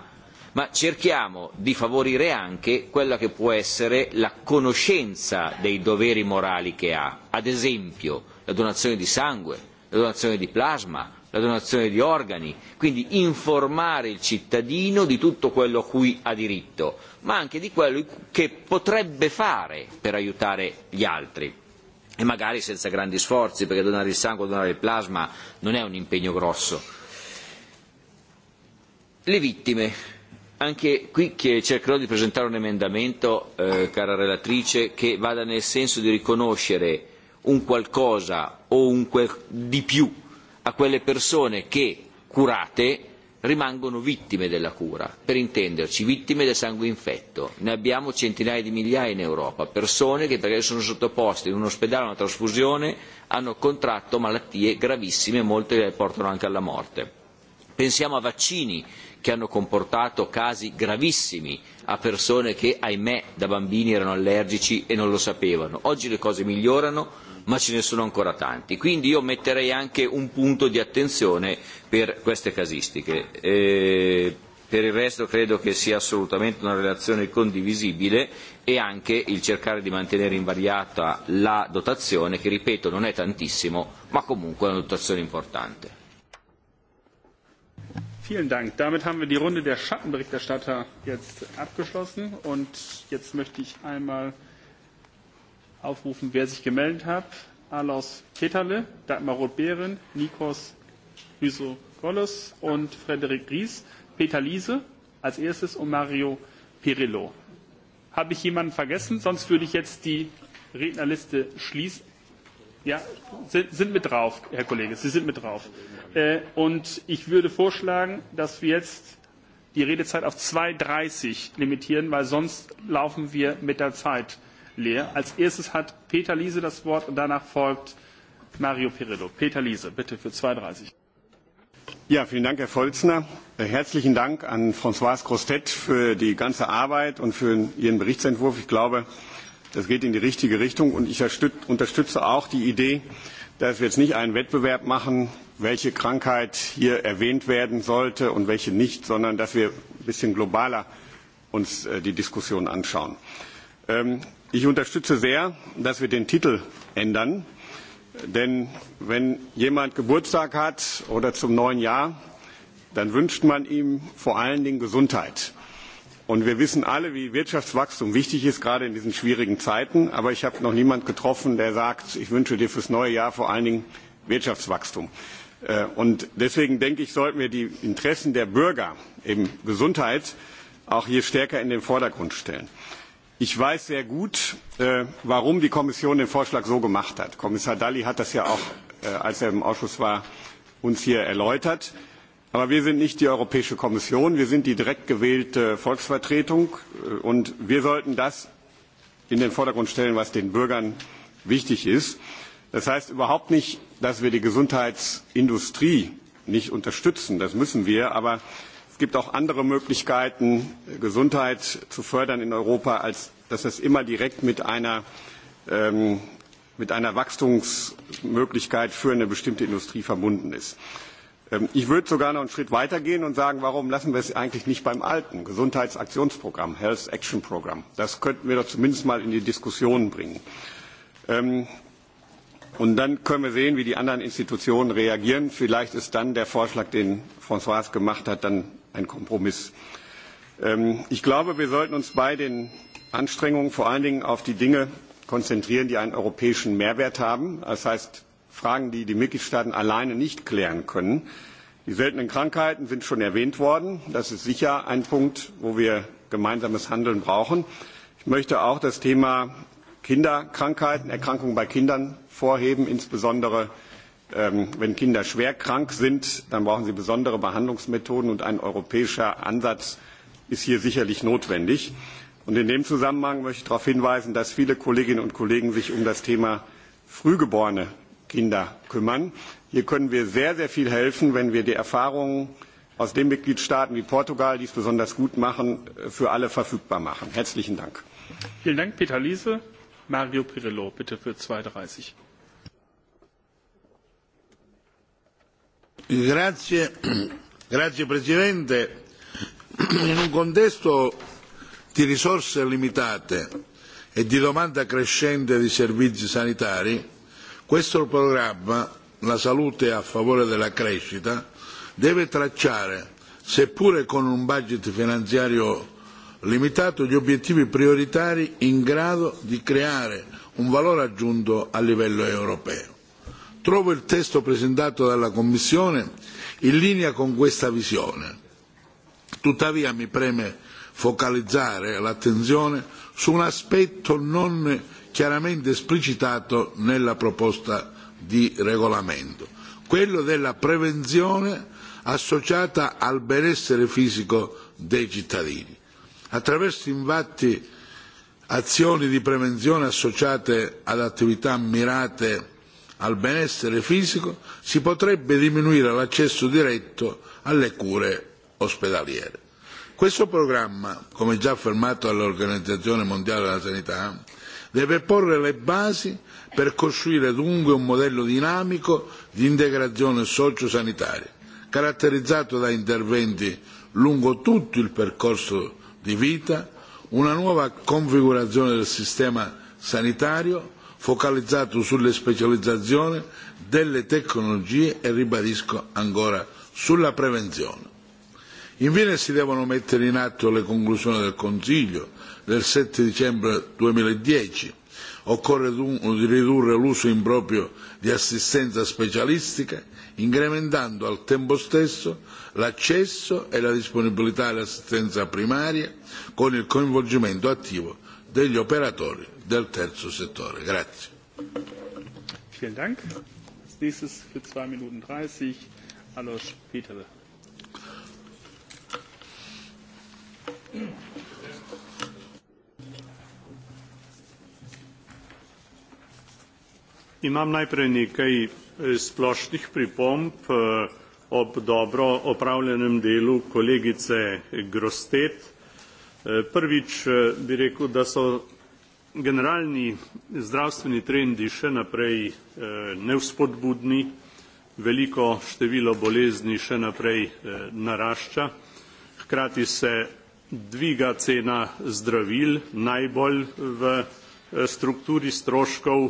ma cerchiamo di favorire anche quella che può essere la conoscenza dei doveri morali che ha, ad esempio la donazione di sangue, la donazione di plasma, la donazione di organi, quindi informare il cittadino di tutto quello a cui ha diritto, ma anche di quello che potrebbe fare per aiutare gli altri e magari senza grandi sforzi, perché donare il sangue o donare il plasma non è un impegno grosso. Le vittime anche qui cercherò di presentare un emendamento, eh, cara relatrice, che vada nel senso di riconoscere un qualcosa o un quel di più a quelle persone che, curate, rimangono vittime della cura, per intenderci vittime del sangue infetto. Ne abbiamo centinaia di migliaia in Europa, persone che perché sono sottoposte in un ospedale a una trasfusione hanno contratto malattie gravissime, molte le portano anche alla morte. Pensiamo a vaccini che hanno comportato casi gravissimi a persone che, ahimè, da bambini erano allergici e non lo sapevano. Oggi le cose migliorano, ma ce ne sono ancora tanti. Quindi io metterei anche un punto di attenzione per queste casistiche. Eh, per il resto credo che sia assolutamente una relazione condivisibile e anche il cercare di mantenere invariata la dotazione, che ripeto non è tantissimo, ma comunque è una dotazione importante. Vielen Dank. Damit haben wir die Runde der Schattenberichterstatter jetzt abgeschlossen. Und jetzt möchte ich einmal aufrufen, wer sich gemeldet hat. Alaus Peterle, Dagmar Roth-Behren, Nikos Chrysogolos und Frederik Ries, Peter Liese als erstes und Mario Pirillo. Habe ich jemanden vergessen? Sonst würde ich jetzt die Rednerliste schließen. Ja, sind, sind mit drauf, Herr Kollege, Sie sind mit drauf. Äh, und ich würde vorschlagen, dass wir jetzt die Redezeit auf 2,30 limitieren, weil sonst laufen wir mit der Zeit leer. Als erstes hat Peter Liese das Wort und danach folgt Mario Pirillo. Peter Liese, bitte für 2,30. Ja, vielen Dank, Herr Volzner. Äh, herzlichen Dank an Françoise Grostet für die ganze Arbeit und für Ihren Berichtsentwurf. Ich glaube, das geht in die richtige Richtung und ich unterstütze auch die Idee, dass wir jetzt nicht einen Wettbewerb machen welche Krankheit hier erwähnt werden sollte und welche nicht, sondern dass wir uns ein bisschen globaler uns äh, die Diskussion anschauen. Ähm, ich unterstütze sehr, dass wir den Titel ändern, denn wenn jemand Geburtstag hat oder zum neuen Jahr, dann wünscht man ihm vor allen Dingen Gesundheit. Und wir wissen alle, wie Wirtschaftswachstum wichtig ist, gerade in diesen schwierigen Zeiten. Aber ich habe noch niemanden getroffen, der sagt, ich wünsche dir fürs neue Jahr vor allen Dingen Wirtschaftswachstum. Äh, und deswegen denke ich, sollten wir die Interessen der Bürger eben Gesundheit auch hier stärker in den Vordergrund stellen. Ich weiß sehr gut, äh, warum die Kommission den Vorschlag so gemacht hat. Kommissar Dalli hat das ja auch, äh, als er im Ausschuss war, uns hier erläutert. Aber wir sind nicht die Europäische Kommission, wir sind die direkt gewählte Volksvertretung und wir sollten das in den Vordergrund stellen, was den Bürgern wichtig ist. Das heißt überhaupt nicht, dass wir die Gesundheitsindustrie nicht unterstützen. Das müssen wir. Aber es gibt auch andere Möglichkeiten, Gesundheit zu fördern in Europa, als dass das immer direkt mit einer, ähm, mit einer Wachstumsmöglichkeit für eine bestimmte Industrie verbunden ist. Ähm, ich würde sogar noch einen Schritt weiter gehen und sagen, warum lassen wir es eigentlich nicht beim alten Gesundheitsaktionsprogramm, Health Action Programme? Das könnten wir doch zumindest mal in die Diskussion bringen. Ähm, Und dann können wir sehen, wie die anderen Institutionen reagieren. Vielleicht ist dann der Vorschlag, den François gemacht hat, dann ein Kompromiss. Ähm, ich glaube, wir sollten uns bei den Anstrengungen vor allen Dingen auf die Dinge konzentrieren, die einen europäischen Mehrwert haben. Das heißt, Fragen, die die Mitgliedstaaten alleine nicht klären können. Die seltenen Krankheiten sind schon erwähnt worden. Das ist sicher ein Punkt, wo wir gemeinsames Handeln brauchen. Ich möchte auch das Thema Kinderkrankheiten, Erkrankungen bei Kindern hervorheben, insbesondere ähm, wenn Kinder schwer krank sind, dann brauchen sie besondere Behandlungsmethoden und ein europäischer Ansatz ist hier sicherlich notwendig. Und in dem Zusammenhang möchte ich darauf hinweisen, dass viele Kolleginnen und Kollegen sich um das Thema frühgeborene Kinder kümmern. Hier können wir sehr, sehr viel helfen, wenn wir die Erfahrungen aus den Mitgliedstaaten wie Portugal, die es besonders gut machen, für alle verfügbar machen. Herzlichen Dank. Vielen Dank, Peter Liese. Mario Pirillo, bitte für 2.30 Grazie, grazie Presidente. In un contesto di risorse limitate e di domanda crescente di servizi sanitari, questo programma, la salute a favore della crescita, deve tracciare, seppure con un budget finanziario limitato gli obiettivi prioritari in grado di creare un valore aggiunto a livello europeo. Trovo il testo presentato dalla Commissione in linea con questa visione. Tuttavia mi preme focalizzare l'attenzione su un aspetto non chiaramente esplicitato nella proposta di regolamento, quello della prevenzione associata al benessere fisico dei cittadini attraverso infatti azioni di prevenzione associate ad attività mirate al benessere fisico si potrebbe diminuire l'accesso diretto alle cure ospedaliere. Questo programma, come già affermato dall'Organizzazione Mondiale della Sanità, deve porre le basi per costruire dunque un modello dinamico di integrazione sociosanitaria, caratterizzato da interventi lungo tutto il percorso di vita, una nuova configurazione del sistema sanitario focalizzato sulle specializzazioni delle tecnologie e ribadisco ancora sulla prevenzione. Infine si devono mettere in atto le conclusioni del Consiglio del 7 dicembre 2010. Occorre ridurre l'uso improprio di assistenza specialistica, incrementando al tempo stesso l'accesso e la disponibilità all'assistenza primaria con il coinvolgimento attivo degli operatori del terzo settore. Grazie. Imam najprej nekaj eh, splošnih pripomb. Eh, ob dobro opravljenem delu kolegice Grostet. E, prvič e, bi rekel, da so generalni zdravstveni trendi še naprej e, nevzpodbudni, veliko število bolezni še naprej narašča, hkrati se dviga cena zdravil najbolj v strukturi stroškov,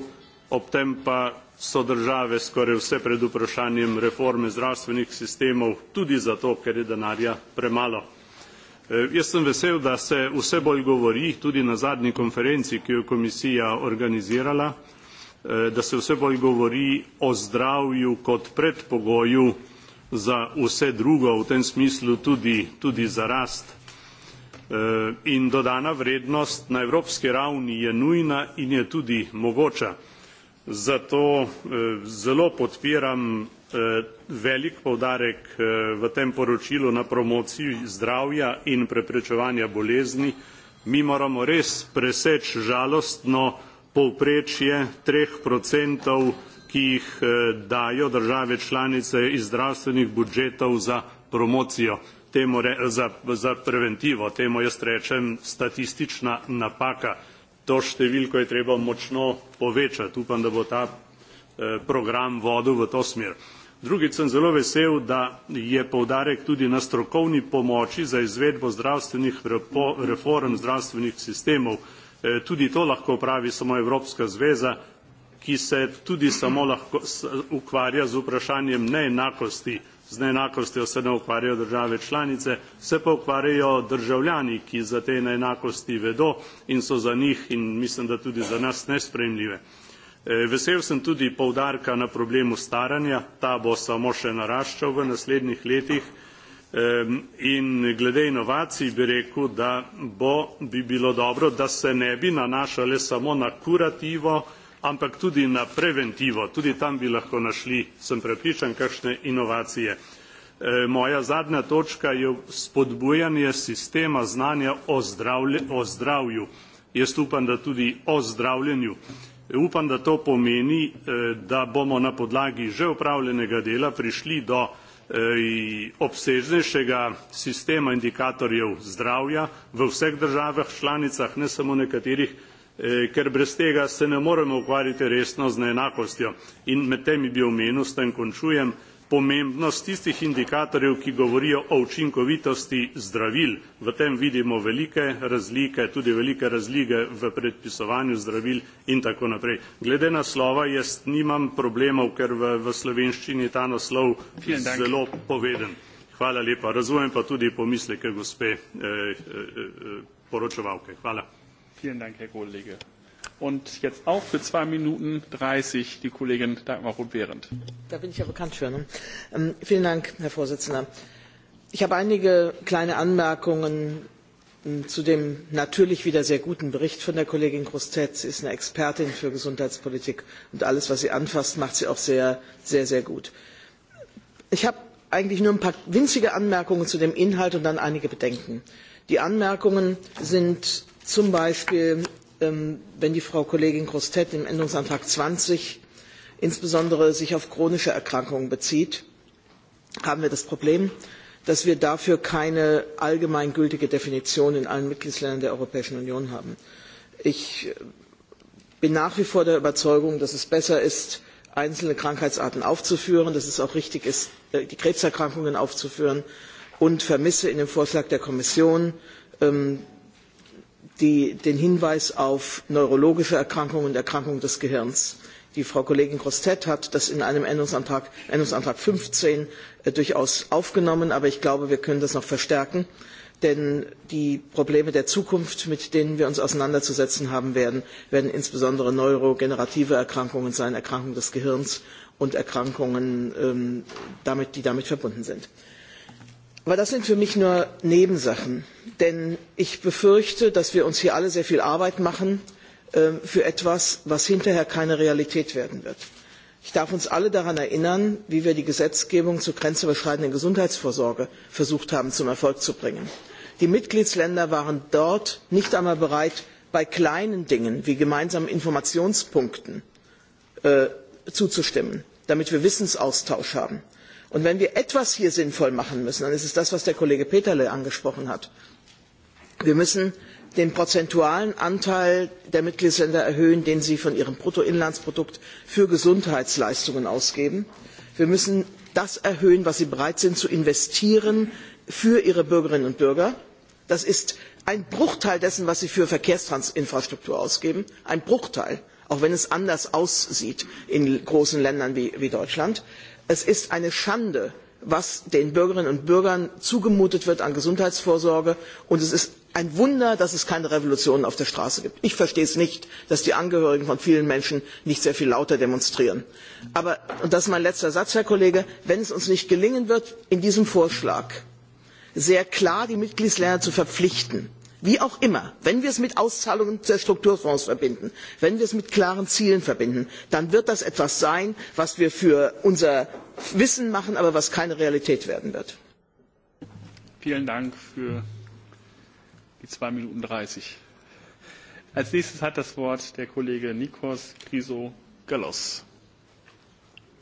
ob tem pa so države skoraj vse pred vprašanjem reforme zdravstvenih sistemov, tudi zato, ker je denarja premalo. E, jaz sem vesel, da se vse bolj govori, tudi na zadnji konferenci, ki jo je komisija organizirala, e, da se vse bolj govori o zdravju kot predpogoju za vse drugo, v tem smislu tudi, tudi za rast. E, in dodana vrednost na evropski ravni je nujna in je tudi mogoča. Zato e, zelo podpiram e, velik poudarek e, v tem poročilu na promociji zdravja in preprečevanja bolezni. Mi moramo res preseči žalostno povprečje treh procentov ki jih dajo države članice iz zdravstvenih budžetov za promocijo, temu re, za, za preventivo, temu jaz rečem statistična napaka to številko je treba močno povečati. Upam, da bo ta eh, program vodil v to smer. Drugič sem zelo vesel, da je poudarek tudi na strokovni pomoči za izvedbo zdravstvenih reform zdravstvenih sistemov. Eh, tudi to lahko pravi samo Evropska zveza, ki se tudi samo lahko ukvarja z vprašanjem neenakosti z neenakosti se ne ukvarjajo države članice, se pa ukvarjajo državljani, ki za te neenakosti vedo in so za njih in mislim, da tudi za nas nesprejemljive. E, vesel sem tudi poudarka na problemu staranja, ta bo samo še naraščal v naslednjih letih e, in glede inovacij bi rekel, da bo, bi bilo dobro, da se ne bi nanašale samo na kurativo, ampak tudi na preventivo. Tudi tam bi lahko našli, sem prepričan, kakšne inovacije. E, moja zadnja točka je spodbujanje sistema znanja o, zdravlje, o zdravju. Jaz upam, da tudi o zdravljenju. Upam, da to pomeni, e, da bomo na podlagi že opravljenega dela prišli do e, obsežnejšega sistema indikatorjev zdravja v vseh državah članicah, ne samo nekaterih E, ker brez tega se ne moremo ukvarjati resno z neenakostjo. In med temi bi omenil, s tem končujem, pomembnost tistih indikatorjev, ki govorijo o učinkovitosti zdravil. V tem vidimo velike razlike, tudi velike razlike v predpisovanju zdravil in tako naprej. Glede naslova jaz nimam problemov, ker v, v slovenščini je ta naslov zelo poveden. Hvala lepa. Razumem pa tudi pomisleke gospe eh, eh, eh, poročevalke. Hvala. Vielen Dank, Herr Kollege. Und jetzt auch für zwei Minuten dreißig die Kollegin Dagmar Roth-Behrendt. Da bin ich ja bekannt für. Ne? Ähm, vielen Dank, Herr Vorsitzender. Ich habe einige kleine Anmerkungen hm, zu dem natürlich wieder sehr guten Bericht von der Kollegin Grostet. Sie ist eine Expertin für Gesundheitspolitik und alles, was sie anfasst, macht sie auch sehr, sehr, sehr gut. Ich habe eigentlich nur ein paar winzige Anmerkungen zu dem Inhalt und dann einige Bedenken. Die Anmerkungen sind zum Beispiel, ähm, wenn die Frau Kollegin Grostet im Änderungsantrag 20 insbesondere sich auf chronische Erkrankungen bezieht, haben wir das Problem, dass wir dafür keine allgemeingültige Definition in allen Mitgliedsländern der Europäischen Union haben. Ich äh, bin nach wie vor der Überzeugung, dass es besser ist, einzelne Krankheitsarten aufzuführen, dass es auch richtig ist, äh, die Krebserkrankungen aufzuführen und vermisse in dem Vorschlag der Kommission ähm, die, den Hinweis auf neurologische Erkrankungen und Erkrankungen des Gehirns. Die Frau Kollegin Grostet hat das in einem Änderungsantrag, Änderungsantrag 15 äh, durchaus aufgenommen, aber ich glaube, wir können das noch verstärken, denn die Probleme der Zukunft, mit denen wir uns auseinanderzusetzen haben werden, werden insbesondere neurogenerative Erkrankungen sein, Erkrankungen des Gehirns und Erkrankungen, ähm, damit, die damit verbunden sind. Aber das sind für mich nur Nebensachen, denn ich befürchte, dass wir uns hier alle sehr viel Arbeit machen äh, für etwas, was hinterher keine Realität werden wird. Ich darf uns alle daran erinnern, wie wir die Gesetzgebung zur grenzüberschreitenden Gesundheitsvorsorge versucht haben, zum Erfolg zu bringen. Die Mitgliedsländer waren dort nicht einmal bereit, bei kleinen Dingen wie gemeinsamen Informationspunkten äh, zuzustimmen, damit wir Wissensaustausch haben und wenn wir etwas hier sinnvoll machen müssen dann ist es das was der kollege peterle angesprochen hat wir müssen den prozentualen anteil der mitgliedstaaten erhöhen den sie von ihrem bruttoinlandsprodukt für gesundheitsleistungen ausgeben wir müssen das erhöhen was sie bereit sind zu investieren für ihre bürgerinnen und bürger das ist ein bruchteil dessen was sie für verkehrsinfrastruktur ausgeben ein bruchteil auch wenn es anders aussieht in großen ländern wie, wie deutschland es ist eine schande was den bürgerinnen und bürgern zugemutet wird an gesundheitsvorsorge und es ist ein wunder dass es keine revolutionen auf der straße gibt. ich verstehe es nicht dass die angehörigen von vielen menschen nicht sehr viel lauter demonstrieren. aber und das ist mein letzter satz herr kollege wenn es uns nicht gelingen wird in diesem vorschlag sehr klar die mitgliedstaaten zu verpflichten wie auch immer wenn wir es mit auszahlungen der strukturfonds verbinden wenn wir es mit klaren zielen verbinden dann wird das etwas sein was wir für unser wissen machen aber was keine realität werden wird. vielen dank für die zwei minuten dreißig. als nächstes hat das wort der kollege nikos Griso Gallos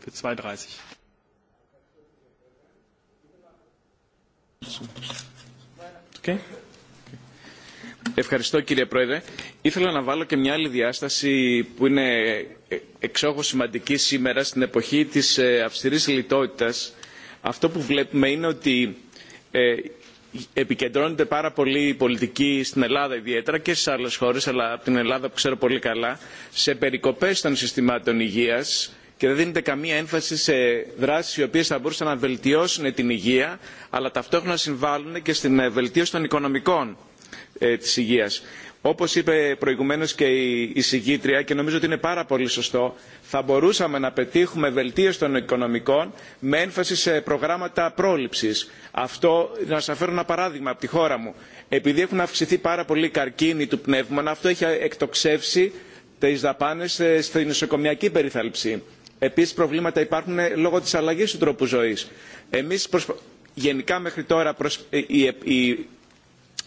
für zwei dreißig. Okay. Ευχαριστώ κύριε Πρόεδρε. Ήθελα να βάλω και μια άλλη διάσταση που είναι εξόχως σημαντική σήμερα στην εποχή της αυστηρής λιτότητας. Αυτό που βλέπουμε είναι ότι ε, επικεντρώνεται πάρα πολύ η πολιτική στην Ελλάδα ιδιαίτερα και στις άλλες χώρες, αλλά από την Ελλάδα που ξέρω πολύ καλά, σε περικοπές των συστημάτων υγείας, και δεν δίνεται καμία έμφαση σε δράσεις οι οποίες θα μπορούσαν να βελτιώσουν την υγεία αλλά ταυτόχρονα συμβάλλουν και στην βελτίωση των οικονομικών της υγείας. Όπως είπε προηγουμένως και η εισηγήτρια και νομίζω ότι είναι πάρα πολύ σωστό, θα μπορούσαμε να πετύχουμε βελτίωση των οικονομικών με έμφαση σε προγράμματα πρόληψης. Αυτό, να σας φέρω ένα παράδειγμα από τη χώρα μου. Επειδή έχουν αυξηθεί πάρα πολύ οι καρκίνοι του πνεύμωνα, αυτό έχει εκτοξεύσει τις δαπάνες στη νοσοκομιακή περιθάλψη. Επίσης προβλήματα υπάρχουν λόγω της αλλαγής του τρόπου ζωής. Εμείς προσπα... γενικά μέχρι τώρα προσ... η... η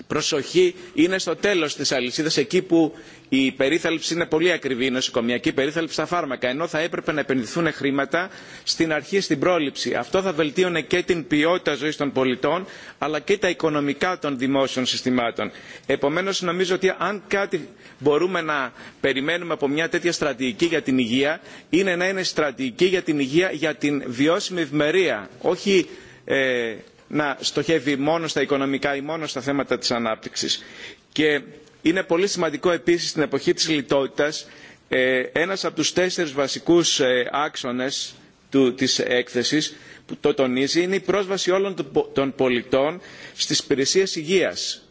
προσοχή είναι στο τέλο τη αλυσίδα, εκεί που η περίθαλψη είναι πολύ ακριβή, η νοσοκομιακή περίθαλψη στα φάρμακα, ενώ θα έπρεπε να επενδυθούν χρήματα στην αρχή, στην πρόληψη. Αυτό θα βελτίωνε και την ποιότητα ζωή των πολιτών, αλλά και τα οικονομικά των δημόσιων συστημάτων. Επομένω, νομίζω ότι αν κάτι μπορούμε να περιμένουμε από μια τέτοια στρατηγική για την υγεία, είναι να είναι στρατηγική για την υγεία, για την βιώσιμη ευημερία, όχι ε, να στοχεύει μόνο στα οικονομικά ή μόνο στα θέματα της ανάπτυξης. Και είναι πολύ σημαντικό επίσης στην εποχή της λιτότητας ένας από τους τέσσερις βασικούς άξονες του, της έκθεσης που το τονίζει είναι η πρόσβαση όλων των πολιτών στις υπηρεσίες υγείας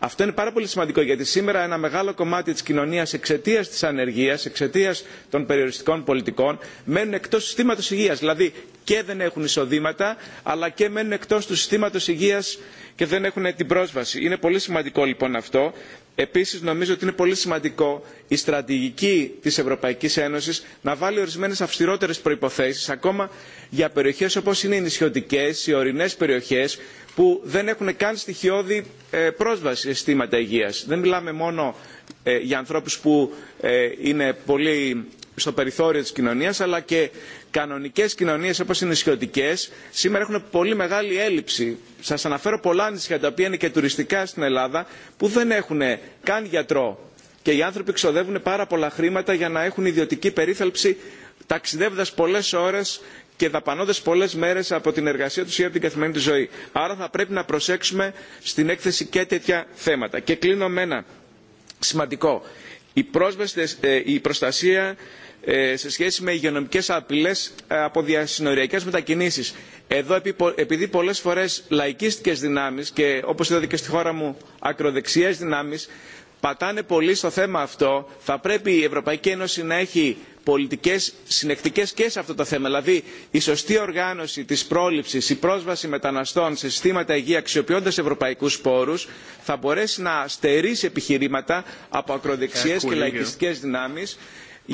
Αυτό είναι πάρα πολύ σημαντικό γιατί σήμερα ένα μεγάλο κομμάτι τη κοινωνία, εξαιτία τη ανεργία, εξαιτία των περιοριστικών πολιτικών μένουν εκτό συστήματο υγεία, Δηλαδή και δεν έχουν εισοδήματα αλλά και μένουν εκτό του συστήματο υγεία και δεν έχουν την πρόσβαση. Είναι πολύ σημαντικό λοιπόν αυτό. Επίση, νομίζω ότι είναι πολύ σημαντικό η στρατηγική τη Ευρωπαϊκή Ένωση να βάλει ορισμένε αυστηρότερε προποθέσει, ακόμα για περιοχέ όπω είναι οι νησιωτικέ, οι ορεινέ περιοχέ που δεν έχουν καν στοιχειώδη πρόσβαση σε αισθήματα υγεία. Δεν μιλάμε μόνο για ανθρώπου που είναι πολύ στο περιθώριο της κοινωνίας αλλά και κανονικές κοινωνίες όπως οι νησιωτικές σήμερα έχουν πολύ μεγάλη έλλειψη. Σας αναφέρω πολλά νησιά τα οποία είναι και τουριστικά στην Ελλάδα που δεν έχουν καν γιατρό και οι άνθρωποι ξοδεύουν πάρα πολλά χρήματα για να έχουν ιδιωτική περίθαλψη ταξιδεύοντας πολλές ώρες και δαπανώντα πολλέ μέρε από την εργασία του ή από την καθημερινή του ζωή. Άρα θα πρέπει να προσέξουμε στην έκθεση και τέτοια θέματα. Και κλείνω με ένα σημαντικό. Η, πρόσβαση, η προστασία σε σχέση με υγειονομικές απειλές από διασυνοριακές μετακινήσεις. Εδώ επειδή πολλές φορές λαϊκίστικες δυνάμεις και όπως είδατε και στη χώρα μου ακροδεξιές δυνάμεις πατάνε πολύ στο θέμα αυτό θα πρέπει η Ευρωπαϊκή Ένωση να έχει πολιτικές συνεκτικές και σε αυτό το θέμα. Δηλαδή η σωστή οργάνωση της πρόληψης, η πρόσβαση μεταναστών σε συστήματα υγεία αξιοποιώντας ευρωπαϊκούς πόρους θα μπορέσει να στερήσει επιχειρήματα από ακροδεξιές και λαϊκιστικές δυνάμεις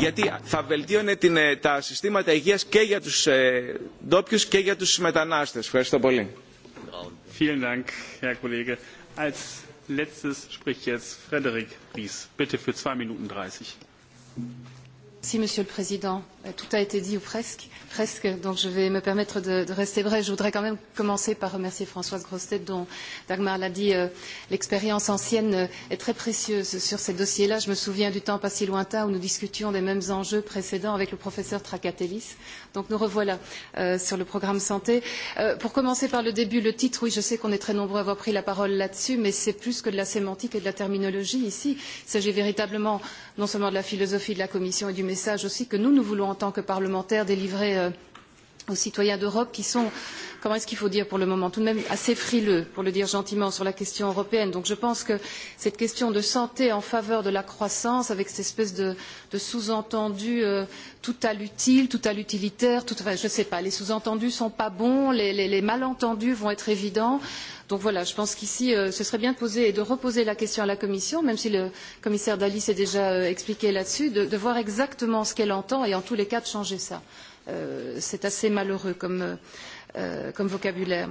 γιατί θα βελτίωνε την, τα συστήματα υγείας και για τους ε, ντόπιου και για τους μετανάστες. Ευχαριστώ πολύ. Vielen Dank, Herr Kollege. Als letztes spricht jetzt Frederik Ries. Bitte für 2 Minuten 30. Merci, Monsieur le Président Euh, tout a été dit ou presque, presque, donc je vais me permettre de, de rester vrai. Je voudrais quand même commencer par remercier Françoise Grostet, dont Dagmar l'a dit, euh, l'expérience ancienne euh, est très précieuse sur ces dossiers-là. Je me souviens du temps pas si lointain où nous discutions des mêmes enjeux précédents avec le professeur Trakatellis. Donc nous revoilà euh, sur le programme santé. Euh, pour commencer par le début, le titre, oui, je sais qu'on est très nombreux à avoir pris la parole là-dessus, mais c'est plus que de la sémantique et de la terminologie ici. Il s'agit véritablement non seulement de la philosophie de la Commission et du message aussi que nous, nous voulons en tant que parlementaires délivrés euh, aux citoyens d'Europe qui sont comment est-ce qu'il faut dire pour le moment, tout de même assez frileux, pour le dire gentiment, sur la question européenne. Donc je pense que cette question de santé en faveur de la croissance, avec cette espèce de, de sous-entendu euh, tout à l'utile, tout à l'utilitaire, tout, enfin, je ne sais pas, les sous-entendus ne sont pas bons, les, les, les malentendus vont être évidents. Donc voilà, je pense qu'ici, euh, ce serait bien de poser et de reposer la question à la Commission, même si le commissaire Dalli s'est déjà euh, expliqué là-dessus, de, de, voir exactement ce qu'elle entend et en tous les cas de changer cela. Euh, C'est assez malheureux comme, euh, Euh, comme vocabulaire.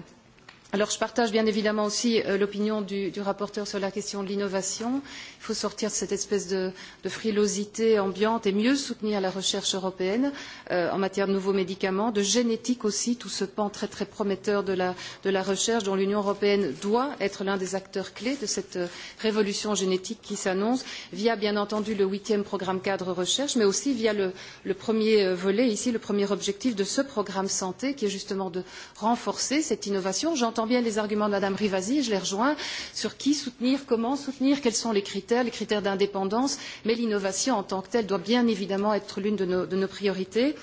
Alors je partage bien évidemment aussi euh, l'opinion du, du, rapporteur sur la question de l'innovation. Il faut sortir de cette espèce de, de, frilosité ambiante et mieux soutenir la recherche européenne euh, en matière de nouveaux médicaments, de génétique aussi, tout ce pan très très prometteur de la, de la recherche dont l'Union européenne doit être l'un des acteurs clés de cette euh, révolution génétique qui s'annonce via bien entendu le huitième programme cadre recherche, mais aussi via le, le premier euh, volet ici, le premier objectif de ce programme santé qui est justement de renforcer cette innovation. J'entends j'entends bien les arguments de Mme Rivasi je les rejoins sur qui soutenir, comment soutenir, quels sont les critères, les critères d'indépendance, mais l'innovation en tant que telle doit bien évidemment être l'une de, de nos priorités.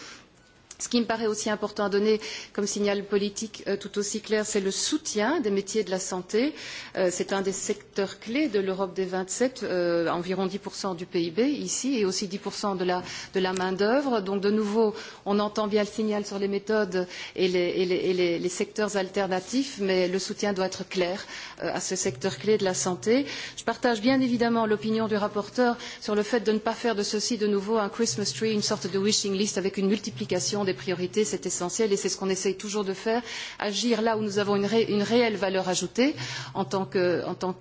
Ce qui me paraît aussi important à donner comme signal politique euh, tout aussi clair, c'est le soutien des métiers de la santé. Euh, c'est un des secteurs clés de l'Europe des vingt sept, euh, environ dix du PIB ici et aussi dix de la, de la main-d'œuvre. Donc de nouveau, on entend bien le signal sur les méthodes et les, et les, et les, les secteurs alternatifs, mais le soutien doit être clair euh, à ce secteur clé de la santé. Je partage bien évidemment l'opinion du rapporteur sur le fait de ne pas faire de ceci de nouveau un Christmas tree, une sorte de wishing list avec une multiplication des priorités, c'est essentiel et c'est ce qu'on essaye toujours de faire, agir là où nous avons une, ré, une réelle valeur ajoutée en tant qu'Union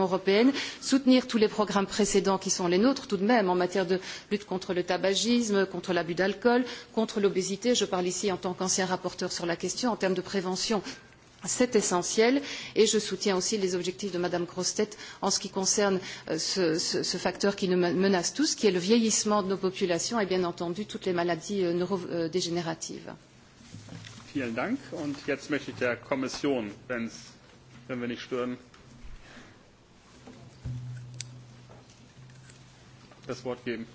euh, européenne, soutenir tous les programmes précédents qui sont les nôtres tout de même en matière de lutte contre le tabagisme, contre l'abus d'alcool, contre l'obésité. Je parle ici en tant qu'ancien rapporteur sur la question en termes de prévention C'est essentiel et je soutiens aussi les objectifs de Mme grossetête en ce qui concerne euh, ce, ce, ce, facteur qui nous menace tous, qui est le vieillissement de nos populations et bien entendu toutes les maladies euh, neurodégénératives. Euh, Vielen Dank. Und jetzt möchte ich der Kommission, wenn wir nicht stören, das Wort geben.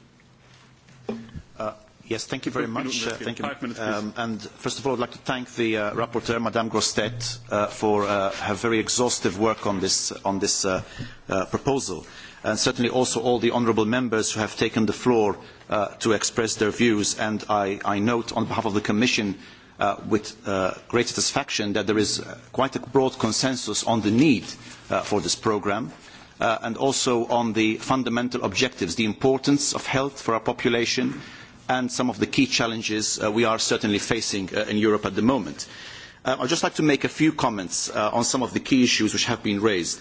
Uh. Yes, thank you very much. Uh, thank you. Um, and first of all, I'd like to thank the uh, rapporteur, Madame Grostet, uh, for uh, her very exhaustive work on this, on this uh, uh, proposal. And certainly also all the honourable members who have taken the floor uh, to express their views. And I, I note on behalf of the Commission uh, with uh, great satisfaction that there is uh, quite a broad consensus on the need uh, for this programme. Uh, and also on the fundamental objectives, the importance of health for our population, and some of the key challenges uh, we are certainly facing uh, in Europe at the moment. Uh, I would just like to make a few comments on some of the key issues which have been raised.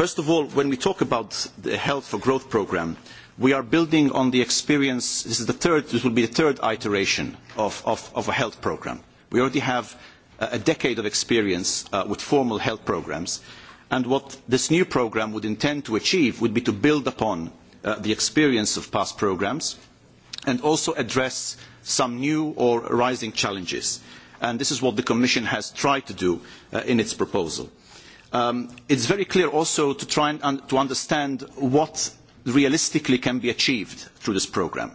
First of all, when we talk about the Health for Growth programme, we are building on the experience, this, is the third, this will be the third iteration of, of, of a health programme. We already have a decade of experience uh, with formal health programmes, and what this new programme would intend to achieve would be to build upon uh, the experience of past programmes and also address some new or rising challenges. And this is what the Commission has tried to do uh, in its proposal. Um, It is very clear also to try and un to understand what realistically can be achieved through this programme.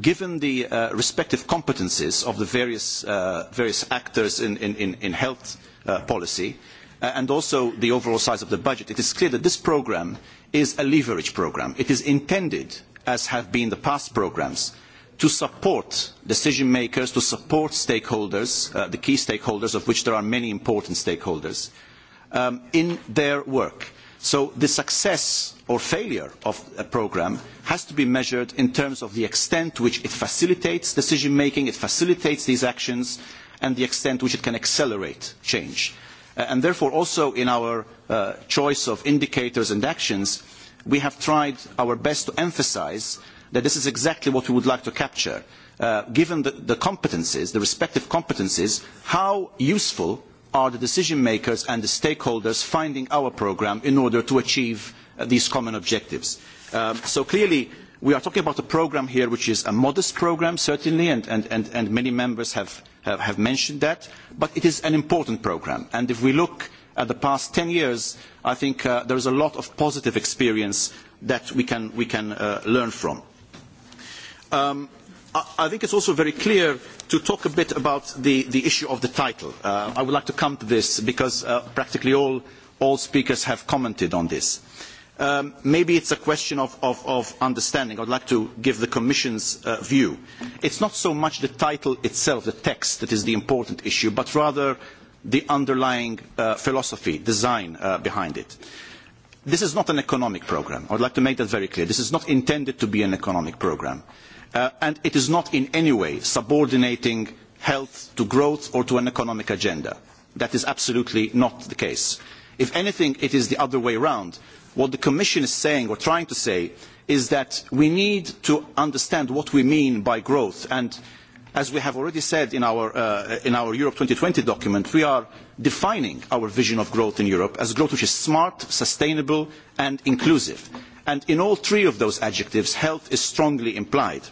Given the uh, respective competences of the various, uh, various actors in, in, in health uh, policy, uh, and also the overall size of the budget, it is clear that this programme is a leverage programme. It is intended as have been the past programmes, to support decision makers, to support stakeholders, uh, the key stakeholders, of which there are many important stakeholders, um, in their work. So the success or failure of a programme has to be measured in terms of the extent to which it facilitates decision making, it facilitates these actions, and the extent to which it can accelerate change. Uh, and therefore also in our uh, choice of indicators and actions, we have tried our best to emphasise that this is exactly what we would like to capture. Uh, given the, the competences, the respective competences, how useful are the decision makers and the stakeholders finding our programme in order to achieve uh, these common objectives? Um, so clearly, we are talking about a programme here which is a modest programme, certainly, and, and, and, and many members have, have, have, mentioned that, but it is an important programme. And if we look Uh, the past ten years, I think uh, there is a lot of positive experience that we can, we can uh, learn from. Um, I think it is also very clear to talk a bit about the, the issue of the title. Uh, I would like to come to this because uh, practically all, all, speakers have commented on this. Um, maybe it is a question of, of, of understanding. I would like to give the Commission's uh, view. It is not so much the title itself, the text, that is the important issue, but rather the underlying uh, philosophy, design uh, behind it. This is not an economic programme. I would like to make that very clear. This is not intended to be an economic programme, uh, and it is not in any way subordinating health to growth or to an economic agenda. That is absolutely not the case. If anything, it is the other way round. What the Commission is saying or trying to say is that we need to understand what we mean by growth and as we have already said in our, uh, in our Europe twenty document, we are defining our vision of growth in Europe as growth which is smart, sustainable and inclusive. And in all three of those adjectives, health is strongly implied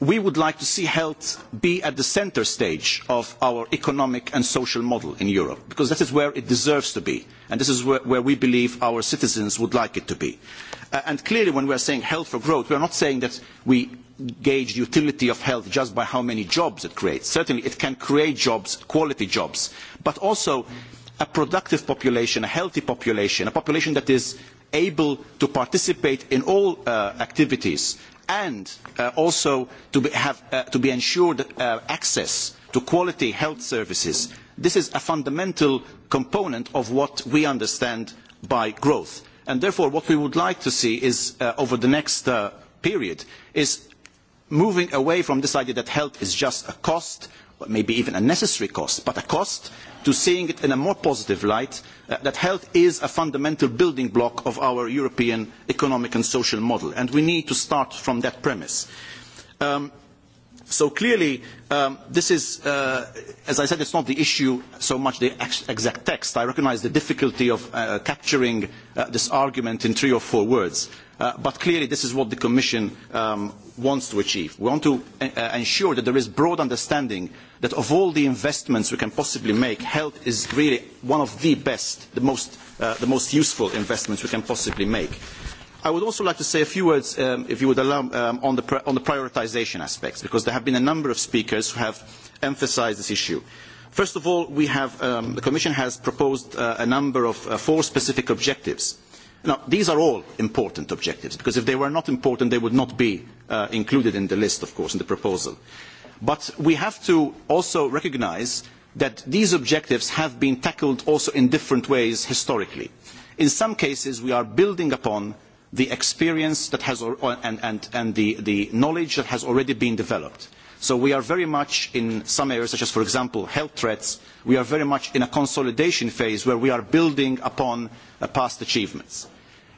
we would like to see health be at the centre stage of our economic and social model in Europe, because that is where it deserves to be, and this is where, where we believe our citizens would like it to be. Uh, and clearly, when we are saying health for growth, we are not saying that we gauge the utility of health just by how many jobs it creates. Certainly, it can create jobs, quality jobs, but also a productive population, a healthy population, a population that is able to participate in all uh, activities and uh, also to be, have, uh, to be ensured uh, access to quality health services. This is a fundamental component of what we understand by growth. And therefore, what we would like to see is, uh, over the next uh, period is moving away from this idea that health is just a cost, maybe even a necessary cost, but a cost, to seeing it in a more positive light uh, that health is a fundamental building block of our European economic and social model, and we need to start from that premise. Um, so clearly, um, this is, uh, as I said, it's not the issue so much the ex exact text. I recognise the difficulty of uh, capturing uh, this argument in three or four words. Uh, but clearly, this is what the Commission um, wants to achieve. We want to uh, uh, ensure that there is broad understanding that of all the investments we can possibly make, health is really one of the best, the most, the most useful investments we can possibly make. I would also like to say a few words, um, if you would allow, um, on, the on the prioritisation aspects, because there have been a number of speakers who have emphasised this issue. First of all, have, um, the Commission has proposed uh, a number of uh, four specific objectives. Now, these are all important objectives, because if they were not important, they would not be uh, included in the list, of course, in the proposal. But we have to also recognise that these objectives have been tackled also in different ways historically. In some cases, we are building upon the experience that has, uh, and, and, and the, the knowledge that has already been developed. So we are very much in some areas, such as, for example, health threats, we are very much in a consolidation phase where we are building upon uh, past achievements.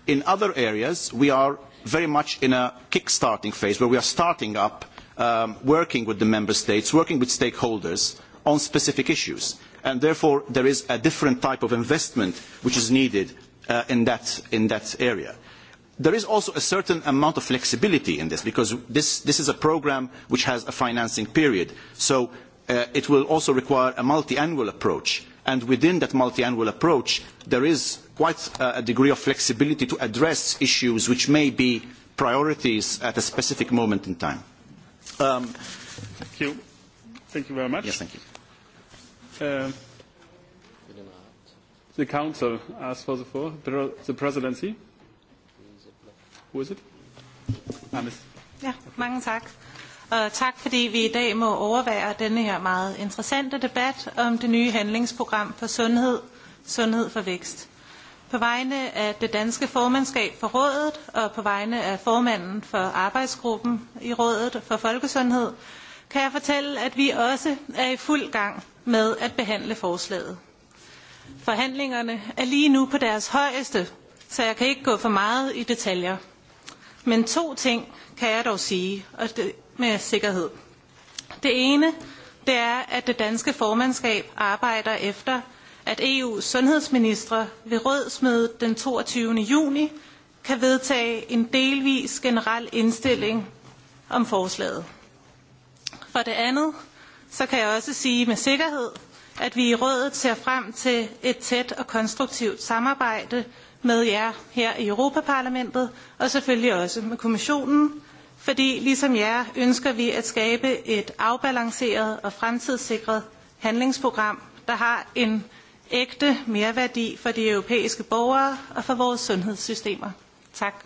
In other areas, we are very much in a kick-starting phase where we are starting up, um, working with the member states, working with stakeholders on specific issues. And therefore, there is a different type of investment which is needed uh, in, that, in that area. There is also a certain amount of flexibility in this because this, this is a programme which has a financing period. So uh, it will also require a multi-annual approach. And within that multi-annual approach, there is quite a degree of flexibility to address issues which may be priorities at a specific moment in time. Um, thank you. Thank you very much. Yes, thank you. Uh, the Council asks for the floor. The Presidency. Who is it? Anders. Ah, ja, mange tak. Og øh, tak fordi vi i dag må overvære denne her meget interessante debat om det nye handlingsprogram for sundhed, sundhed for vækst. På vegne af det danske formandskab for rådet og på vegne af formanden for arbejdsgruppen i rådet for folkesundhed, kan jeg fortælle, at vi også er i fuld gang med at behandle forslaget. Forhandlingerne er lige nu på deres højeste, så jeg kan ikke gå for meget i detaljer. Men to ting kan jeg dog sige, og det med sikkerhed. Det ene, det er, at det danske formandskab arbejder efter, at EU's sundhedsministre ved rådsmødet den 22. juni kan vedtage en delvis generel indstilling om forslaget. For det andet, så kan jeg også sige med sikkerhed, at vi i rådet ser frem til et tæt og konstruktivt samarbejde med jer her i Europaparlamentet og selvfølgelig også med kommissionen, fordi ligesom jer ønsker vi at skabe et afbalanceret og fremtidssikret handlingsprogram, der har en ægte mereværdi for de europæiske borgere og for vores sundhedssystemer. Tak.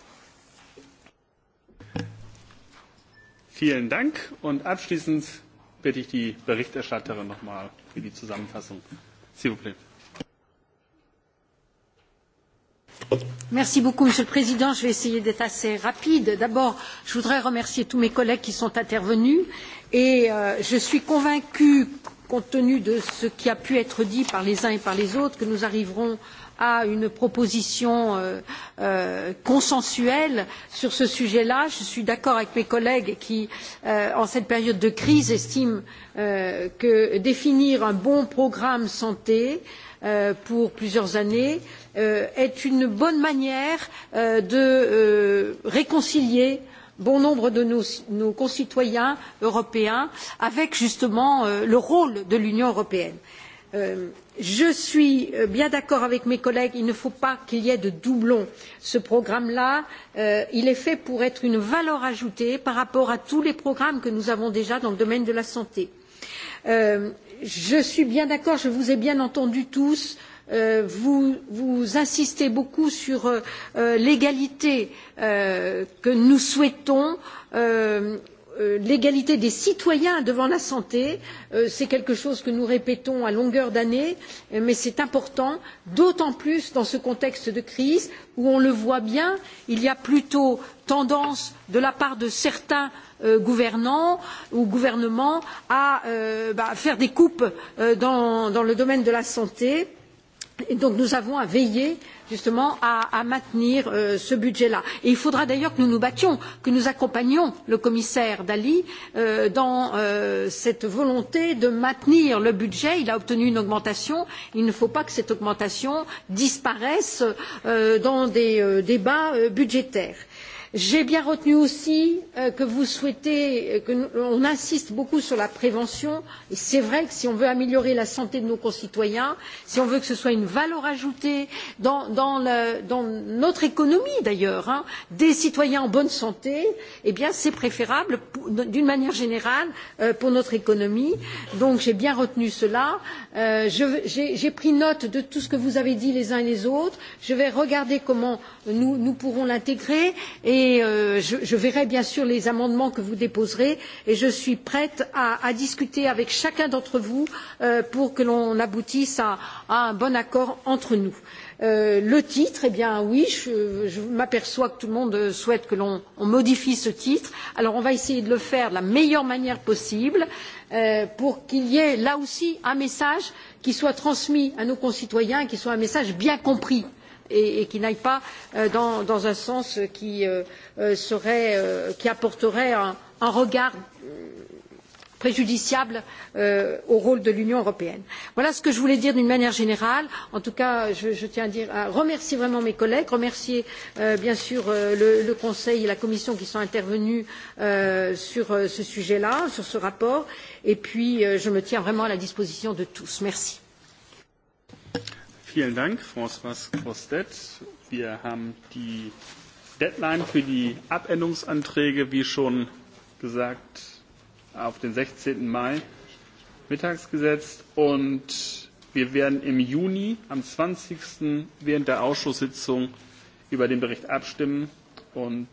Vielen Dank. Und abschließend bitte ich die Berichterstatterin nochmal für die Zusammenfassung. S'il vous plaît. Merci beaucoup, Monsieur le Président. Je vais essayer d'être assez rapide. D'abord, je voudrais remercier tous mes collègues qui sont intervenus et euh, je suis convaincue, compte tenu de ce qui a pu être dit par les uns et par les autres, que nous arriverons à une proposition euh, euh, consensuelle sur ce sujet là. je suis d'accord avec mes collègues qui en cette période de crise estiment que définir un bon programme santé pour plusieurs années Euh, est une bonne manière euh, de euh, réconcilier bon nombre de nos, nos concitoyens européens avec justement le rôle de l'union européenne. je suis bien d'accord avec mes collègues il ne faut pas qu'il y ait de doublons. ce programme là il est fait pour être une valeur ajoutée par rapport à tous les programmes que nous avons déjà dans le domaine de la santé. je suis bien d'accord je vous ai bien entendus tous euh, Euh, vous, vous, insistez beaucoup sur euh, euh, l'égalité que nous souhaitons l'égalité des citoyens devant la santé c'est quelque chose que nous répétons à longueur d'année mais c'est important d'autant plus dans ce contexte de crise où on le voit bien il y a plutôt tendance de la part de certains gouvernants ou gouvernements à faire des coupes dans, le domaine de la santé Et donc nous avons à veiller justement à, à maintenir euh, ce budget là. Et il faudra d'ailleurs que nous nous battions, que nous accompagnions le commissaire Dalli euh, dans euh, cette volonté de maintenir le budget. Il a obtenu une augmentation. Il ne faut pas que cette augmentation disparaisse euh, dans des euh, débats euh, budgétaires j'ai bien retenu aussi euh, que vous souhaitez euh, qu'on insiste beaucoup sur la prévention et c'est vrai que si on veut améliorer la santé de nos concitoyens si on veut que ce soit une valeur ajoutée dans, dans, le, dans notre économie d'ailleurs des citoyens en bonne santé eh bien c'est préférable d'une manière générale euh, pour notre économie donc j'ai bien retenu cela euh, j'ai pris note de tout ce que vous avez dit les uns et les autres je vais regarder comment nous, nous pourrons l'intégrer et et euh, je, je, verrai bien sûr les amendements que vous déposerez et je suis prête à, à discuter avec chacun d'entre vous euh, pour que l'on aboutisse à, à, un bon accord entre nous. Euh, le titre, eh bien oui, je, je m'aperçois que tout le monde souhaite que l'on modifie ce titre. Alors on va essayer de le faire de la meilleure manière possible euh, pour qu'il y ait là aussi un message qui soit transmis à nos concitoyens, qui soit un message bien compris et, et qui n'aille pas euh, dans, dans, un sens qui, euh, euh, serait, qui apporterait un, un regard préjudiciable euh, au rôle de l'union européenne. voilà ce que je voulais dire d'une manière générale. en tout cas je, je tiens à, dire, à, remercier vraiment mes collègues remercier euh, bien sûr euh, le, le conseil et la commission qui sont intervenus sur ce sujet là sur ce rapport et puis je me tiens vraiment à la disposition de tous. merci. Vielen Dank, François Grostet. Wir haben die Deadline für die Abänderungsanträge, wie schon gesagt, auf den 16. Mai mittags gesetzt und wir werden im Juni am 20. während der Ausschusssitzung über den Bericht abstimmen und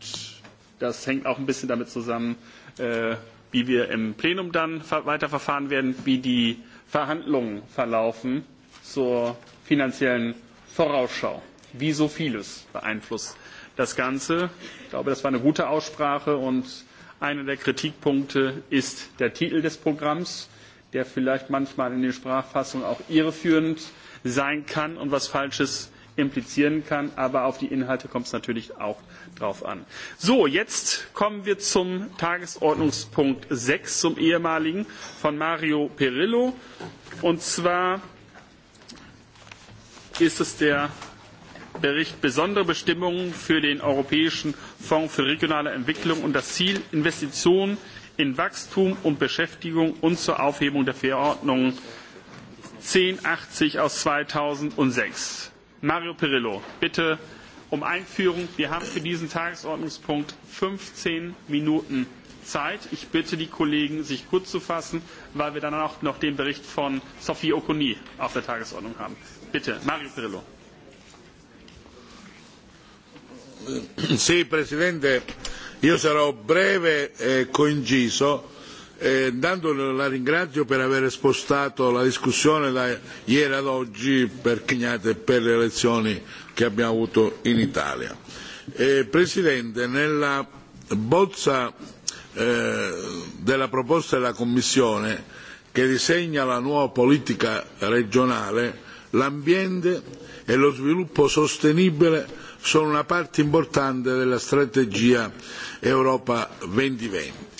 das hängt auch ein bisschen damit zusammen, äh, wie wir im Plenum dann weiterverfahren werden, wie die Verhandlungen verlaufen zur finanziellen Vorausschau. Wie so vieles beeinflusst das Ganze. Ich glaube, das war eine gute Aussprache und einer der Kritikpunkte ist der Titel des Programms, der vielleicht manchmal in den Sprachfassungen auch irreführend sein kann und was Falsches implizieren kann, aber auf die Inhalte kommt es natürlich auch drauf an. So, jetzt kommen wir zum Tagesordnungspunkt sechs, zum ehemaligen von Mario Pirillo, und zwar ist es der Bericht besondere Bestimmungen für den Europäischen Fonds für regionale Entwicklung und das Ziel Investitionen in Wachstum und Beschäftigung und zur Aufhebung der Verordnung 1080 aus 2006. Mario Pirillo, bitte um Einführung. Wir haben für diesen Tagesordnungspunkt 15 Minuten Zeit. Ich bitte die Kollegen, sich kurz zu fassen, weil wir dann auch noch den Bericht von Sophie Okoni auf der Tagesordnung haben. Bitte, Mario Pirillo. Sì, Presidente, io sarò breve e coinciso. Eh, intanto la ringrazio per aver spostato la discussione da ieri ad oggi per Chignate e per le elezioni che abbiamo avuto in Italia. Eh, Presidente, nella bozza eh, della proposta della Commissione che disegna la nuova politica regionale l'ambiente e lo sviluppo sostenibile sono una parte importante della strategia Europa duemilaventi.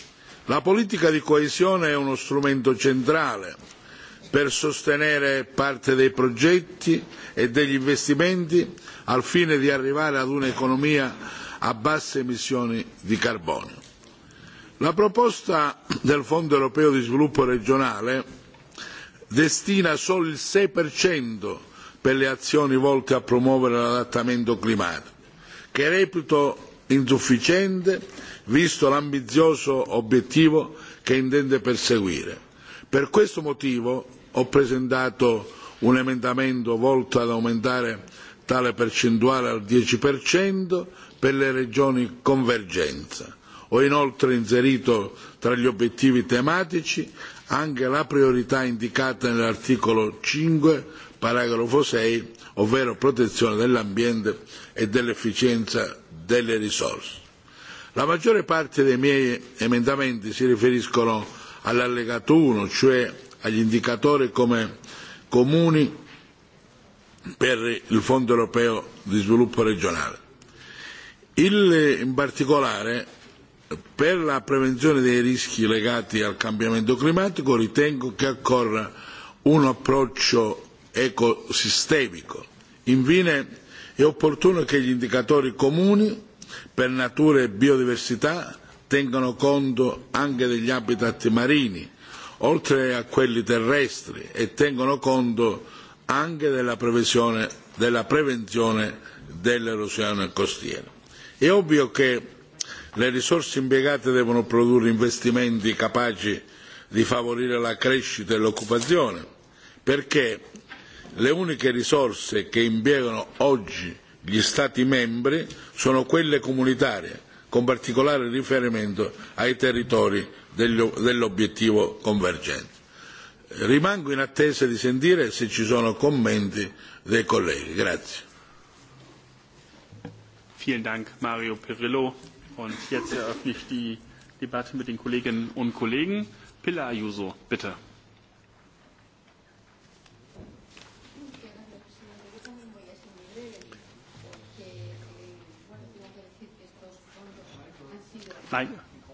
La politica di coesione è uno strumento centrale per sostenere parte dei progetti e degli investimenti al fine di arrivare ad un'economia a basse emissioni di carbonio. La proposta del Fondo europeo di sviluppo regionale destina solo il sei per le azioni volte a promuovere l'adattamento climatico, che reputo insufficiente visto l'ambizioso obiettivo che intende perseguire. Per questo motivo ho presentato un emendamento volto ad aumentare tale percentuale al dieci per le regioni convergenza. Ho inoltre inserito tra gli obiettivi tematici anche la priorità indicata nell'articolo cinque paragrafo sei ovvero protezione dell'ambiente e dell'efficienza delle risorse. La maggior parte dei miei emendamenti si riferiscono all'allegato uno, cioè agli indicatori come comuni per il Fondo europeo di sviluppo regionale. Il, in particolare per la prevenzione dei rischi legati al cambiamento climatico ritengo che occorra un approccio ecosistemico. Infine è opportuno che gli indicatori comuni per natura e biodiversità tengano conto anche degli habitat marini, oltre a quelli terrestri, e tengano conto anche della, della prevenzione dell'erosione costiera. È ovvio che Le risorse impiegate devono produrre investimenti capaci di favorire la crescita e l'occupazione, perché le uniche risorse che impiegano oggi gli Stati membri sono quelle comunitarie, con particolare riferimento ai territori dell'obiettivo convergente. Rimango in attesa di sentire se ci sono commenti dei colleghi. Grazie. Vielen Dank, Mario Pirillo. Und jetzt eröffne ich die Debatte mit den Kolleginnen und Kollegen. Pilar Ayuso, bitte.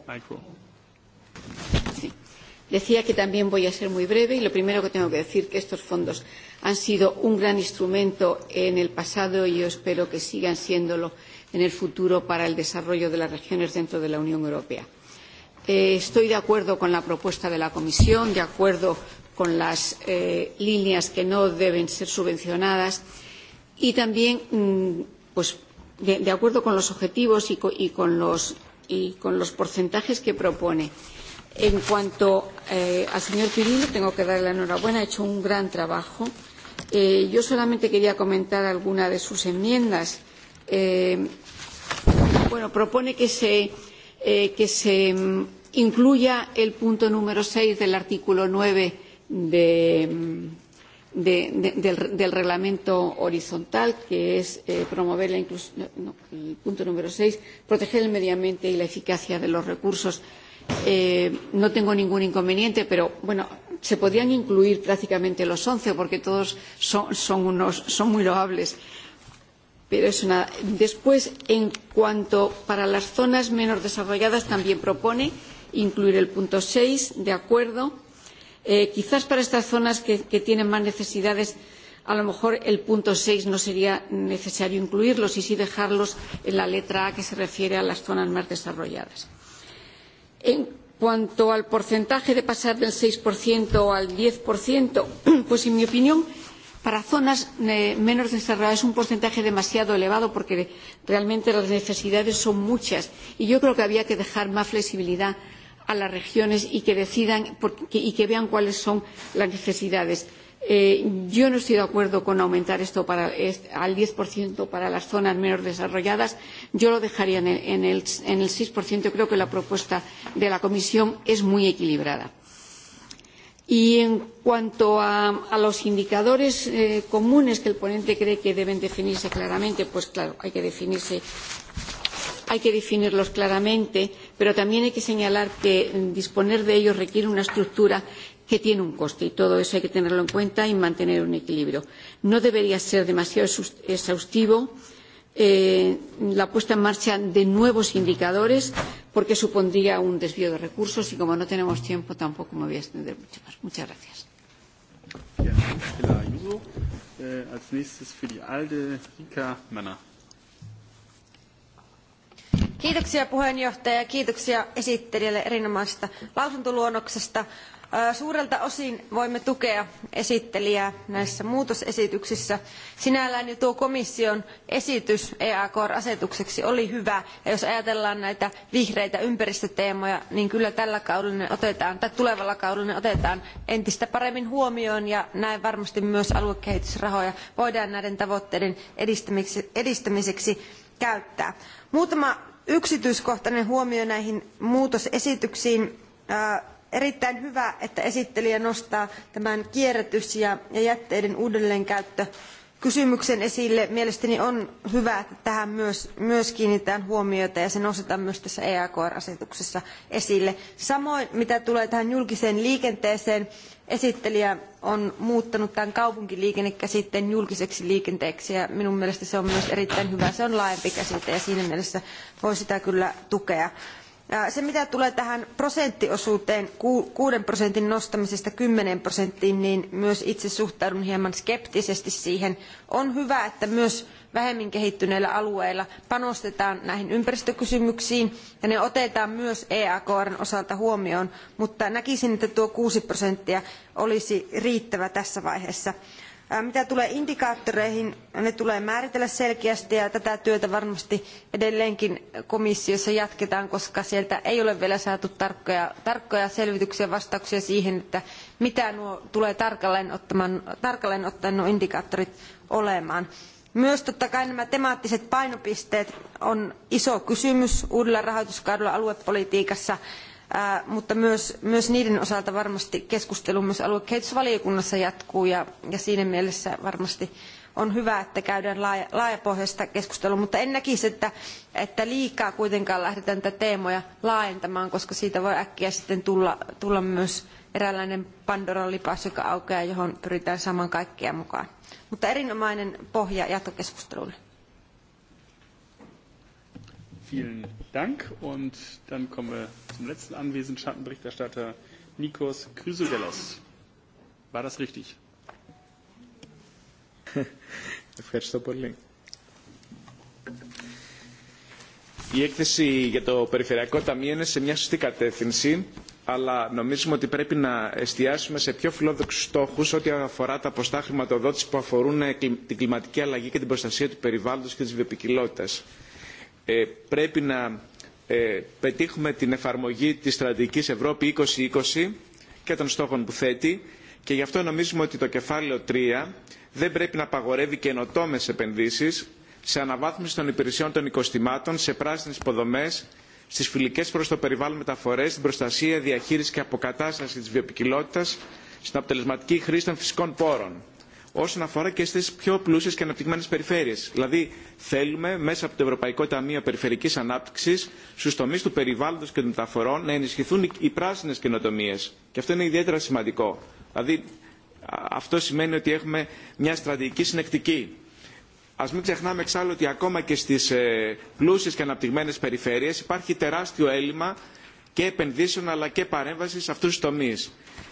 Micro. Sí. Decía que también voy a ser muy breve y lo primero que tengo que decir es que estos fondos han sido un gran instrumento en el pasado y yo espero que sigan siéndolo en el futuro para el desarrollo de las regiones dentro de la Unión Europea. Eh, estoy de acuerdo con la propuesta de la Comisión, de acuerdo con las eh, líneas que no deben ser subvencionadas y también mm, pues, de, de, acuerdo con los objetivos y, co, y, con los, y, con los, porcentajes que propone. En cuanto eh, al señor Pirillo, tengo que darle la enhorabuena, ha hecho un gran trabajo. Eh, yo solamente quería comentar alguna de sus enmiendas eh, bueno, propone que se, eh, que se mm, incluya el punto número seis del artículo nueve de, mm, de, de, del, del, reglamento horizontal, que es eh, promover la inclusión, no, no, el punto número seis, proteger el medio ambiente y la eficacia de los recursos. Eh, no tengo ningún inconveniente, pero bueno, se podrían incluir prácticamente los once porque todos son, son, unos, son muy loables. Eh, Pero es una... Después, en cuanto para las zonas menos desarrolladas, también propone incluir el punto seis, de acuerdo. Eh, quizás para estas zonas que, que, tienen más necesidades, a lo mejor el punto seis no sería necesario incluirlos y sí dejarlos en la letra A que se refiere a las zonas más desarrolladas. En cuanto al porcentaje de pasar del seis al diez, pues en mi opinión Para zonas eh, menos desarrolladas es un porcentaje demasiado elevado porque realmente las necesidades son muchas y yo creo que había que dejar más flexibilidad a las regiones y que decidan y que vean cuáles son las necesidades. Eh, yo no estoy de acuerdo con aumentar esto para, es, al 10% para las zonas menos desarrolladas. Yo lo dejaría en el, en el, en el 6%. Creo que la propuesta de la Comisión es muy equilibrada. Y en cuanto a, a los indicadores eh, comunes que el ponente cree que deben definirse claramente, pues claro, hay que, definirse, hay que definirlos claramente, pero también hay que señalar que mm, disponer de ellos requiere una estructura que tiene un coste y todo eso hay que tenerlo en cuenta y mantener un equilibrio. No debería ser demasiado exhaustivo. Eh, eh, la puesta en marcha de nuevos indicadores porque supondría un desvío de recursos y como no tenemos tiempo tampoco me voy a extender mucho más. Muchas gracias. Äh, kiitoksia puheenjohtaja ja kiitoksia esittelijälle erinomaisesta lausuntoluonnoksesta. Suurelta osin voimme tukea esittelijää näissä muutosesityksissä. Sinällään jo tuo komission esitys EAK-asetukseksi oli hyvä. Ja jos ajatellaan näitä vihreitä ympäristöteemoja, niin kyllä tällä kaudella ne otetaan, tai tulevalla kaudella ne otetaan entistä paremmin huomioon. Ja näin varmasti myös aluekehitysrahoja voidaan näiden tavoitteiden edistämiseksi käyttää. Muutama yksityiskohtainen huomio näihin muutosesityksiin erittäin hyvä että esittelijä nostaa tämän kierrätys ja jätteiden uudelleenkäyttö kysymyksen esille. mielestäni on hyvä että tähän myös, myös kiinnitetään huomiota ja se nostetaan myös tässä eakr asetuksessa esille. samoin mitä tulee tähän julkiseen liikenteeseen esittelijä on muuttanut tämän kaupunkiliikennekäsitteen julkiseksi liikenteeksi ja minun mielestäni se on myös erittäin hyvä. se on laajempi käsite ja siinä mielessä voi sitä kyllä tukea. Se mitä tulee tähän prosenttiosuuteen kuuden prosentin nostamisesta kymmeneen prosenttiin, niin myös itse suhtaudun hieman skeptisesti siihen. On hyvä, että myös vähemmin kehittyneillä alueilla panostetaan näihin ympäristökysymyksiin ja ne otetaan myös EAKRn osalta huomioon, mutta näkisin, että tuo kuusi prosenttia olisi riittävä tässä vaiheessa. Mitä tulee indikaattoreihin, ne tulee määritellä selkeästi ja tätä työtä varmasti edelleenkin komissiossa jatketaan, koska sieltä ei ole vielä saatu tarkkoja, tarkkoja selvityksiä ja vastauksia siihen, että mitä nuo tulee tarkalleen, ottamaan, tarkalleen ottaen nuo indikaattorit olemaan. Myös totta kai nämä temaattiset painopisteet on iso kysymys uudella rahoituskaudella aluepolitiikassa mutta myös, niiden osalta varmasti keskustelu myös aluekehitysvaliokunnassa jatkuu ja, siinä mielessä varmasti on hyvä, että käydään laaja, laajapohjaista keskustelua, mutta en näkisi, että, että liikaa kuitenkaan lähdetään tätä teemoja laajentamaan, koska siitä voi äkkiä sitten tulla, tulla myös eräänlainen Pandoran lipas, joka aukeaa, johon pyritään saamaan kaikkia mukaan. Mutta erinomainen pohja jatkokeskustelulle. Vielen Dank. Und dann kommen wir zum letzten Anwesen, Schattenberichterstatter Nikos Chrysogelos. War das richtig? Ευχαριστώ πολύ. Η έκθεση για το Περιφερειακό Ταμείο είναι σε μια σωστή κατεύθυνση, αλλά νομίζουμε ότι πρέπει να εστιάσουμε σε πιο φιλόδοξους στόχους ό,τι αφορά τα ποστά χρηματοδότηση που αφορούν την κλιματική αλλαγή και την προστασία του περιβάλλοντος και της βιοποικιλότητας πρέπει να πετύχουμε την εφαρμογή της στρατηγικής Ευρώπη 2020 και των στόχων που θέτει και γι' αυτό νομίζουμε ότι το κεφάλαιο 3 δεν πρέπει να απαγορεύει καινοτόμε επενδύσεις σε αναβάθμιση των υπηρεσιών των οικοστημάτων, σε πράσινες υποδομές, στις φιλικές προς το περιβάλλον μεταφορές, στην προστασία, διαχείριση και αποκατάσταση της βιοποικιλότητας, στην αποτελεσματική χρήση των φυσικών πόρων όσον αφορά και στις πιο πλούσιες και αναπτυγμένες περιφέρειες. Δηλαδή θέλουμε μέσα από το Ευρωπαϊκό Ταμείο Περιφερικής Ανάπτυξης στους τομείς του περιβάλλοντος και των μεταφορών να ενισχυθούν οι πράσινες καινοτομίες. Και αυτό είναι ιδιαίτερα σημαντικό. Δηλαδή αυτό σημαίνει ότι έχουμε μια στρατηγική συνεκτική. Α μην ξεχνάμε εξάλλου ότι ακόμα και στι ε, πλούσιε και αναπτυγμένε περιφέρειε υπάρχει τεράστιο έλλειμμα και επενδύσεων αλλά και παρέμβαση σε αυτού του τομεί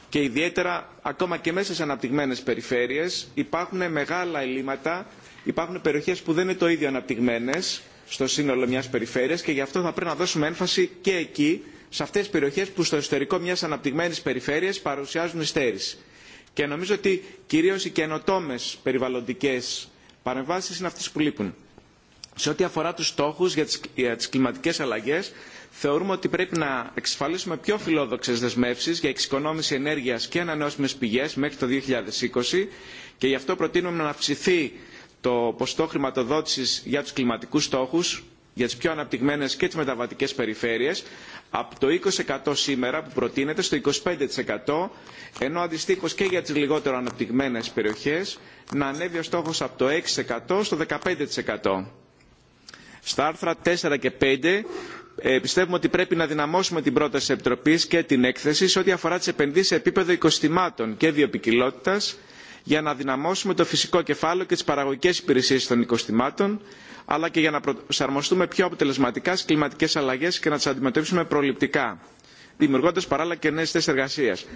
και ιδιαίτερα ακόμα και μέσα σε αναπτυγμένες περιφέρειες υπάρχουν μεγάλα ελλείμματα, υπάρχουν περιοχές που δεν είναι το ίδιο αναπτυγμένες στο σύνολο μιας περιφέρειας και γι' αυτό θα πρέπει να δώσουμε έμφαση και εκεί σε αυτές τις περιοχές που στο ιστορικό μιας αναπτυγμένης περιφέρειας παρουσιάζουν υστέρηση. Και νομίζω ότι κυρίως οι καινοτόμες περιβαλλοντικές παρεμβάσεις είναι αυτές που λείπουν. Σε ό,τι αφορά τους στόχους για τις, για τις κλιματικές αλλαγές, θεωρούμε ότι πρέπει να εξασφαλίσουμε πιο φιλόδοξε δεσμεύσει για εξοικονόμηση ενέργεια και ανανεώσιμε πηγέ μέχρι το 2020 και γι' αυτό προτείνουμε να αυξηθεί το ποστό χρηματοδότηση για του κλιματικού στόχου, για τι πιο αναπτυγμένες και τι μεταβατικέ περιφέρειε, από το 20% σήμερα που προτείνεται στο 25% ενώ αντιστοίχω και για τι λιγότερο αναπτυγμένε περιοχέ, να ανέβει ο στόχο από το 6% στο 15%. Στα άρθρα 4 και 5 πιστεύουμε ότι πρέπει να δυναμώσουμε την πρόταση της Επιτροπής και την έκθεση σε ό,τι αφορά τις επενδύσεις σε επίπεδο οικοστημάτων και βιοπικιλότητας για να δυναμώσουμε το φυσικό κεφάλαιο και τις παραγωγικές υπηρεσίες των οικοστημάτων αλλά και για να προσαρμοστούμε πιο αποτελεσματικά στις κλιματικές αλλαγές και να τις αντιμετωπίσουμε προληπτικά δημιουργώντας παράλληλα και νέες θέσεις εργασίας.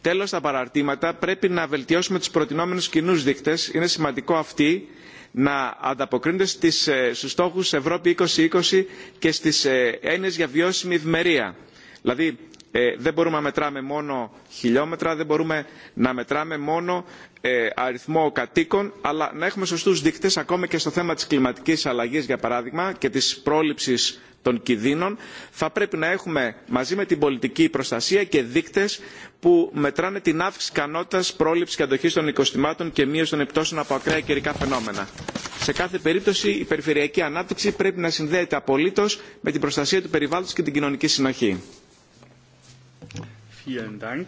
Τέλος, τα παραρτήματα πρέπει να βελτιώσουμε τους προτινόμενους κοινούς δείκτες. Είναι σημαντικό αυτοί να ανταποκρίνονται στις, στους στόχους Ευρώπη 2020 και στις έννοιες για βιώσιμη ευημερία. Δηλαδή δεν μπορούμε να μετράμε μόνο χιλιόμετρα, δεν μπορούμε να μετράμε μόνο ε, αριθμό κατοίκων, αλλά να έχουμε σωστούς δείκτες ακόμα και στο θέμα της κλιματικής αλλαγής, για παράδειγμα, και της πρόληψης των κινδύνων, θα πρέπει να έχουμε μαζί με την πολιτική προστασία και δείκτες που μετράνε την αύξηση ικανότητας πρόληψης και αντοχής των οικοστημάτων και μείωση των επιπτώσεων από ακραία καιρικά φαινόμενα. Σε κάθε περίπτωση η περιφερειακή ανάπτυξη πρέπει να συνδέεται απολύτως με την προστασία του περιβάλλοντος και την κοινωνική συνοχή. Vielen Dank.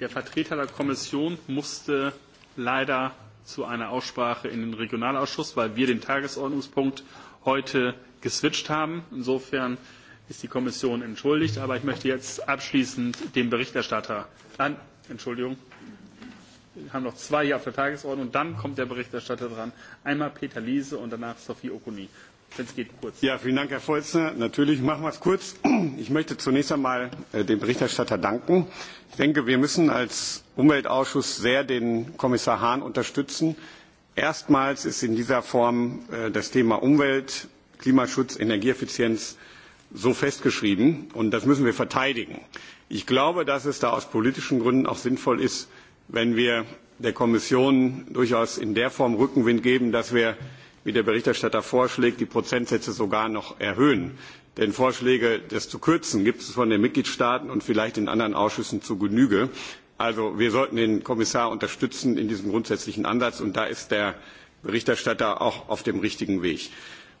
Der Vertreter der Kommission musste leider zu einer Aussprache in den Regionalausschuss, weil wir den Tagesordnungspunkt heute geswitcht haben. Insofern ist die Kommission entschuldigt. Aber ich möchte jetzt abschließend dem Berichterstatter an. Entschuldigung. Wir haben noch zwei hier auf der Tagesordnung. Dann kommt der Berichterstatter dran. Einmal Peter Liese und danach Sophie Okuni es geht, kurz. Ja, vielen Dank, Herr Volzner. Natürlich machen wir es kurz. Ich möchte zunächst einmal äh, dem Berichterstatter danken. Ich denke, wir müssen als Umweltausschuss sehr den Kommissar Hahn unterstützen. Erstmals ist in dieser Form äh, das Thema Umwelt, Klimaschutz, Energieeffizienz so festgeschrieben und das müssen wir verteidigen. Ich glaube, dass es da aus politischen Gründen auch sinnvoll ist, wenn wir der Kommission durchaus in der Form Rückenwind geben, dass wir wie der Berichterstatter vorschlägt, die Prozentsätze sogar noch erhöhen. Denn Vorschläge, das zu kürzen, gibt es von den Mitgliedstaaten und vielleicht in anderen Ausschüssen zu Genüge. Also wir sollten den Kommissar unterstützen in diesem grundsätzlichen Ansatz und da ist der Berichterstatter auch auf dem richtigen Weg.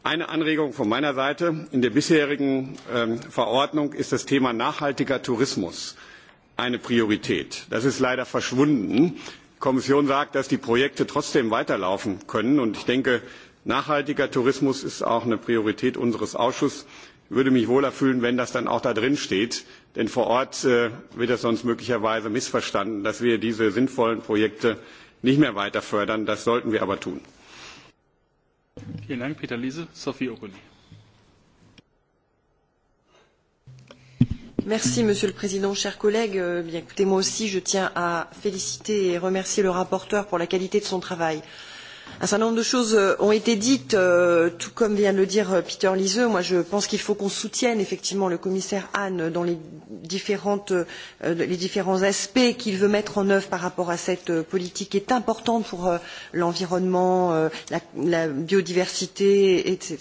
Eine Anregung von meiner Seite. In der bisherigen ähm, Verordnung ist das Thema nachhaltiger Tourismus eine Priorität. Das ist leider verschwunden. Die Kommission sagt, dass die Projekte trotzdem weiterlaufen können. Und ich denke, Nachhaltiger Tourismus ist auch eine Priorität unseres Ausschusses. Ich würde mich wohler fühlen, wenn das dann auch da drin steht. Denn vor Ort äh, wird es sonst möglicherweise missverstanden, dass wir diese sinnvollen Projekte nicht mehr weiter fördern. Das sollten wir aber tun. Vielen Dank, Peter Liese. Sophie Okoli. Merci, Monsieur le Président, chers collègues. Euh, bien, écoutez, moi aussi, je tiens à féliciter et remercier le rapporteur pour la qualité de son travail. Un certain nombre de choses euh, ont été dites, euh, tout comme vient de le dire euh, Peter Liese. Moi, je pense qu'il faut qu'on soutienne effectivement le commissaire Hahn dans les, les différents aspects qu'il veut mettre en œuvre par rapport à cette politique qui est importante pour l'environnement, la, la, biodiversité, etc.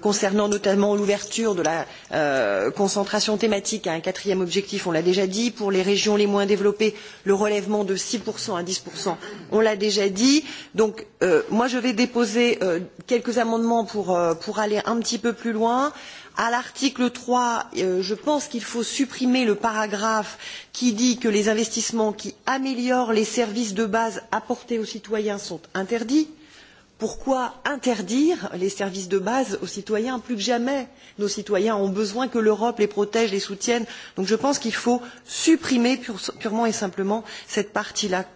Concernant notamment l'ouverture de la euh, concentration thématique à un quatrième objectif, on l'a déjà dit, pour les régions les moins développées, le relèvement de six à dix, on l'a déjà dit. Donc Euh, moi je vais déposer euh, quelques amendements euh, pour, aller un petit peu plus loin. à l'article trois je pense qu'il faut supprimer le paragraphe qui dit que les investissements qui améliorent les services de base apportés aux citoyens sont interdits. pourquoi interdire les services de base aux citoyens? plus que jamais nos citoyens ont besoin que l'europe les protège les soutienne donc je pense qu'il faut supprimer purement et simplement cette partie là.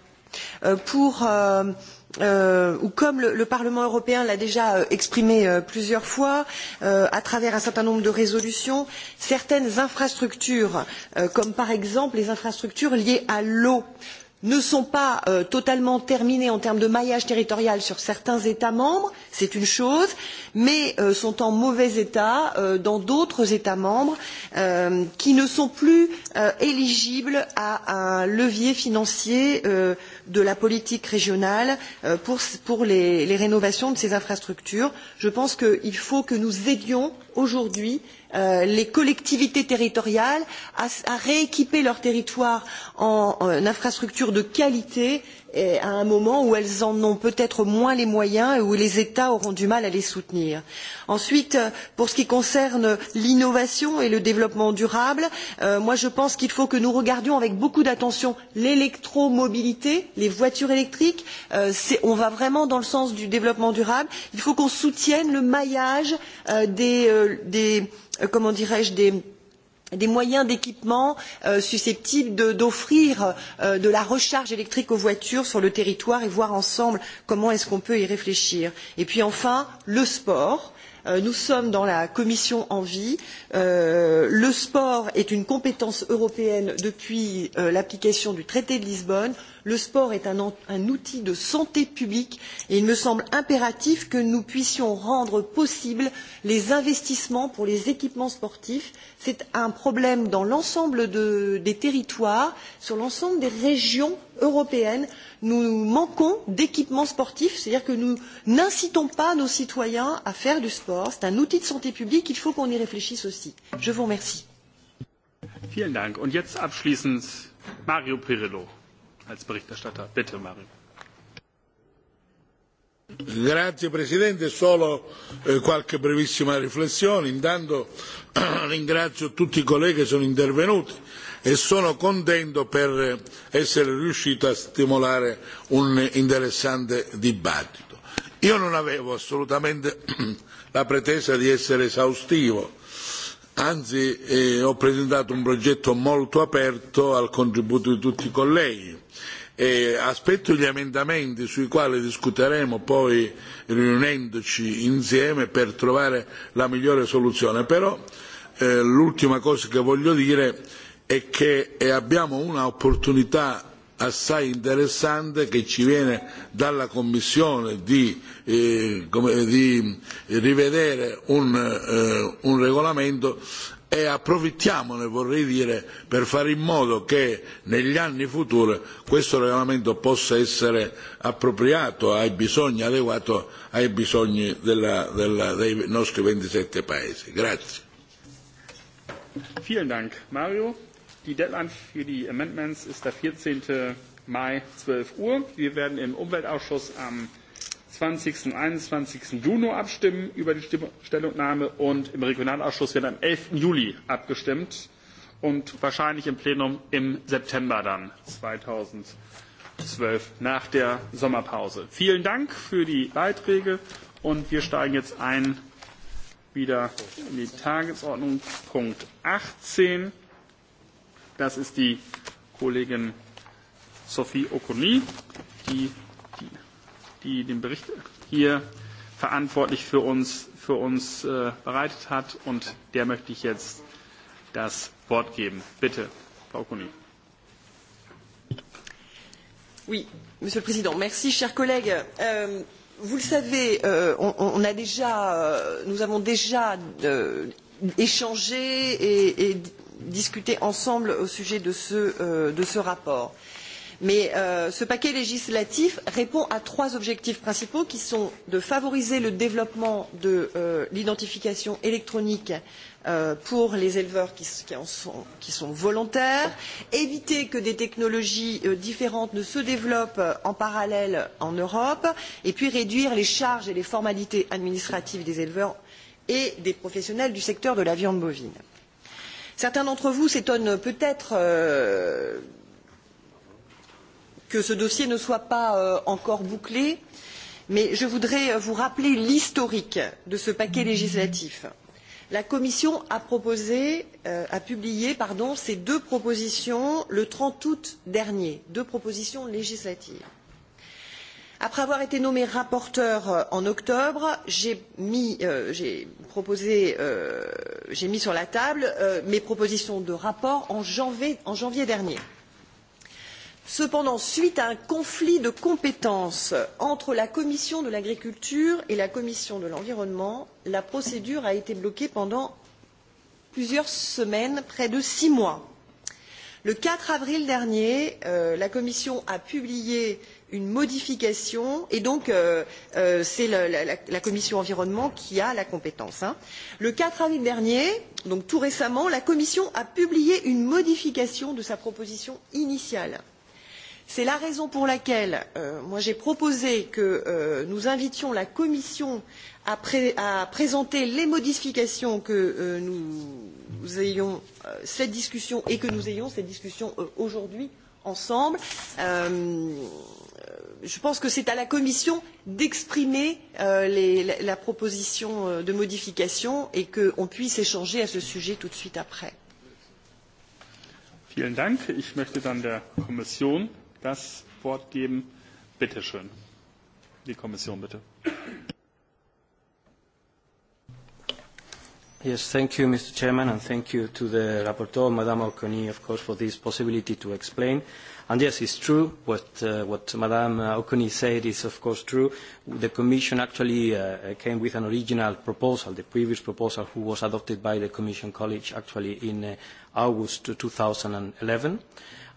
pour Euh, ou comme le, le Parlement européen l'a déjà euh, exprimé euh, plusieurs fois à travers un certain nombre de résolutions, certaines infrastructures, comme par exemple les infrastructures liées à l'eau, ne sont pas euh, totalement terminées en termes de maillage territorial sur certains états membres c'est une chose mais euh, sont en mauvais état euh, dans d'autres états membres qui ne sont plus éligibles à un levier financier de la politique régionale euh, pour, pour les, les, rénovations de ces infrastructures. Je pense qu'il faut que nous aidions aujourd'hui euh, les collectivités territoriales à, à rééquiper leur territoire en, en infrastructures de qualité Euh, à un moment où elles en ont peut être moins les moyens et où les états auront du mal à les soutenir. ensuite euh, pour ce qui concerne l'innovation et le développement durable euh, je pense qu'il faut que nous regardions avec beaucoup d'attention l'électromobilité les voitures électriques on va vraiment dans le sens du développement durable il faut qu'on soutienne le maillage des comment dirais je des des moyens d'équipement euh, susceptibles d'offrir euh, de la recharge électrique aux voitures sur le territoire et voir ensemble comment on peut y réfléchir. Et puis enfin, le sport Euh, nous sommes dans la commission envi euh, le sport est une compétence européenne depuis euh, l'application du traité de lisbonne le sport est un, outil de santé publique et il me semble impératif que nous puissions rendre possibles les investissements pour les équipements sportifs. c'est un problème dans l'ensemble des territoires sur l'ensemble des régions européennes nous manquons d'équipements sportifs c'est à dire que nous n'incitons pas nos citoyens à faire du sport. c'est un outil de santé publique il faut qu'on y réfléchisse aussi. je vous remercie. Vielen Dank. Und jetzt abschließend Mario Pirillo als Berichterstatter. Bitte, Mario. Grazie Presidente, solo eh, qualche brevissima riflessione. Intanto ringrazio tutti i colleghi che sono intervenuti e sono contento per essere riuscito a stimolare un interessante dibattito. Io non avevo assolutamente la pretesa di essere esaustivo, anzi eh, ho presentato un progetto molto aperto al contributo di tutti i colleghi. E aspetto gli emendamenti sui quali discuteremo poi riunendoci insieme per trovare la migliore soluzione, però eh, l'ultima cosa che voglio dire è che e abbiamo un'opportunità assai interessante che ci viene dalla Commissione di, eh, come, di rivedere un, eh, un regolamento e approfittiamone vorrei dire per fare in modo che negli anni futuri questo regolamento possa essere appropriato ai bisogni adeguato ai bisogni della, della, dei nostri ventisette paesi. Grazie. Vielen Dank. Mario? Die Deadline für die Amendments ist der 14. Mai 12 Uhr. Wir werden im Umweltausschuss am 20. und 21. Juni abstimmen über die Stellungnahme und im Regionalausschuss wird am 11. Juli abgestimmt und wahrscheinlich im Plenum im September dann 2012 nach der Sommerpause. Vielen Dank für die Beiträge und wir steigen jetzt ein wieder in die Tagesordnung Punkt 18 Das ist die Kollegin Sophie Okoni, die, die, die den Bericht hier verantwortlich für uns, für uns äh, bereitet hat. Und der möchte ich jetzt das Wort geben. Bitte, Frau Okoni. Oui, Monsieur le Président, merci, chers collègues. Euh, vous le savez, euh, on, on a déjà, euh, nous avons déjà euh, échangé et, et discuter ensemble au sujet de ce, euh, de ce rapport. Mais euh, ce paquet législatif répond à trois objectifs principaux qui sont de favoriser le développement de euh, l'identification électronique euh, pour les éleveurs qui, qui, en sont, qui, sont, volontaires, éviter que des technologies euh, différentes ne se développent euh, en parallèle en Europe, et puis réduire les charges et les formalités administratives des éleveurs et des professionnels du secteur de la viande bovine certains d'entre vous s'étonnent peut être euh, que ce dossier ne soit pas euh, encore bouclé mais je voudrais vous rappeler l'historique de ce paquet législatif. la commission a, proposé, euh, a publié pardon, ses deux propositions le trente août dernier deux propositions législatives après avoir été nommée rapporteure euh, en octobre euh, euh, j'ai mis, sur la table mes propositions de rapport en janvier, en janvier dernier. cependant suite à un conflit de compétences entre la commission de l'agriculture et la commission de l'environnement la procédure a été bloquée pendant plusieurs semaines près de six mois. le quatre avril dernier la commission a publié une modification et donc euh, euh, c'est la, commission environnement qui a la compétence. le quatre avril dernier donc tout récemment la commission a publié une modification de sa proposition initiale. c'est la raison pour laquelle euh, j'ai proposé que nous invitions la commission à, à présenter les modifications que nous ayons cette discussion et que nous ayons cette discussion aujourd'hui ensemble. Euh, je pense que c'est à la commission d'exprimer euh, la proposition euh, de modification et qu'on puisse échanger à ce sujet tout de suite après. Vielen Dank. Ich möchte dann der Kommission das Wort geben. Bitte schön. Die Kommission, bitte. Yes, thank you, Mr. Chairman, and thank you to the rapporteur, Madame Alconi, of course, for this possibility to explain. Uh, And yes, it's true. What, uh, what Madame said is, of course, true. The Commission actually uh, came with an original proposal, the previous proposal, which was adopted by the Commission College actually in uh, August eleven.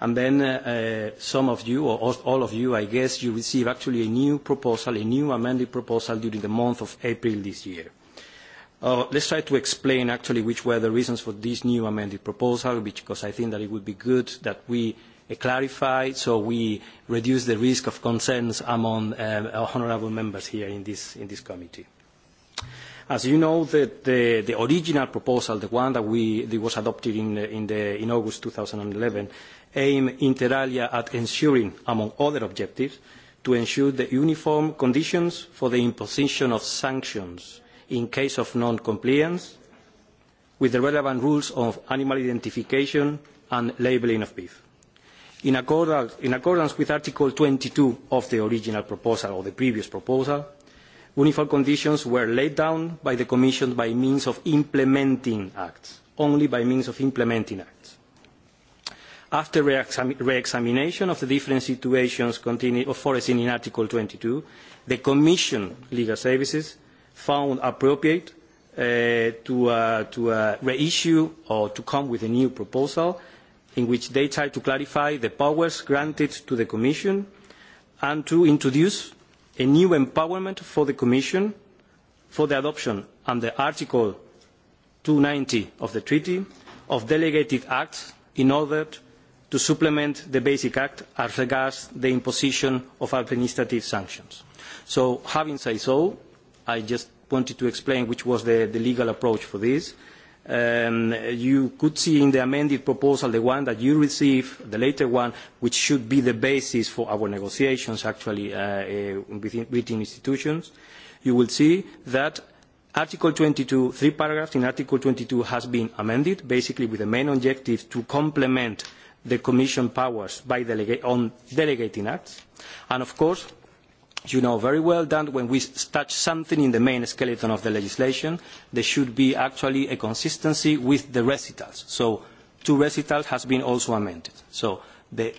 And then uh, uh, some of you, or all of you, I guess, you received actually a new proposal, a new amended proposal during the month of April this year. Uh, let's try to explain actually which were the reasons for this new amended proposal, because I think that it would be good that we Uh, clarified, so we reduce the risk of concerns among uh, honourable members here in this, in this committee. As you know, the, the, the original proposal, the one that, we, that was adopted in, in, the, in August 2011, aimed inter alia at ensuring, among other objectives, to ensure the uniform conditions for the imposition of sanctions in case of non-compliance with the relevant rules of animal identification and labelling of beef in accordance, with Article twenty two of the original proposal or the previous proposal, uniform conditions were laid down by the Commission by means of implementing acts, only by means of implementing acts. After re-examination of the different situations foreseen in Article twenty two, the Commission Legal Services found appropriate uh, to, uh, to uh, reissue or to come with a new proposal in which they try to clarify the powers granted to the Commission and to introduce a new empowerment for the Commission for the adoption under Article two hundred and ninety of the Treaty of delegated acts in order to supplement the Basic Act as regards the imposition of administrative sanctions. So having said so, I just wanted to explain which was the, the legal approach for this. Um, you could see in the amended proposal, the one that you received, the later one, which should be the basis for our negotiations actually uh, uh within, institutions. You will see that Article twenty two, three paragraphs in Article twenty two has been amended, basically with the main objective to complement the Commission powers by delega on delegating acts. And of course, you know very well that when we touch something in the main skeleton of the legislation, there should be actually a consistency with the recitals. So two recitals has been also amended. So the,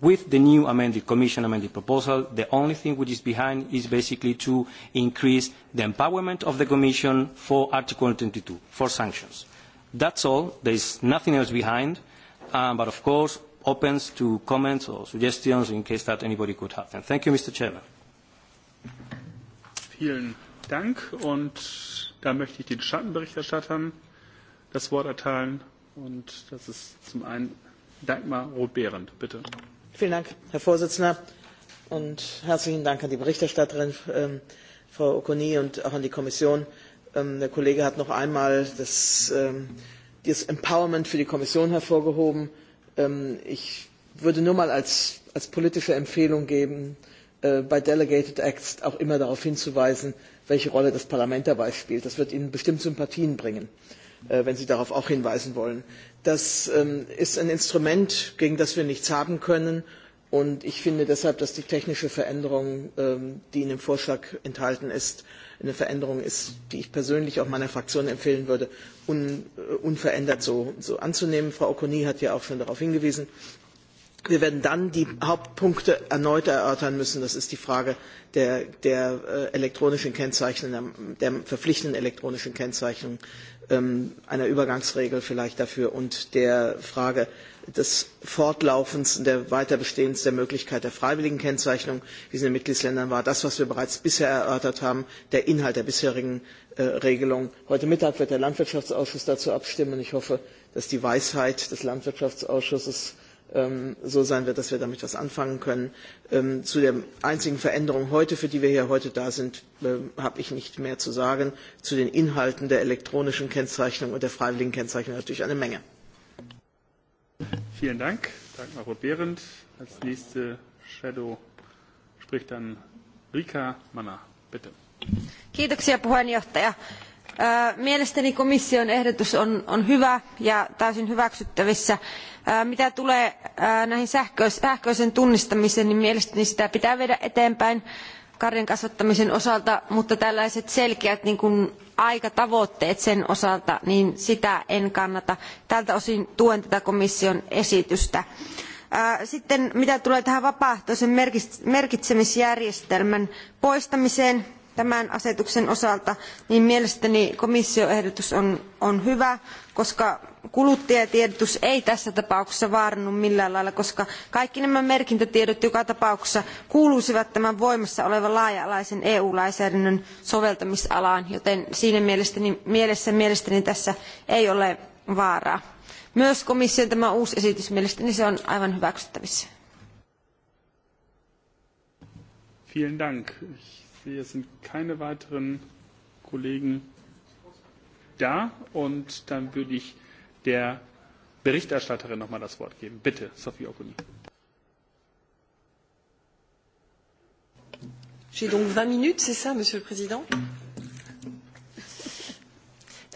with the new amended Commission amended proposal, the only thing which is behind is basically to increase the empowerment of the Commission for Article twenty two for sanctions. That's all. There is nothing else behind. Um, but of course, opens to comments or suggestions in case that anybody could have. And thank you, Mr. Chairman. Vielen Dank. Und da möchte ich den Schattenberichterstattern das Wort erteilen. Und das ist zum einen Dagmar Roth-Behrendt, bitte. Vielen Dank, Herr Vorsitzender. Und herzlichen Dank an die Berichterstatterin, ähm, Frau Okoni, und auch an die Kommission. Ähm, der Kollege hat noch einmal das, ähm, das Empowerment für die Kommission hervorgehoben. Ähm, ich würde nur mal als, als politische Empfehlung geben, Äh, bei Delegated Acts auch immer darauf hinzuweisen, welche Rolle das Parlament dabei spielt. Das wird Ihnen bestimmt Sympathien bringen, äh, wenn Sie darauf auch hinweisen wollen. Das ähm, ist ein Instrument, gegen das wir nichts haben können. Und ich finde deshalb, dass die technische Veränderung, ähm, die in dem Vorschlag enthalten ist, eine Veränderung ist, die ich persönlich auch meiner Fraktion empfehlen würde, un, äh, unverändert so, so, anzunehmen. Frau Okoni hat ja auch schon darauf hingewiesen. Wir werden dann die Hauptpunkte erneut erörtern müssen. Das ist die Frage der, der äh, elektronischen Kennzeichnung, der verpflichtenden elektronischen Kennzeichnung, ähm, einer Übergangsregel vielleicht dafür und der Frage des Fortlaufens und der Weiterbestehens der Möglichkeit der freiwilligen Kennzeichnung, wie es in den Mitgliedsländern war, das, was wir bereits bisher erörtert haben, der Inhalt der bisherigen äh, Regelung. Heute Mittag wird der Landwirtschaftsausschuss dazu abstimmen und ich hoffe, dass die Weisheit des Landwirtschaftsausschusses Ähm, so sein wird, dass wir damit etwas anfangen können. Ähm, zu der einzigen Veränderung heute, für die wir hier heute da sind, ähm, habe ich nicht mehr zu sagen. Zu den Inhalten der elektronischen Kennzeichnung und der freiwilligen Kennzeichnung natürlich eine Menge. Vielen Dank. Dagmar Roth-Behrendt. Als nächste Shadow spricht dann Rika Manna. Bitte. Kiitoksia puheenjohtaja mielestäni komission ehdotus on, hyvä ja täysin hyväksyttävissä. mitä tulee sähköiseen tunnistamiseen niin mielestäni sitä pitää viedä eteenpäin karjan kasvattamisen osalta mutta tällaiset selkeät aikatavoitteet sen osalta niin sitä en kannata. tältä osin tuen tätä komission esitystä. sitten mitä tulee tähän vapaaehtoisen merkitsemisjärjestelmän poistamiseen tämän asetuksen osalta niin mielestäni komission ehdotus on, hyvä koska kuluttajatiedotus ei tässä tapauksessa vaarannu millään lailla koska kaikki nämä merkintätiedot joka tapauksessa kuuluisivat tämän voimassa olevan laaja alaisen eu lainsäädännön soveltamisalaan joten siinä mielestäni, mielessä mielestäni tässä ei ole vaaraa. myös komission tämä uusi esitys mielestäni se on aivan hyväksyttävissä. Vielen Dank sehe, es sind keine weiteren Kollegen da. Und dann würde ich der Berichterstatterin nochmal das Wort geben. Bitte, Sophie Okuni. J'ai donc 20 minutes, c'est ça, Monsieur le Président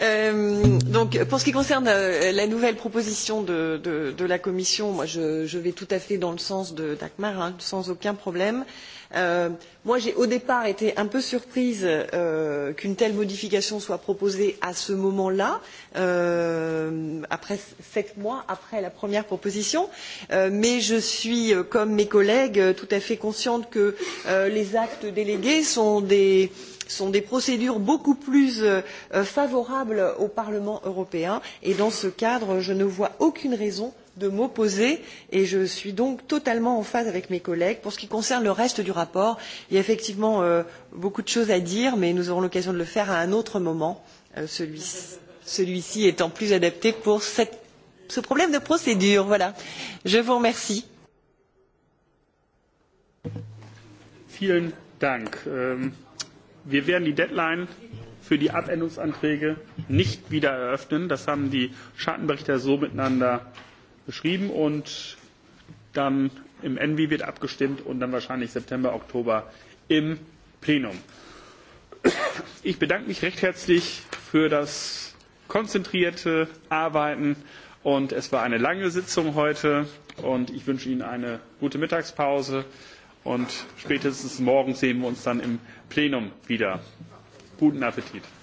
Euh, donc, pour ce qui concerne euh, la nouvelle proposition de, de, de la Commission, moi, je, je, vais tout à fait dans le sens de Dagmar, hein, sans aucun problème. Euh, moi, j'ai au départ été un peu surprise euh, qu'une telle modification soit proposée à ce moment-là, euh, après sept mois après la première proposition, euh, mais je suis, comme mes collègues, tout à fait consciente que les actes délégués sont des euh, sont des procédures beaucoup plus euh, euh, favorables au parlement européen et dans ce cadre je ne vois aucune raison de m'opposer et je suis donc totalement en phase avec mes collègues. pour ce qui concerne le reste du rapport il y a effectivement euh, beaucoup de choses à dire mais nous aurons l'occasion de le faire à un autre moment celui, -ci, celui ci étant plus adapté pour cette, ce problème de procédure. Voilà. je vous remercie. Vielen Dank. Ähm, wir werden die Deadline für die Abänderungsanträge nicht wieder eröffnen. Das haben die Schattenberichter so miteinander beschrieben und dann im Envi wird abgestimmt und dann wahrscheinlich September, Oktober im Plenum. Ich bedanke mich recht herzlich für das konzentrierte Arbeiten und es war eine lange Sitzung heute und ich wünsche Ihnen eine gute Mittagspause und spätestens morgen sehen wir uns dann im plenum wieder. guten appetit!